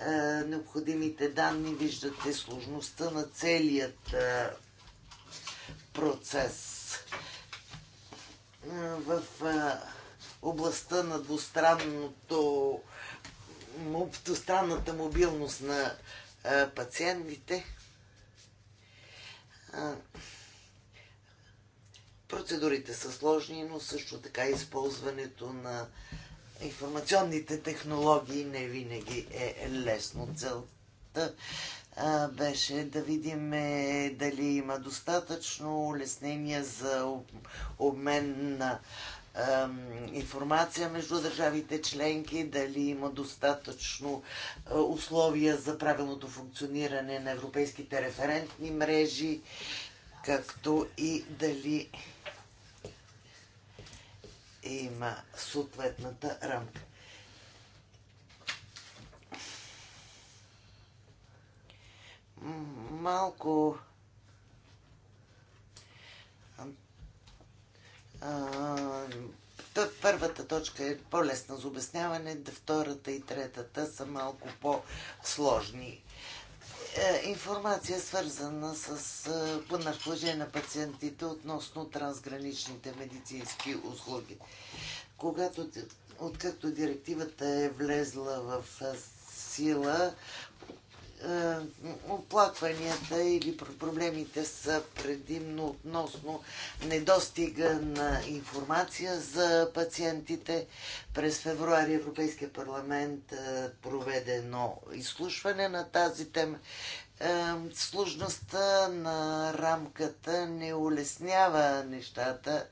е, необходимите данни. Виждате сложността на целият е, процес. В областта на двустранното двустранната мобилност на пациентите Процедурите са сложни, но също така използването на информационните технологии не винаги е лесно. Целта беше да видим е, дали има достатъчно улеснения за обмен на информация между държавите членки, дали има достатъчно условия за правилното функциониране на европейските референтни мрежи, както и дали има съответната рамка. Малко а, първата точка е по-лесна за обясняване, втората и третата са малко по-сложни. Е, информация, свързана с е, наркология на пациентите относно трансграничните медицински услуги. Когато, откакто директивата е влезла в е, сила, е, оплакванията или проблемите са предимно относно недостига на информация за пациентите. През февруари Европейския парламент е, проведе едно изслушване на тази тема. Е, сложността на рамката не улеснява нещата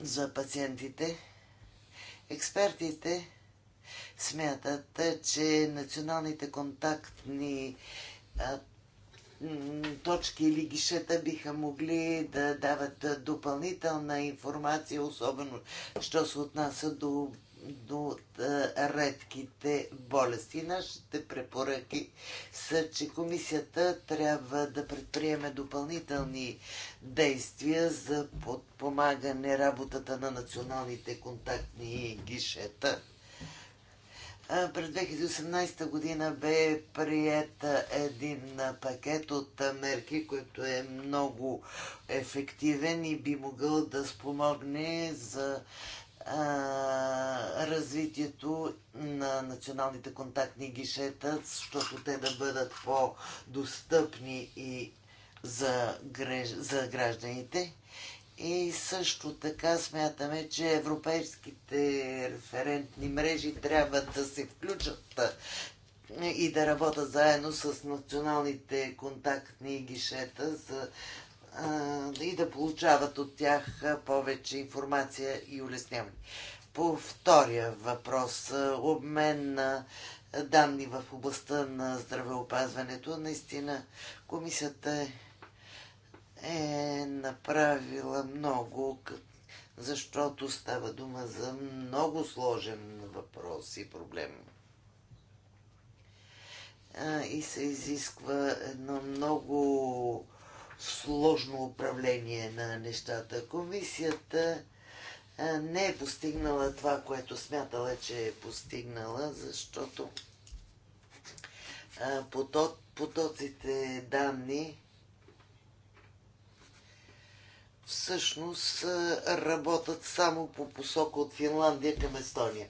за пациентите. Експертите смятат, че националните контактни точки или гишета биха могли да дават допълнителна информация, особено що се отнася до, до редките болести. Нашите препоръки са, че комисията трябва да предприеме допълнителни действия за подпомагане работата на националните контактни гишета през 2018 година бе прият един пакет от мерки, който е много ефективен и би могъл да спомогне за развитието на националните контактни гишета, защото те да бъдат по-достъпни и за, гражданите. И също така смятаме, че европейските референтни мрежи трябва да се включат и да работят заедно с националните контактни гишета за, а, и да получават от тях повече информация и улесняване. По втория въпрос, обмен на данни в областта на здравеопазването, наистина комисията е е направила много, защото става дума за много сложен въпрос и проблем. И се изисква едно много сложно управление на нещата. Комисията не е постигнала това, което смятала, че е постигнала, защото потоците данни всъщност работят само по посока от Финландия към Естония.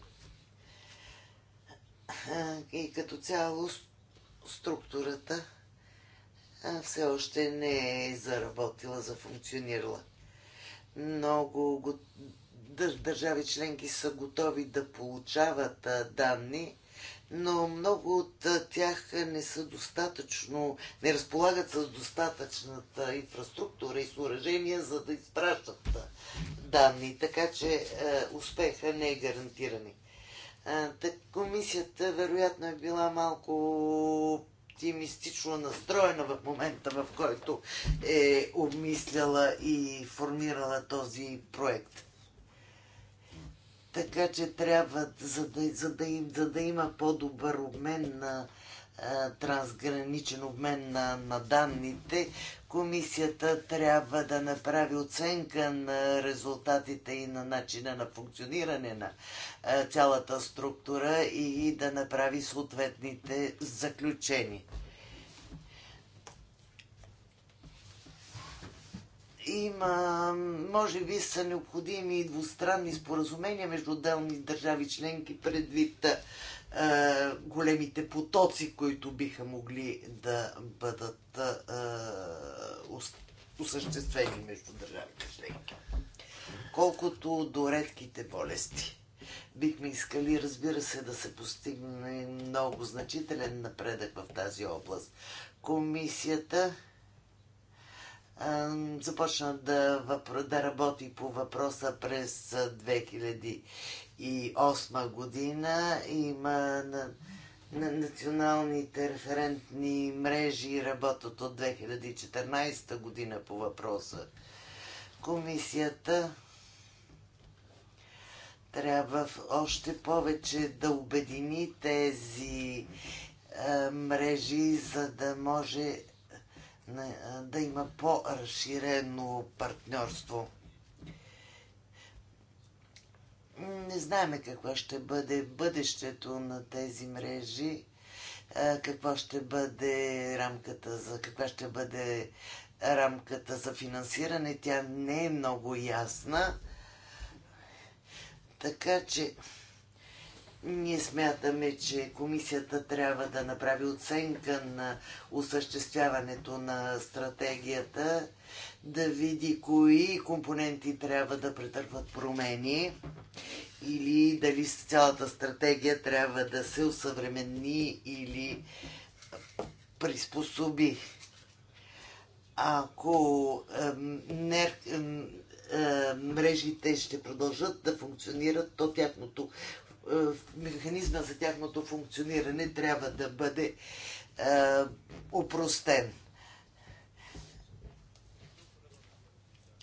И като цяло структурата все още не е заработила, зафункционирала. Много държави членки са готови да получават данни но много от тях не са достатъчно, не разполагат с достатъчната инфраструктура и съоръжения, за да изпращат данни, така че е, успеха не е гарантиран. комисията вероятно е била малко оптимистично настроена в момента, в който е обмисляла и формирала този проект. Така че трябва, за да, за да, им, за да има по-добър обмен на а, трансграничен обмен на, на данните, комисията трябва да направи оценка на резултатите и на начина на функциониране на а, цялата структура и да направи съответните заключения. има, може би са необходими и двустранни споразумения между отделни държави членки предвид е, големите потоци, които биха могли да бъдат е, осъществени между държавите членки. Колкото до редките болести. Бихме искали, разбира се, да се постигне много значителен напредък в тази област. Комисията започна да, да работи по въпроса през 2008 година. Има на, на националните референтни мрежи работят от 2014 година по въпроса. Комисията трябва още повече да обедини тези мрежи, за да може да има по-разширено партньорство. Не знаеме какво ще бъде бъдещето на тези мрежи, какво ще бъде рамката за, каква ще бъде рамката за финансиране. Тя не е много ясна. Така че ние смятаме, че комисията трябва да направи оценка на осъществяването на стратегията, да види кои компоненти трябва да претърпват промени или дали цялата стратегия трябва да се усъвремени или приспособи. Ако ем, не, ем, мрежите ще продължат да функционират, то тяхното е, механизма за тяхното функциониране трябва да бъде е, упростен.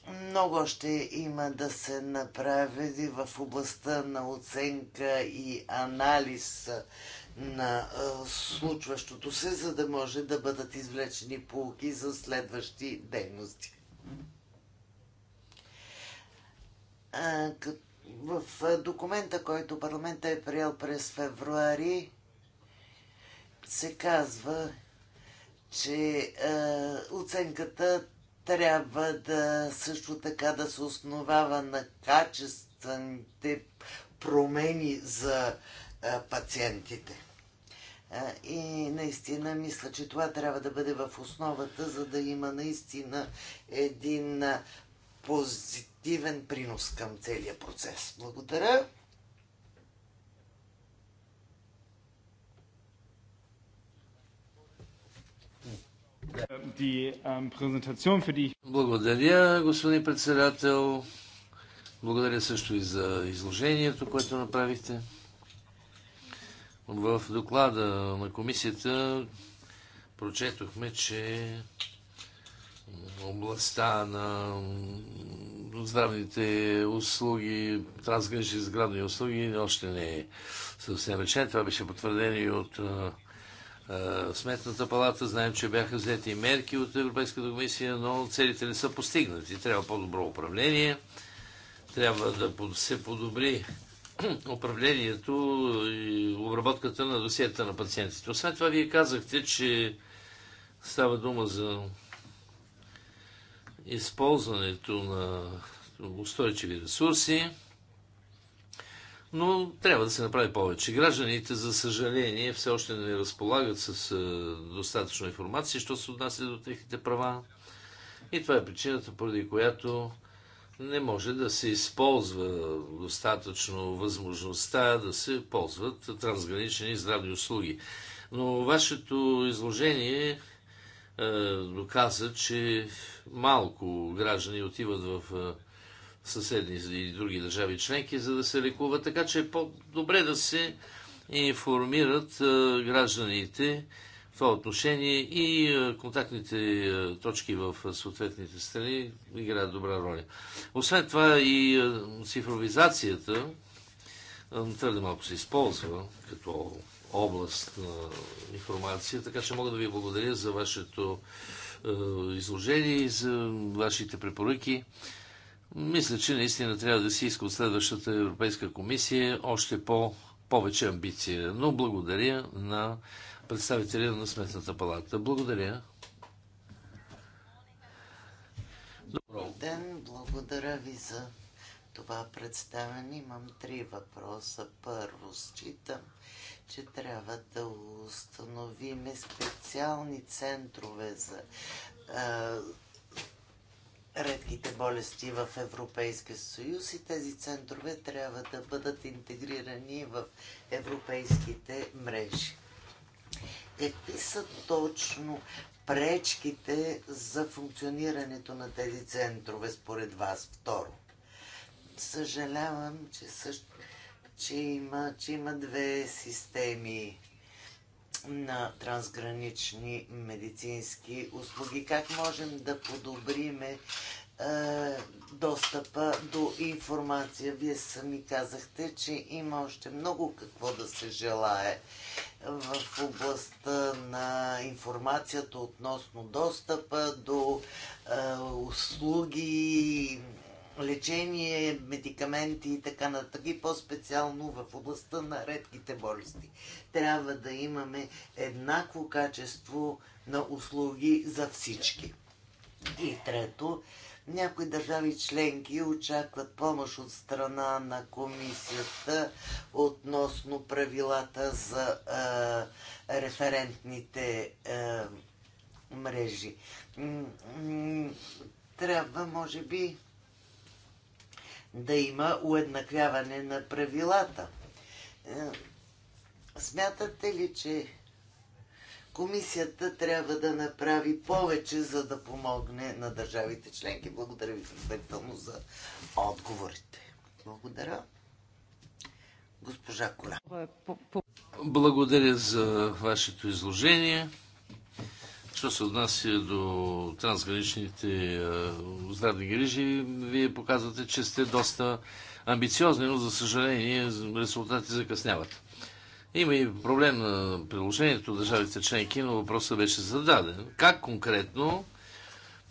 Много още има да се направи в областта на оценка и анализ на е, случващото се, за да може да бъдат извлечени полки за следващи дейности. като в документа, който парламента е приел през февруари, се казва, че е, оценката трябва да също така да се основава на качествените промени за е, пациентите. Е, и наистина мисля, че това трябва да бъде в основата, за да има наистина един позитив активен принос към целия процес. Благодаря. Ähm, Благодаря, господин председател. Благодаря също и за изложението, което направихте. В доклада на комисията прочетохме, че областта на здравните услуги, трансгранични здравни услуги още не е съвсем решен. Това беше потвърдено и от Сметната палата. Знаем, че бяха взети мерки от Европейската комисия, но целите не са постигнати. Трябва по-добро управление, трябва да се подобри управлението и обработката на досиета на пациентите. Освен това, вие казахте, че става дума за използването на устойчиви ресурси, но трябва да се направи повече. Гражданите, за съжаление, все още не разполагат с е, достатъчно информация, що се отнася до техните права. И това е причината, поради която не може да се използва достатъчно възможността да се ползват трансгранични здравни услуги. Но вашето изложение е, доказа, че малко граждани отиват в е, съседни и други държави членки, за да се лекуват. Така че е по-добре да се информират е, гражданите в това отношение и контактните точки в съответните страни играят добра роля. Освен това и цифровизацията твърде малко се използва като област на информация, така че мога да ви благодаря за вашето е, изложение и за вашите препоръки. Мисля, че наистина трябва да се иска от следващата Европейска комисия още по повече амбиция. Но благодаря на представителя на Сметната палата. Благодаря. Добро ден. Благодаря ви за това представяне. Имам три въпроса. Първо, считам, че трябва да установиме специални центрове за а, редките болести в Европейския съюз и тези центрове трябва да бъдат интегрирани в европейските мрежи. Е, какви са точно пречките за функционирането на тези центрове според вас? Второ, съжалявам, че също че има, че има две системи на трансгранични медицински услуги. Как можем да подобриме достъпа до информация. Вие сами казахте, че има още много какво да се желае в областта на информацията относно достъпа до е, услуги, лечение, медикаменти и така нататък, и по-специално в областта на редките болести. Трябва да имаме еднакво качество на услуги за всички. И трето, някои държави членки очакват помощ от страна на комисията относно правилата за е, референтните е, мрежи. Трябва, може би, да има уеднаквяване на правилата. Е, смятате ли, че комисията трябва да направи повече, за да помогне на държавите членки? Благодаря ви предварително за отговорите. Благодаря. Госпожа Коля. Благодаря за вашето изложение. Що се отнася до трансграничните здравни грижи, вие показвате, че сте доста амбициозни, но за съжаление резултати закъсняват. Има и проблем на приложението държавите членки, но въпросът беше зададен. Как конкретно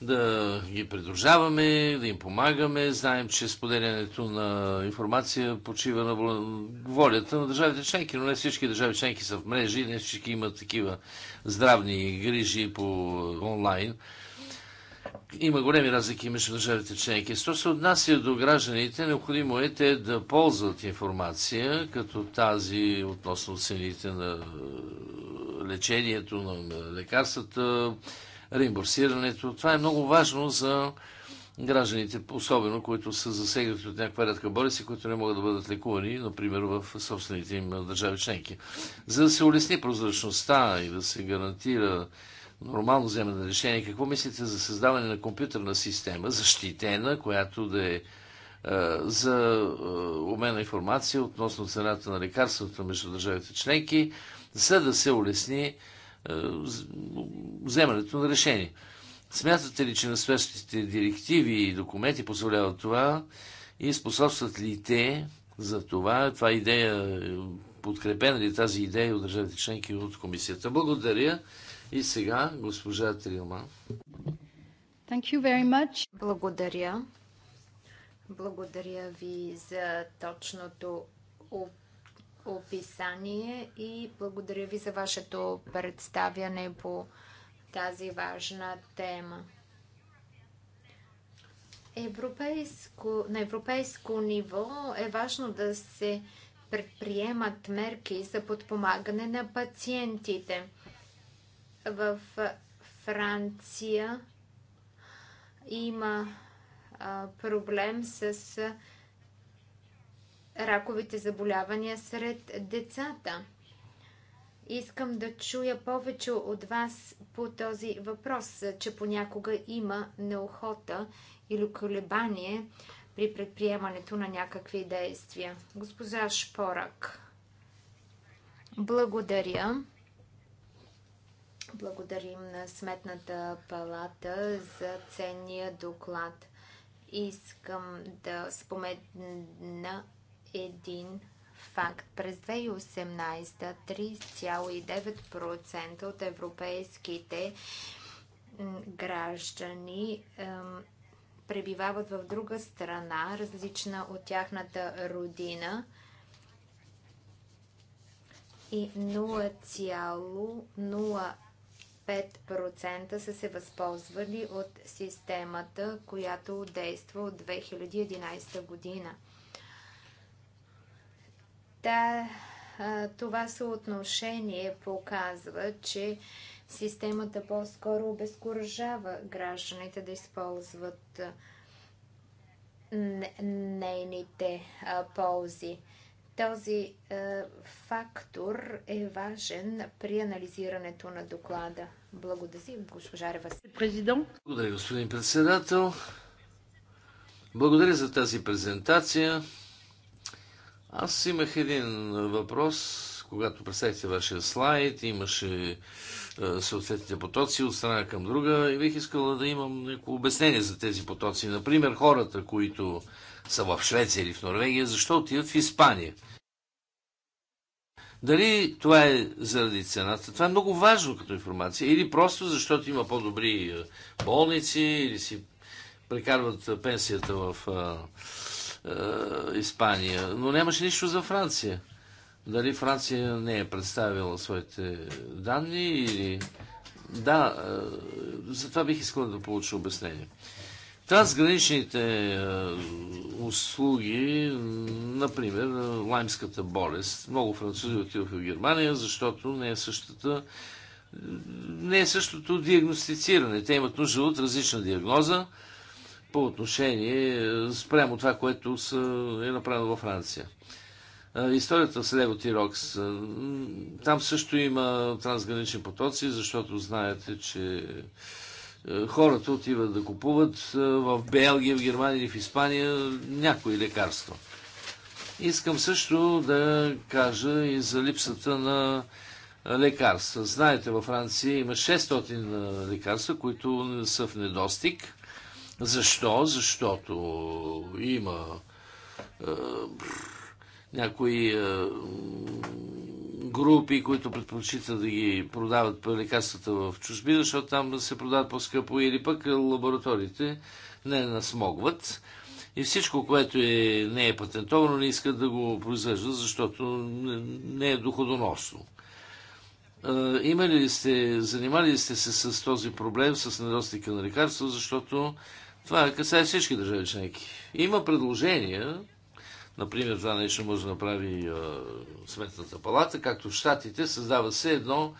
да ги придружаваме, да им помагаме. Знаем, че споделянето на информация почива на волята на държавите членки, но не всички държави членки са в мрежи, не всички имат такива здравни грижи по онлайн. Има големи разлики между държавите членки. Що се отнася до гражданите, необходимо е те да ползват информация, като тази относно цените на лечението, на лекарствата, реимбурсирането. Това е много важно за гражданите, особено които са засегнати от някаква редка болест и които не могат да бъдат лекувани, например в собствените им държави членки. За да се улесни прозрачността и да се гарантира нормално вземане на решение, какво мислите за създаване на компютърна система, защитена, която да е, е за е, обмен на информация относно цената на лекарствата между държавите членки, за да се улесни е, вземането на решение. Смятате ли, че настоящите директиви и документи позволяват това и способстват ли те за това? Това идея, подкрепена ли е тази идея от държавите членки от комисията? Благодаря. И сега госпожа Трилман. Благодаря. Благодаря ви за точното описание и благодаря ви за вашето представяне по тази важна тема. Европейско, на европейско ниво е важно да се предприемат мерки за подпомагане на пациентите. В Франция има проблем с раковите заболявания сред децата. Искам да чуя повече от вас по този въпрос, че понякога има неохота или колебание при предприемането на някакви действия. Госпожа Шпорак, благодаря. Благодарим на Сметната палата за ценния доклад. Искам да спомена един факт. През 2018 3,9% от европейските граждани пребивават в друга страна, различна от тяхната родина и 0,05% са се възползвали от системата, която действа от 2011 година. Та, това съотношение показва, че системата по-скоро обезкуражава гражданите да използват нейните ползи. Този е, фактор е важен при анализирането на доклада. Благодаря, госпожа Ревас. Благодаря, господин председател. Благодаря за тази презентация. Аз имах един въпрос, когато представихте вашия слайд, имаше съответните потоци от страна към друга и бих искала да имам някакво обяснение за тези потоци. Например, хората, които са в Швеция или в Норвегия, защо отиват в Испания? Дали това е заради цената? Това е много важно като информация. Или просто защото има по-добри болници, или си прекарват пенсията в е, Испания, но нямаше нищо за Франция. Дали Франция не е представила своите данни или... Да, е, за това бих искал да получа обяснение. Трансграничните е, услуги, например, лаймската болест. Много французи отидоха в Германия, защото не е същата не е същото диагностициране. Те имат нужда от различна диагноза, по отношение е, спрямо това, което са, е направено във Франция. Историята с Лего Тирокс. Там също има трансгранични потоци, защото знаете, че е, хората отиват да купуват в Белгия, в Германия или в Испания някои лекарства. Искам също да кажа и за липсата на лекарства. Знаете, във Франция има 600 лекарства, които са в недостиг защо? Защото има е, някои е, групи, които предпочитат да ги продават лекарствата в чужбина, защото там се продават по-скъпо или пък лабораториите не насмогват. И всичко, което е, не е патентовано, не искат да го произвеждат, защото не е доходоносно. Е, имали ли сте, занимали ли сте се с този проблем, с недостига на лекарства, защото това е касае всички държави членки. Има предложения, например, това нещо може да направи а, Сметната палата, както в Штатите, създава се едно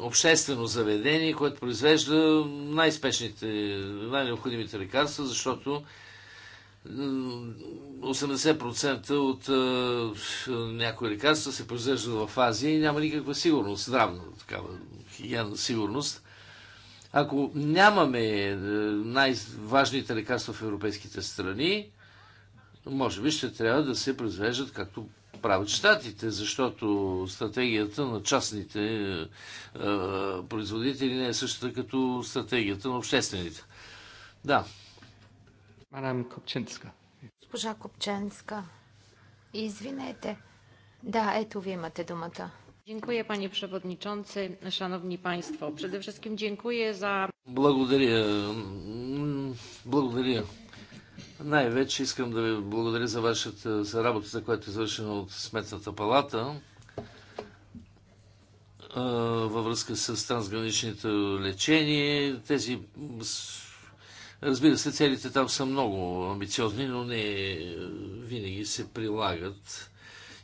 обществено заведение, което произвежда най-спешните, най-необходимите лекарства, защото 80% от а, някои лекарства се произвеждат в Азия и няма никаква сигурност, здравна такава хигиенна сигурност. Ако нямаме е, най-важните лекарства в европейските страни, може би ще трябва да се произвеждат както правят щатите, защото стратегията на частните е, е производители не е същата като стратегията на обществените. Да. Марам Копченска. Госпожа Копченска, извинете. Да, ето ви имате думата. Dziękuję panie przewodniczący, szanowni państwo. Przede wszystkim dziękuję за. Благодаря. Благодаря. Най-вече искам да ви благодаря за вашата за работата, която е извършена от Сметната палата във връзка с трансграничните лечение. Тези, разбира се, целите там са много амбициозни, но не винаги се прилагат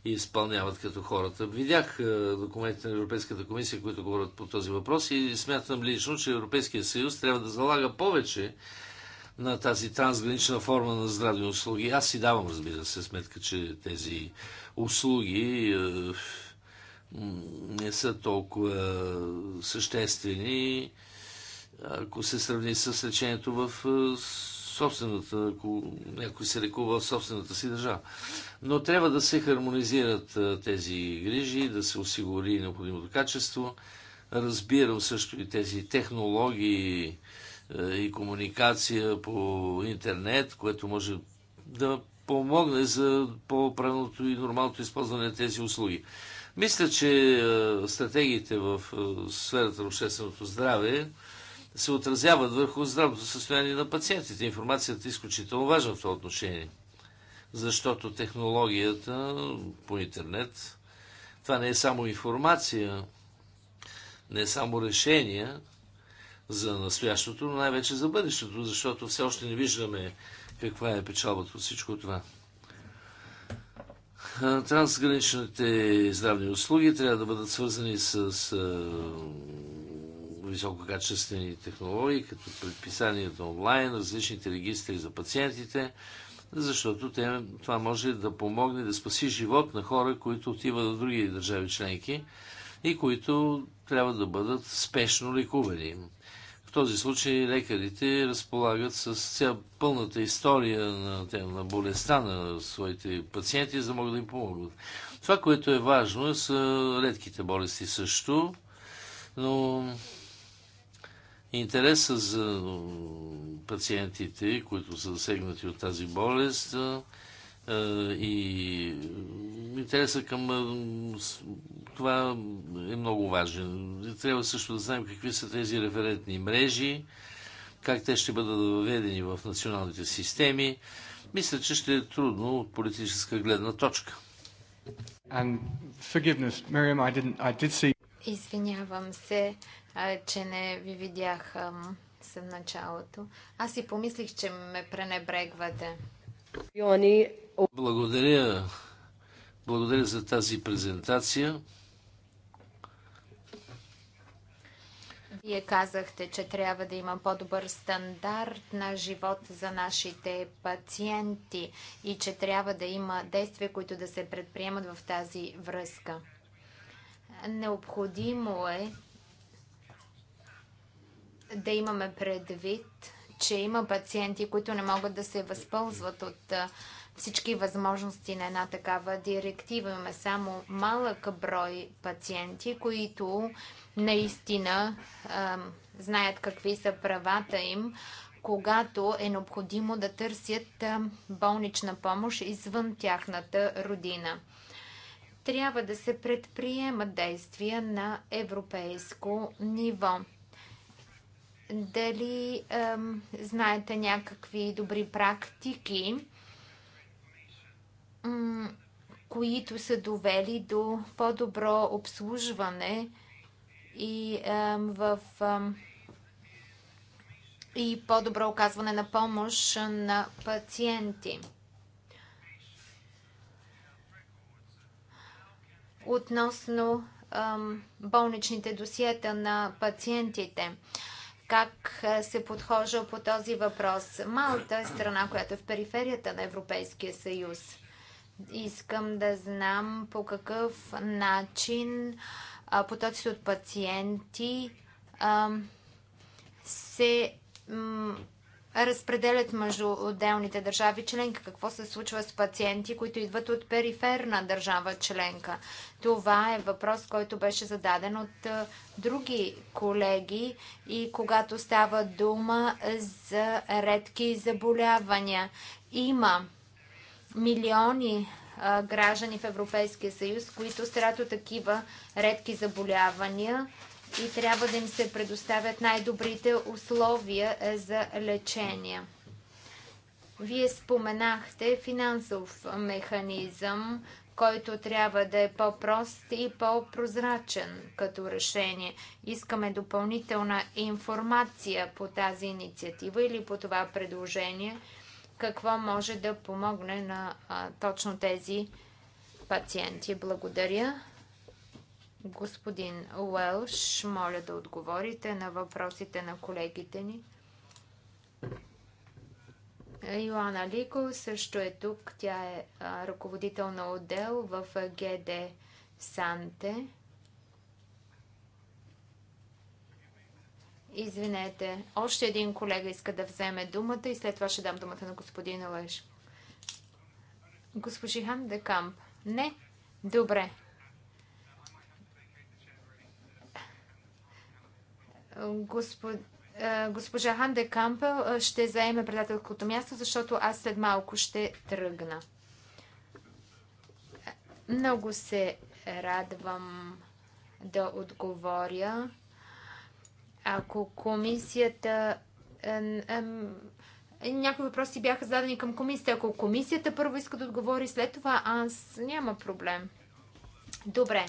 и изпълняват като хората. Видях е, документите на Европейската комисия, които говорят по този въпрос и смятам лично, че Европейския съюз трябва да залага повече на тази трансгранична форма на здравни услуги. Аз си давам, разбира се, сметка, че тези услуги е, не са толкова съществени, ако се сравни с лечението в е, собствената, ако някой се лекува в собствената си държава. Но трябва да се хармонизират тези грижи, да се осигури необходимото качество. Разбирам също и тези технологии и комуникация по интернет, което може да помогне за по-правилното и нормалното използване на тези услуги. Мисля, че стратегиите в сферата на общественото здраве се отразяват върху здравото състояние на пациентите. Информацията е изключително важна в това отношение, защото технологията по интернет, това не е само информация, не е само решение за настоящото, но най-вече за бъдещето, защото все още не виждаме каква е печалбата от всичко това. Трансграничните здравни услуги трябва да бъдат свързани с висококачествени технологии, като предписанието онлайн, различните регистри за пациентите, защото те, това може да помогне да спаси живот на хора, които отиват в други държави членки и които трябва да бъдат спешно ликувани. В този случай лекарите разполагат с ця пълната история на, на болестта на своите пациенти, за да могат да им помогнат. Това, което е важно, са редките болести също, но Интереса за пациентите, които са засегнати от тази болест и интереса към това е много важен. Трябва също да знаем какви са тези референтни мрежи, как те ще бъдат въведени в националните системи. Мисля, че ще е трудно от политическа гледна точка. And forgiveness, Miriam, I didn't, I did see... Извинявам се, че не ви видях в началото. Аз си помислих, че ме пренебрегвате. Благодаря. Благодаря за тази презентация. Вие казахте, че трябва да има по-добър стандарт на живот за нашите пациенти и че трябва да има действия, които да се предприемат в тази връзка. Необходимо е да имаме предвид, че има пациенти, които не могат да се възползват от всички възможности на една такава директива. Имаме само малък брой пациенти, които наистина а, знаят какви са правата им, когато е необходимо да търсят болнична помощ извън тяхната родина трябва да се предприемат действия на европейско ниво. Дали е, знаете някакви добри практики, които са довели до по-добро обслужване и е, в. и по-добро оказване на помощ на пациенти. относно болничните досиета на пациентите. Как е, се подхожа по този въпрос? Малта е страна, която е в периферията на Европейския съюз. Искам да знам по какъв начин потоците от пациенти се разпределят между отделните държави членки, какво се случва с пациенти, които идват от периферна държава членка. Това е въпрос, който беше зададен от други колеги и когато става дума за редки заболявания. Има милиони граждани в Европейския съюз, които страдат от такива редки заболявания и трябва да им се предоставят най-добрите условия е, за лечение. Вие споменахте финансов механизъм, който трябва да е по-прост и по-прозрачен като решение. Искаме допълнителна информация по тази инициатива или по това предложение, какво може да помогне на а, точно тези пациенти. Благодаря. Господин Уелш, моля да отговорите на въпросите на колегите ни. Йоанна Лико също е тук. Тя е ръководител на отдел в ГД Санте. Извинете, още един колега иска да вземе думата и след това ще дам думата на господин Лъж. Госпожи Хан Декамп. Не? Добре. Е, госпожа Ханде Кампел е, ще заеме предателското място, защото аз след малко ще тръгна. Много се радвам да отговоря. Ако комисията. Е, някои въпроси бяха зададени към комисията. Ако комисията първо иска да отговори, след това аз няма проблем. Добре.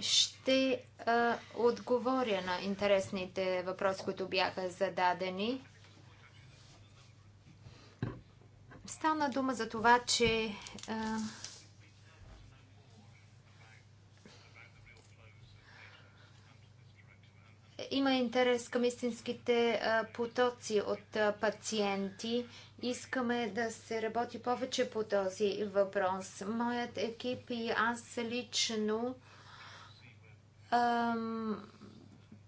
Ще а, отговоря на интересните въпроси, които бяха зададени. Стана дума за това, че а, има интерес към истинските потоци от пациенти. Искаме да се работи повече по този въпрос. Моят екип и аз лично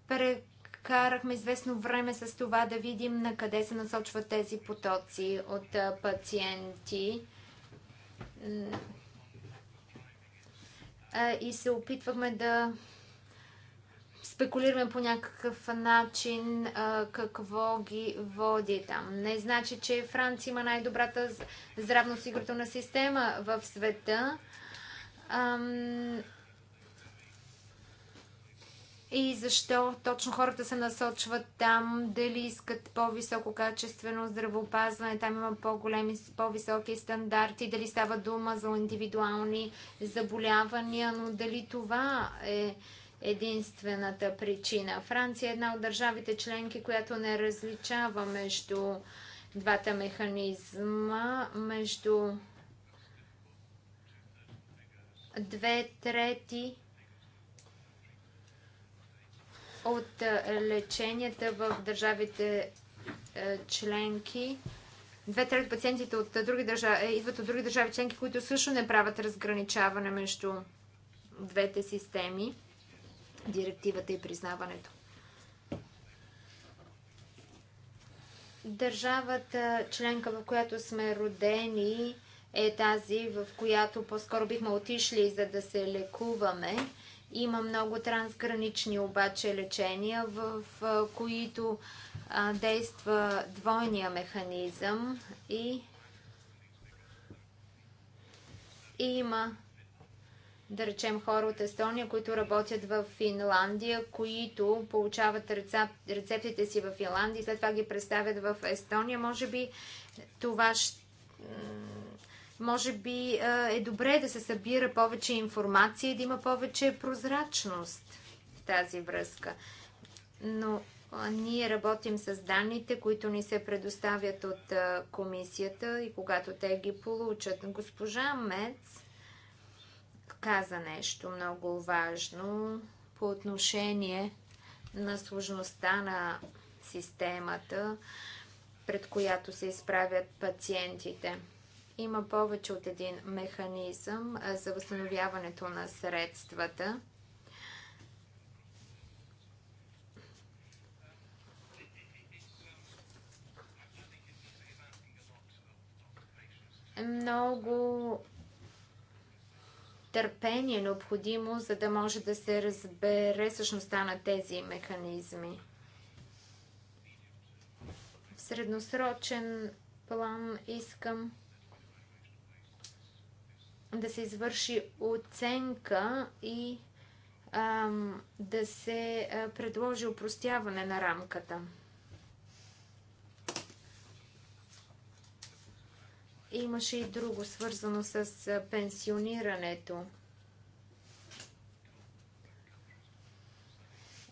прекарахме известно време с това да видим на къде се насочват тези потоци от пациенти. И се опитвахме да спекулираме по някакъв начин какво ги води там. Не значи, че Франция има най-добрата здравно здравноосигурителна система в света и защо точно хората се насочват там, дали искат по-високо качествено здравеопазване, там има по-големи, по-високи стандарти, дали става дума за индивидуални заболявания, но дали това е единствената причина. Франция е една от държавите членки, която не различава между двата механизма, между две трети от леченията в държавите членки. Две трети пациентите от други държави, е, идват от други държави членки, които също не правят разграничаване между двете системи, директивата и признаването. Държавата членка, в която сме родени, е тази, в която по-скоро бихме отишли, за да се лекуваме. Има много трансгранични обаче лечения, в, в които а, действа двойния механизъм и, и има да речем хора от Естония, които работят в Финландия, които получават рецептите си в Финландия и след това ги представят в Естония. Може би това ще може би е, е добре да се събира повече информация и да има повече прозрачност в тази връзка. Но ние работим с данните, които ни се предоставят от комисията и когато те ги получат. Госпожа Мец каза нещо много важно по отношение на сложността на системата, пред която се изправят пациентите. Има повече от един механизъм за възстановяването на средствата. Много търпение е необходимо, за да може да се разбере същността на тези механизми. В средносрочен план искам да се извърши оценка и да се предложи упростяване на рамката. Имаше и друго свързано с пенсионирането.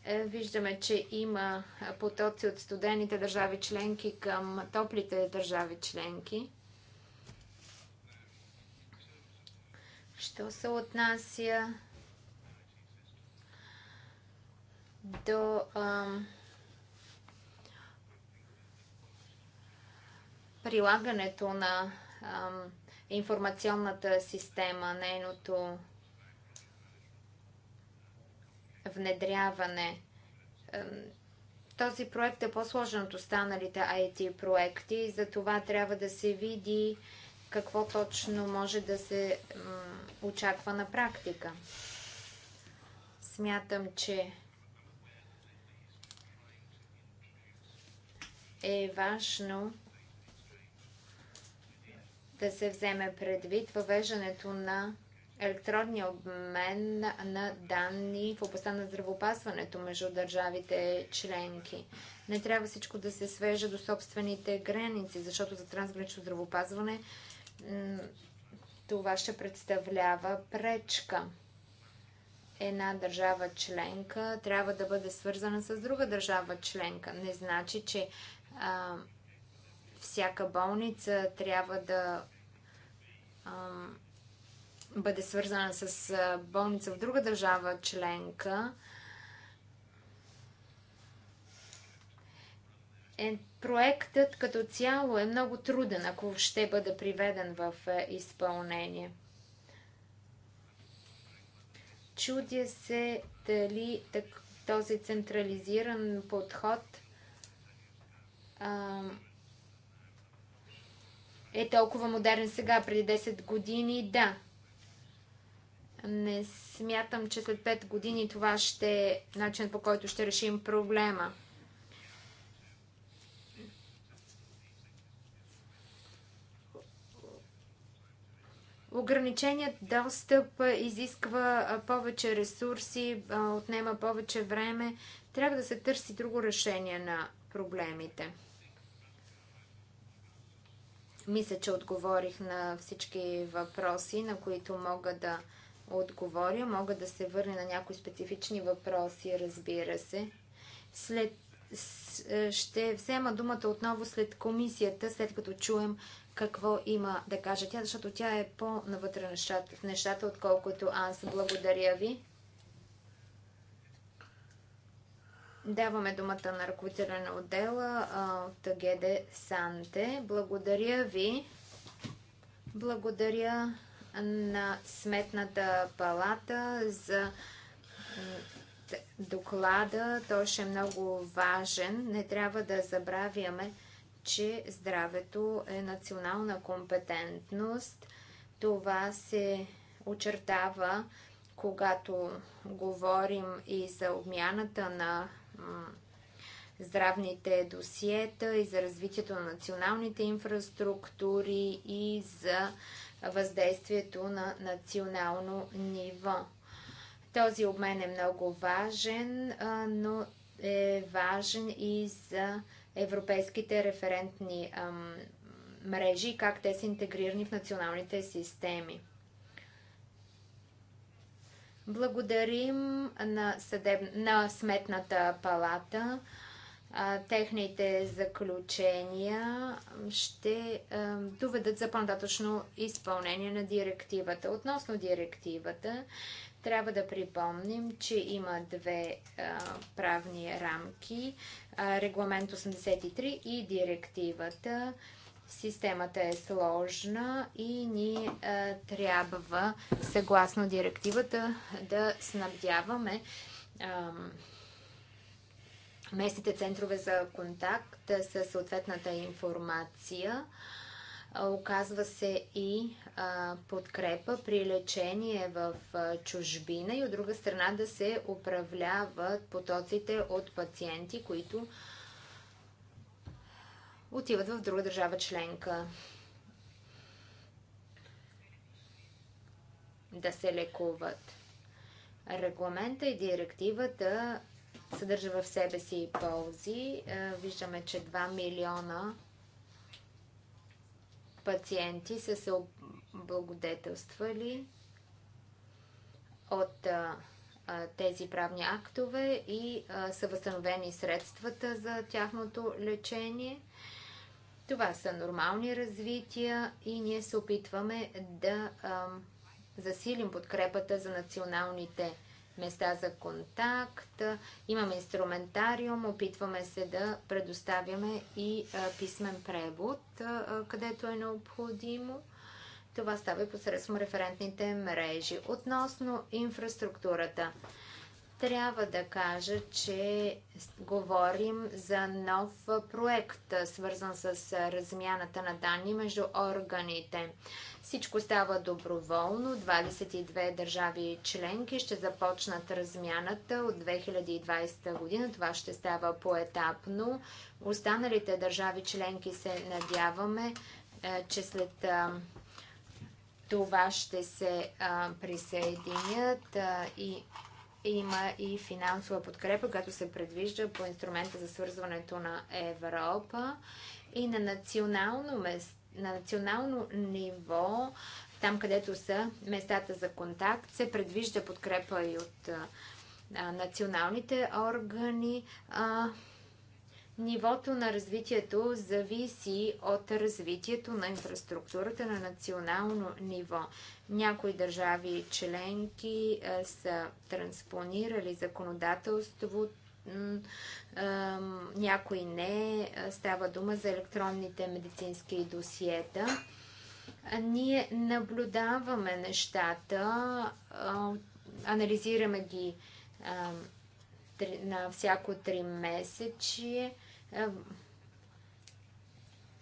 Е, виждаме, че има потоци от студените държави членки към топлите държави членки. Що се отнася до прилагането на информационната система, нейното внедряване. Този проект е по-сложен от останалите IT проекти и за това трябва да се види какво точно може да се очаквана практика. Смятам, че е важно да се вземе предвид въвеждането на електронния обмен на данни в областта на здравопасването между държавите членки. Не трябва всичко да се свежа до собствените граници, защото за трансгранично здравопазване това ще представлява пречка. Една държава членка трябва да бъде свързана с друга държава членка. Не значи, че а, всяка болница трябва да а, бъде свързана с болница в друга държава членка. Е, проектът като цяло е много труден, ако ще бъде приведен в е, изпълнение. Чудя се дали този централизиран подход а, е толкова модерен сега, преди 10 години, да. Не смятам, че след 5 години това ще е начин по който ще решим проблема. Ограниченият достъп изисква повече ресурси, отнема повече време. Трябва да се търси друго решение на проблемите. Мисля, че отговорих на всички въпроси, на които мога да отговоря. Мога да се върне на някои специфични въпроси, разбира се. След е, ще взема думата отново след комисията, след като чуем какво има да каже тя, защото тя е по-навътре в нещата, отколкото аз. Благодаря ви. Даваме думата на ръководителя на отдела от ГД Санте. Благодаря ви. Благодаря на Сметната палата за доклада. Той ще е много важен. Не трябва да забравяме, че здравето е национална компетентност. Това се очертава, когато говорим и за обмяната на здравните досиета и за развитието на националните инфраструктури и за въздействието на национално ниво. Този обмен е много важен, но е важен и за европейските референтни мрежи и как те са интегрирани в националните системи. Благодарим на, съдеб... на Сметната палата. техните заключения ще доведат за по-нататъчно изпълнение на директивата. Относно директивата, трябва да припомним, че има две а, правни рамки а, регламент 83 и директивата. Системата е сложна и ни а, трябва, съгласно директивата, да снабдяваме местните центрове за контакт със съответната информация. Оказва се и а, подкрепа при лечение в а, чужбина и от друга страна да се управляват потоците от пациенти, които отиват в друга държава членка. Да се лекуват. Регламента и директивата съдържа в себе си ползи. Виждаме, че 2 милиона пациенти са се облагодетелствали от а, тези правни актове и а, са възстановени средствата за тяхното лечение. Това са нормални развития и ние се опитваме да а, засилим подкрепата за националните места за контакт, имаме инструментариум, опитваме се да предоставяме и писмен превод, където е необходимо. Това става и посредством референтните мрежи. Относно инфраструктурата трябва да кажа, че говорим за нов проект, свързан с размяната на данни между органите. Всичко става доброволно. 22 държави членки ще започнат размяната от 2020 година. Това ще става поетапно. Останалите държави членки се надяваме, е, че след е, това ще се е, присъединят и има и финансова подкрепа, която се предвижда по инструмента за свързването на Европа и на национално, на национално ниво, там където са местата за контакт, се предвижда подкрепа и от а, националните органи. А, Нивото на развитието зависи от развитието на инфраструктурата на национално ниво. Някои държави членки е, са транспонирали законодателство, е, някои не. Става дума за електронните медицински досиета. Ние наблюдаваме нещата, е, анализираме ги на всяко три месече.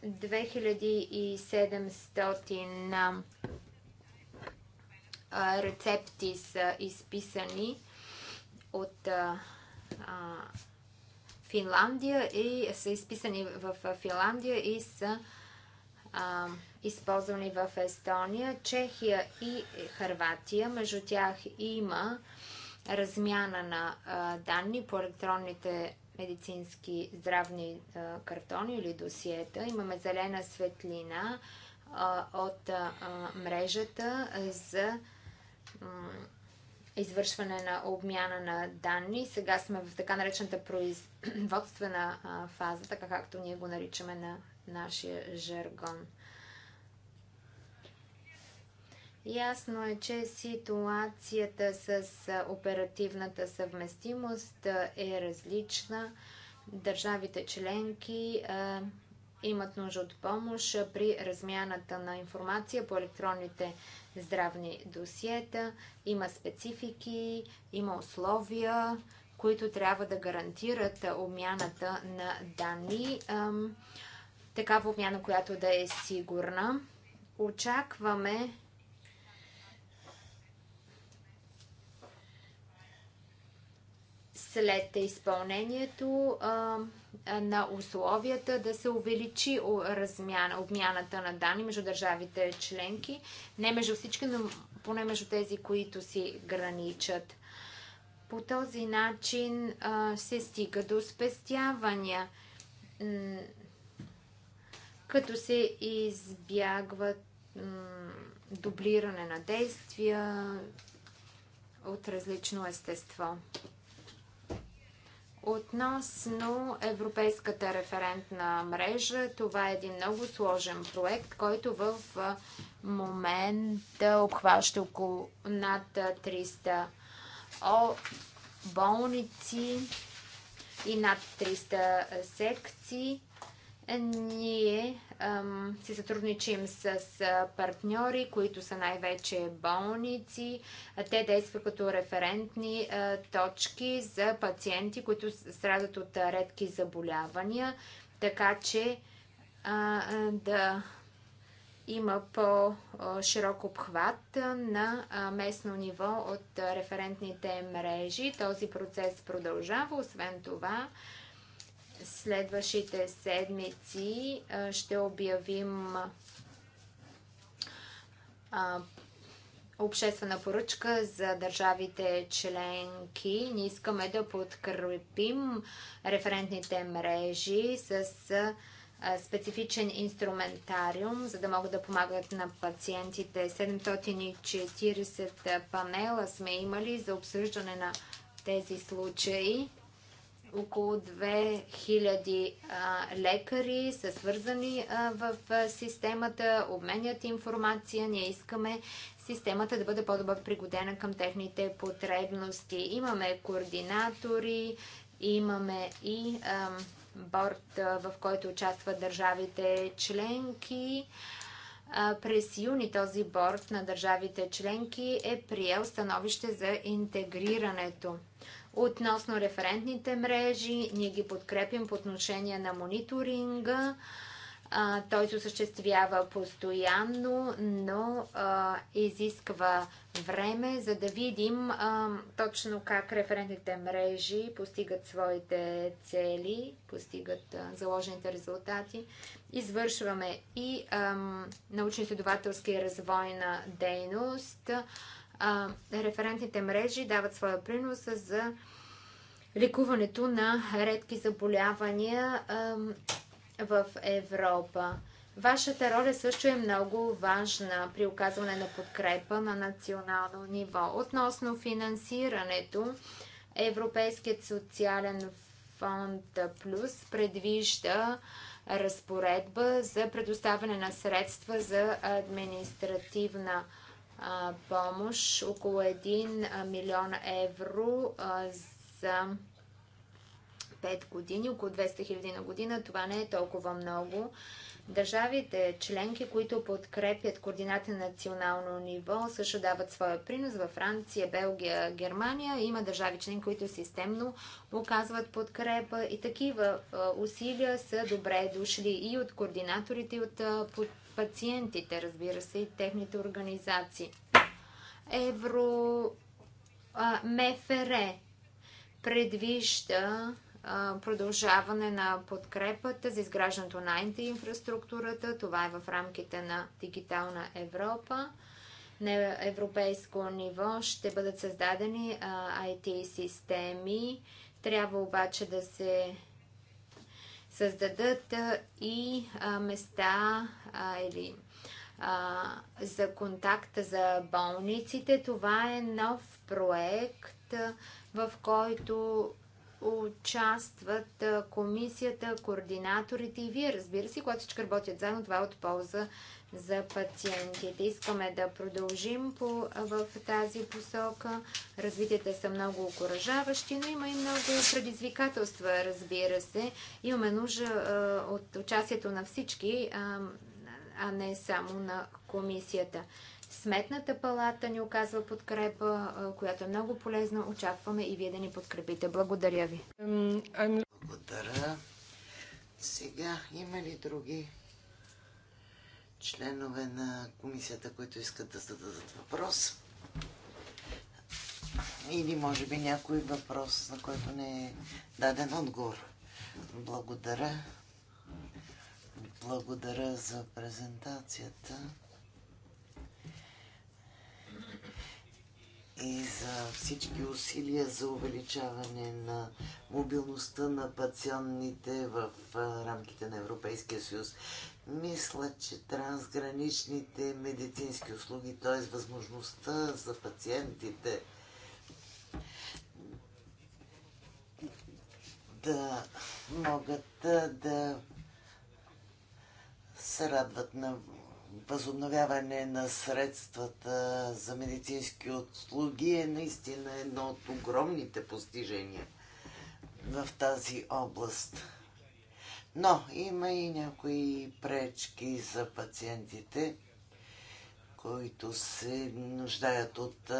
2700 рецепти са изписани от Финландия и са изписани в Финландия и са използвани в Естония, Чехия и Харватия. Между тях има размяна на данни по електронните медицински здравни картони или досиета. Имаме зелена светлина от мрежата за извършване на обмяна на данни. Сега сме в така наречената производствена фаза, така както ние го наричаме на нашия жаргон. Ясно е, че ситуацията с оперативната съвместимост е различна. Държавите членки имат нужда от помощ при размяната на информация по електронните здравни досиета. Има специфики, има условия, които трябва да гарантират обмяната на данни. такава обмяна, която да е сигурна. Очакваме след изпълнението а, на условията да се увеличи размяна, обмяната на данни между държавите членки, не между всички, но поне между тези, които си граничат. По този начин а, се стига до спестявания, като се избягват дублиране на действия от различно естество. Относно Европейската референтна мрежа, това е един много сложен проект, който в момента обхваща около над 300 болници и над 300 секции. Ние си сътрудничим с партньори, които са най-вече болници. Те действат като референтни точки за пациенти, които страдат от редки заболявания, така че да има по-широк обхват на местно ниво от референтните мрежи. Този процес продължава. Освен това, следващите седмици ще обявим обществена поръчка за държавите членки. Ние искаме да подкрепим референтните мрежи с специфичен инструментариум, за да могат да помагат на пациентите. 740 панела сме имали за обсъждане на тези случаи около 2000 лекари са свързани в системата, обменят информация. Ние искаме системата да бъде по-добър пригодена към техните потребности. Имаме координатори, имаме и борт, в който участват държавите членки. През юни този борт на държавите членки е приел становище за интегрирането. Относно референтните мрежи, ние ги подкрепим по отношение на мониторинга. А, той се осъществява постоянно, но а, изисква време, за да видим а, точно как референтните мрежи постигат своите цели, постигат заложените резултати. Извършваме и научно-изследователска и развойна дейност а, референтните мрежи дават своя принос за ликуването на редки заболявания а, в Европа. Вашата роля също е много важна при оказване на подкрепа на национално ниво. Относно финансирането, Европейският социален фонд Плюс предвижда разпоредба за предоставяне на средства за административна помощ, около 1 милион евро за 5 години, около 200 хиляди на година. Това не е толкова много. Държавите членки, които подкрепят координати на национално ниво, също дават своя принос във Франция, Белгия, Германия. Има държави член, които системно оказват подкрепа и такива усилия са добре дошли и от координаторите, и от пациентите, разбира се, и техните организации. Евро а, МФР предвижда а, продължаване на подкрепата за изграждането на инфраструктурата. Това е в рамките на Дигитална Европа. На европейско ниво ще бъдат създадени а, IT системи. Трябва обаче да се създадат и места а, или а, за контакта за болниците. Това е нов проект, в който участват комисията, координаторите и вие, разбира се, когато всички работят заедно, това е от полза за пациентите. Искаме да продължим по, в тази посока. Развитията са много окоръжаващи, но има и много предизвикателства, разбира се. Имаме нужда от участието на всички а не само на комисията. Сметната палата ни оказва подкрепа, която е много полезна. Очакваме и вие да ни подкрепите. Благодаря ви. Благодаря. Сега има ли други членове на комисията, които искат да зададат въпрос? Или може би някой въпрос, на който не е даден отговор. Благодаря. Благодаря за презентацията и за всички усилия за увеличаване на мобилността на пациентите в рамките на Европейския съюз. Мисля, че трансграничните медицински услуги, т.е. възможността за пациентите да могат да се радват на възобновяване на средствата за медицински услуги е наистина едно от огромните постижения в тази област. Но има и някои пречки за пациентите, които се нуждаят от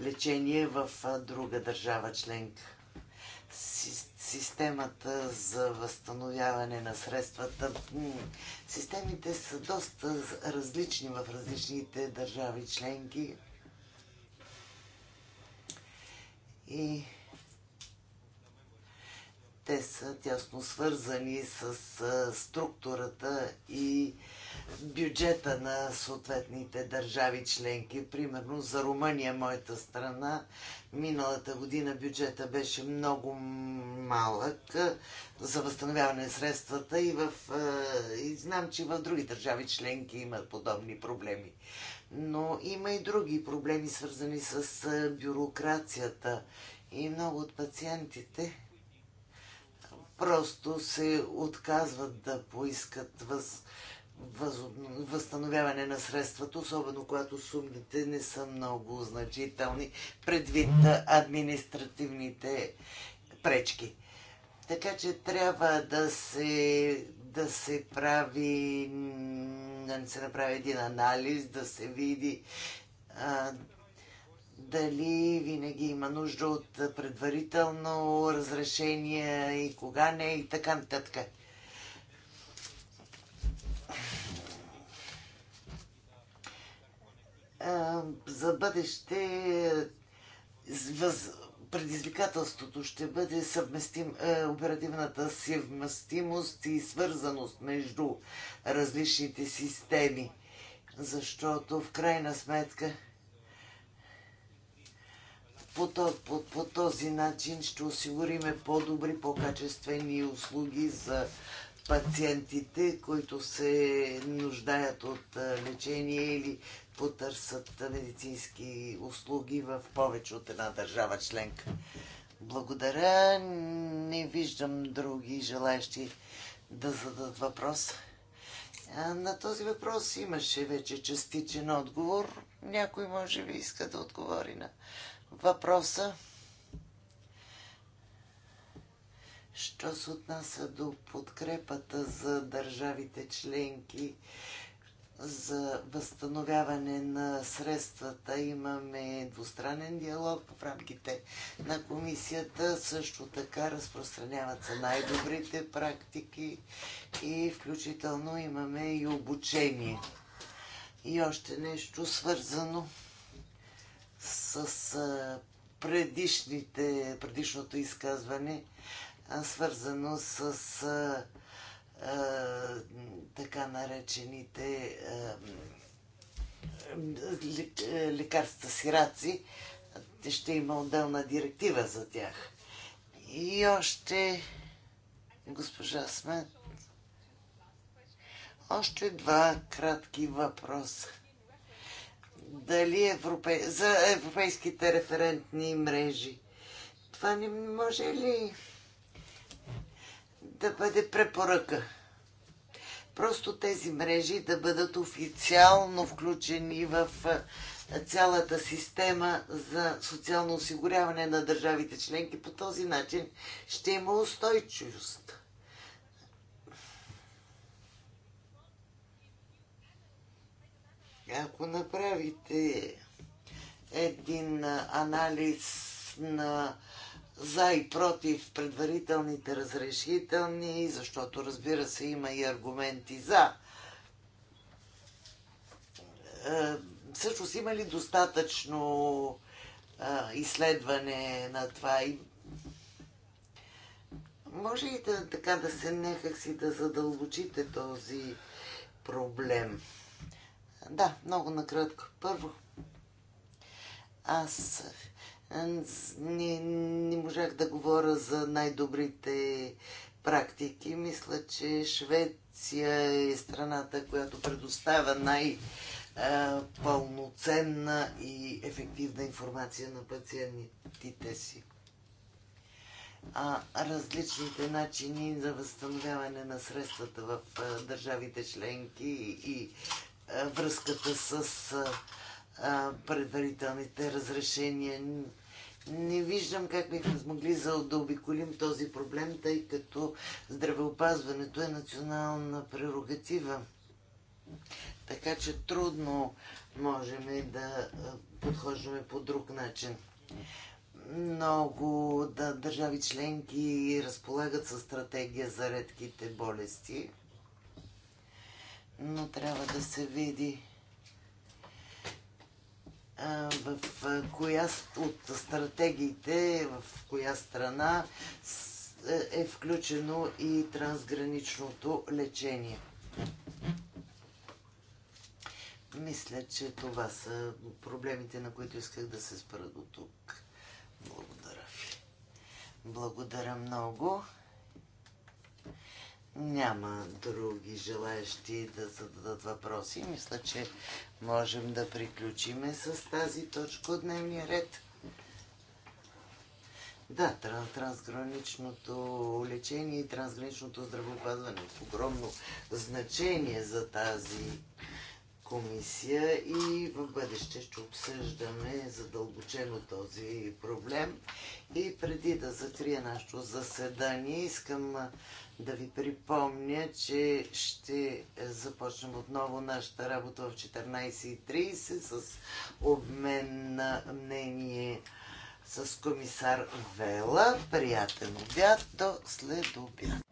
лечение в друга държава членка системата за възстановяване на средствата. Системите са доста различни в различните държави членки. И те са тясно свързани с структурата и бюджета на съответните държави членки. Примерно за Румъния, моята страна, миналата година бюджета беше много малък за възстановяване на средствата и, в, и знам, че в други държави членки имат подобни проблеми. Но има и други проблеми, свързани с бюрокрацията. И много от пациентите просто се отказват да поискат въз, въз, възстановяване на средствата, особено когато сумите не са много значителни предвид административните пречки. Така че трябва да се, да се прави, да се направи един анализ, да се види а, дали винаги има нужда от предварително разрешение и кога не и така нататък. За бъдеще предизвикателството ще бъде съвместим, е, оперативната съвместимост и свързаност между различните системи, защото в крайна сметка по, по, по, по този начин ще осигуриме по-добри, по-качествени услуги за пациентите, които се нуждаят от лечение или потърсят медицински услуги в повече от една държава членка. Благодаря. Не виждам други желаящи да зададат въпрос. На този въпрос имаше вече частичен отговор. Някой може би иска да отговори на въпроса. Що се отнася до подкрепата за държавите членки за възстановяване на средствата, имаме двустранен диалог в рамките на комисията. Също така разпространяват се най-добрите практики и включително имаме и обучение. И още нещо свързано с предишните, предишното изказване, свързано с така наречените лекарства сираци. Ще има отделна директива за тях. И още госпожа Смет. Още два кратки въпроса дали европе... за европейските референтни мрежи. Това не може ли да бъде препоръка? Просто тези мрежи да бъдат официално включени в цялата система за социално осигуряване на държавите членки. По този начин ще има устойчивост. Ако направите един анализ на за и против предварителните разрешителни, защото разбира се има и аргументи за. Е, всъщност има ли достатъчно е, изследване на това? И... Може ли да, така да се си да задълбочите този проблем? Да, много накратко. Първо, аз е, не, не можах да говоря за най-добрите практики. Мисля, че Швеция е страната, която предоставя най-пълноценна и ефективна информация на пациентите си. А различните начини за възстановяване на средствата в е, държавите членки и е, връзката с е, е, предварителните разрешения. Не виждам как бихме смогли да обиколим този проблем, тъй като здравеопазването е национална прерогатива. Така че трудно можем да подхождаме по друг начин. Много да, държави членки разполагат със стратегия за редките болести но трябва да се види в коя от стратегиите, в коя страна е, е включено и трансграничното лечение. Мисля, че това са проблемите, на които исках да се спра до тук. Благодаря ви. Благодаря много. Няма други желаящи да зададат въпроси. Мисля, че можем да приключиме с тази точка от дневния ред. Да, трансграничното лечение и трансграничното здравеопазване е огромно значение за тази комисия и в бъдеще ще обсъждаме задълбочено този проблем. И преди да закрия нашето заседание, искам да ви припомня, че ще започнем отново нашата работа в 14.30 с обмен на мнение с комисар Вела. Приятен обяд до след обяд.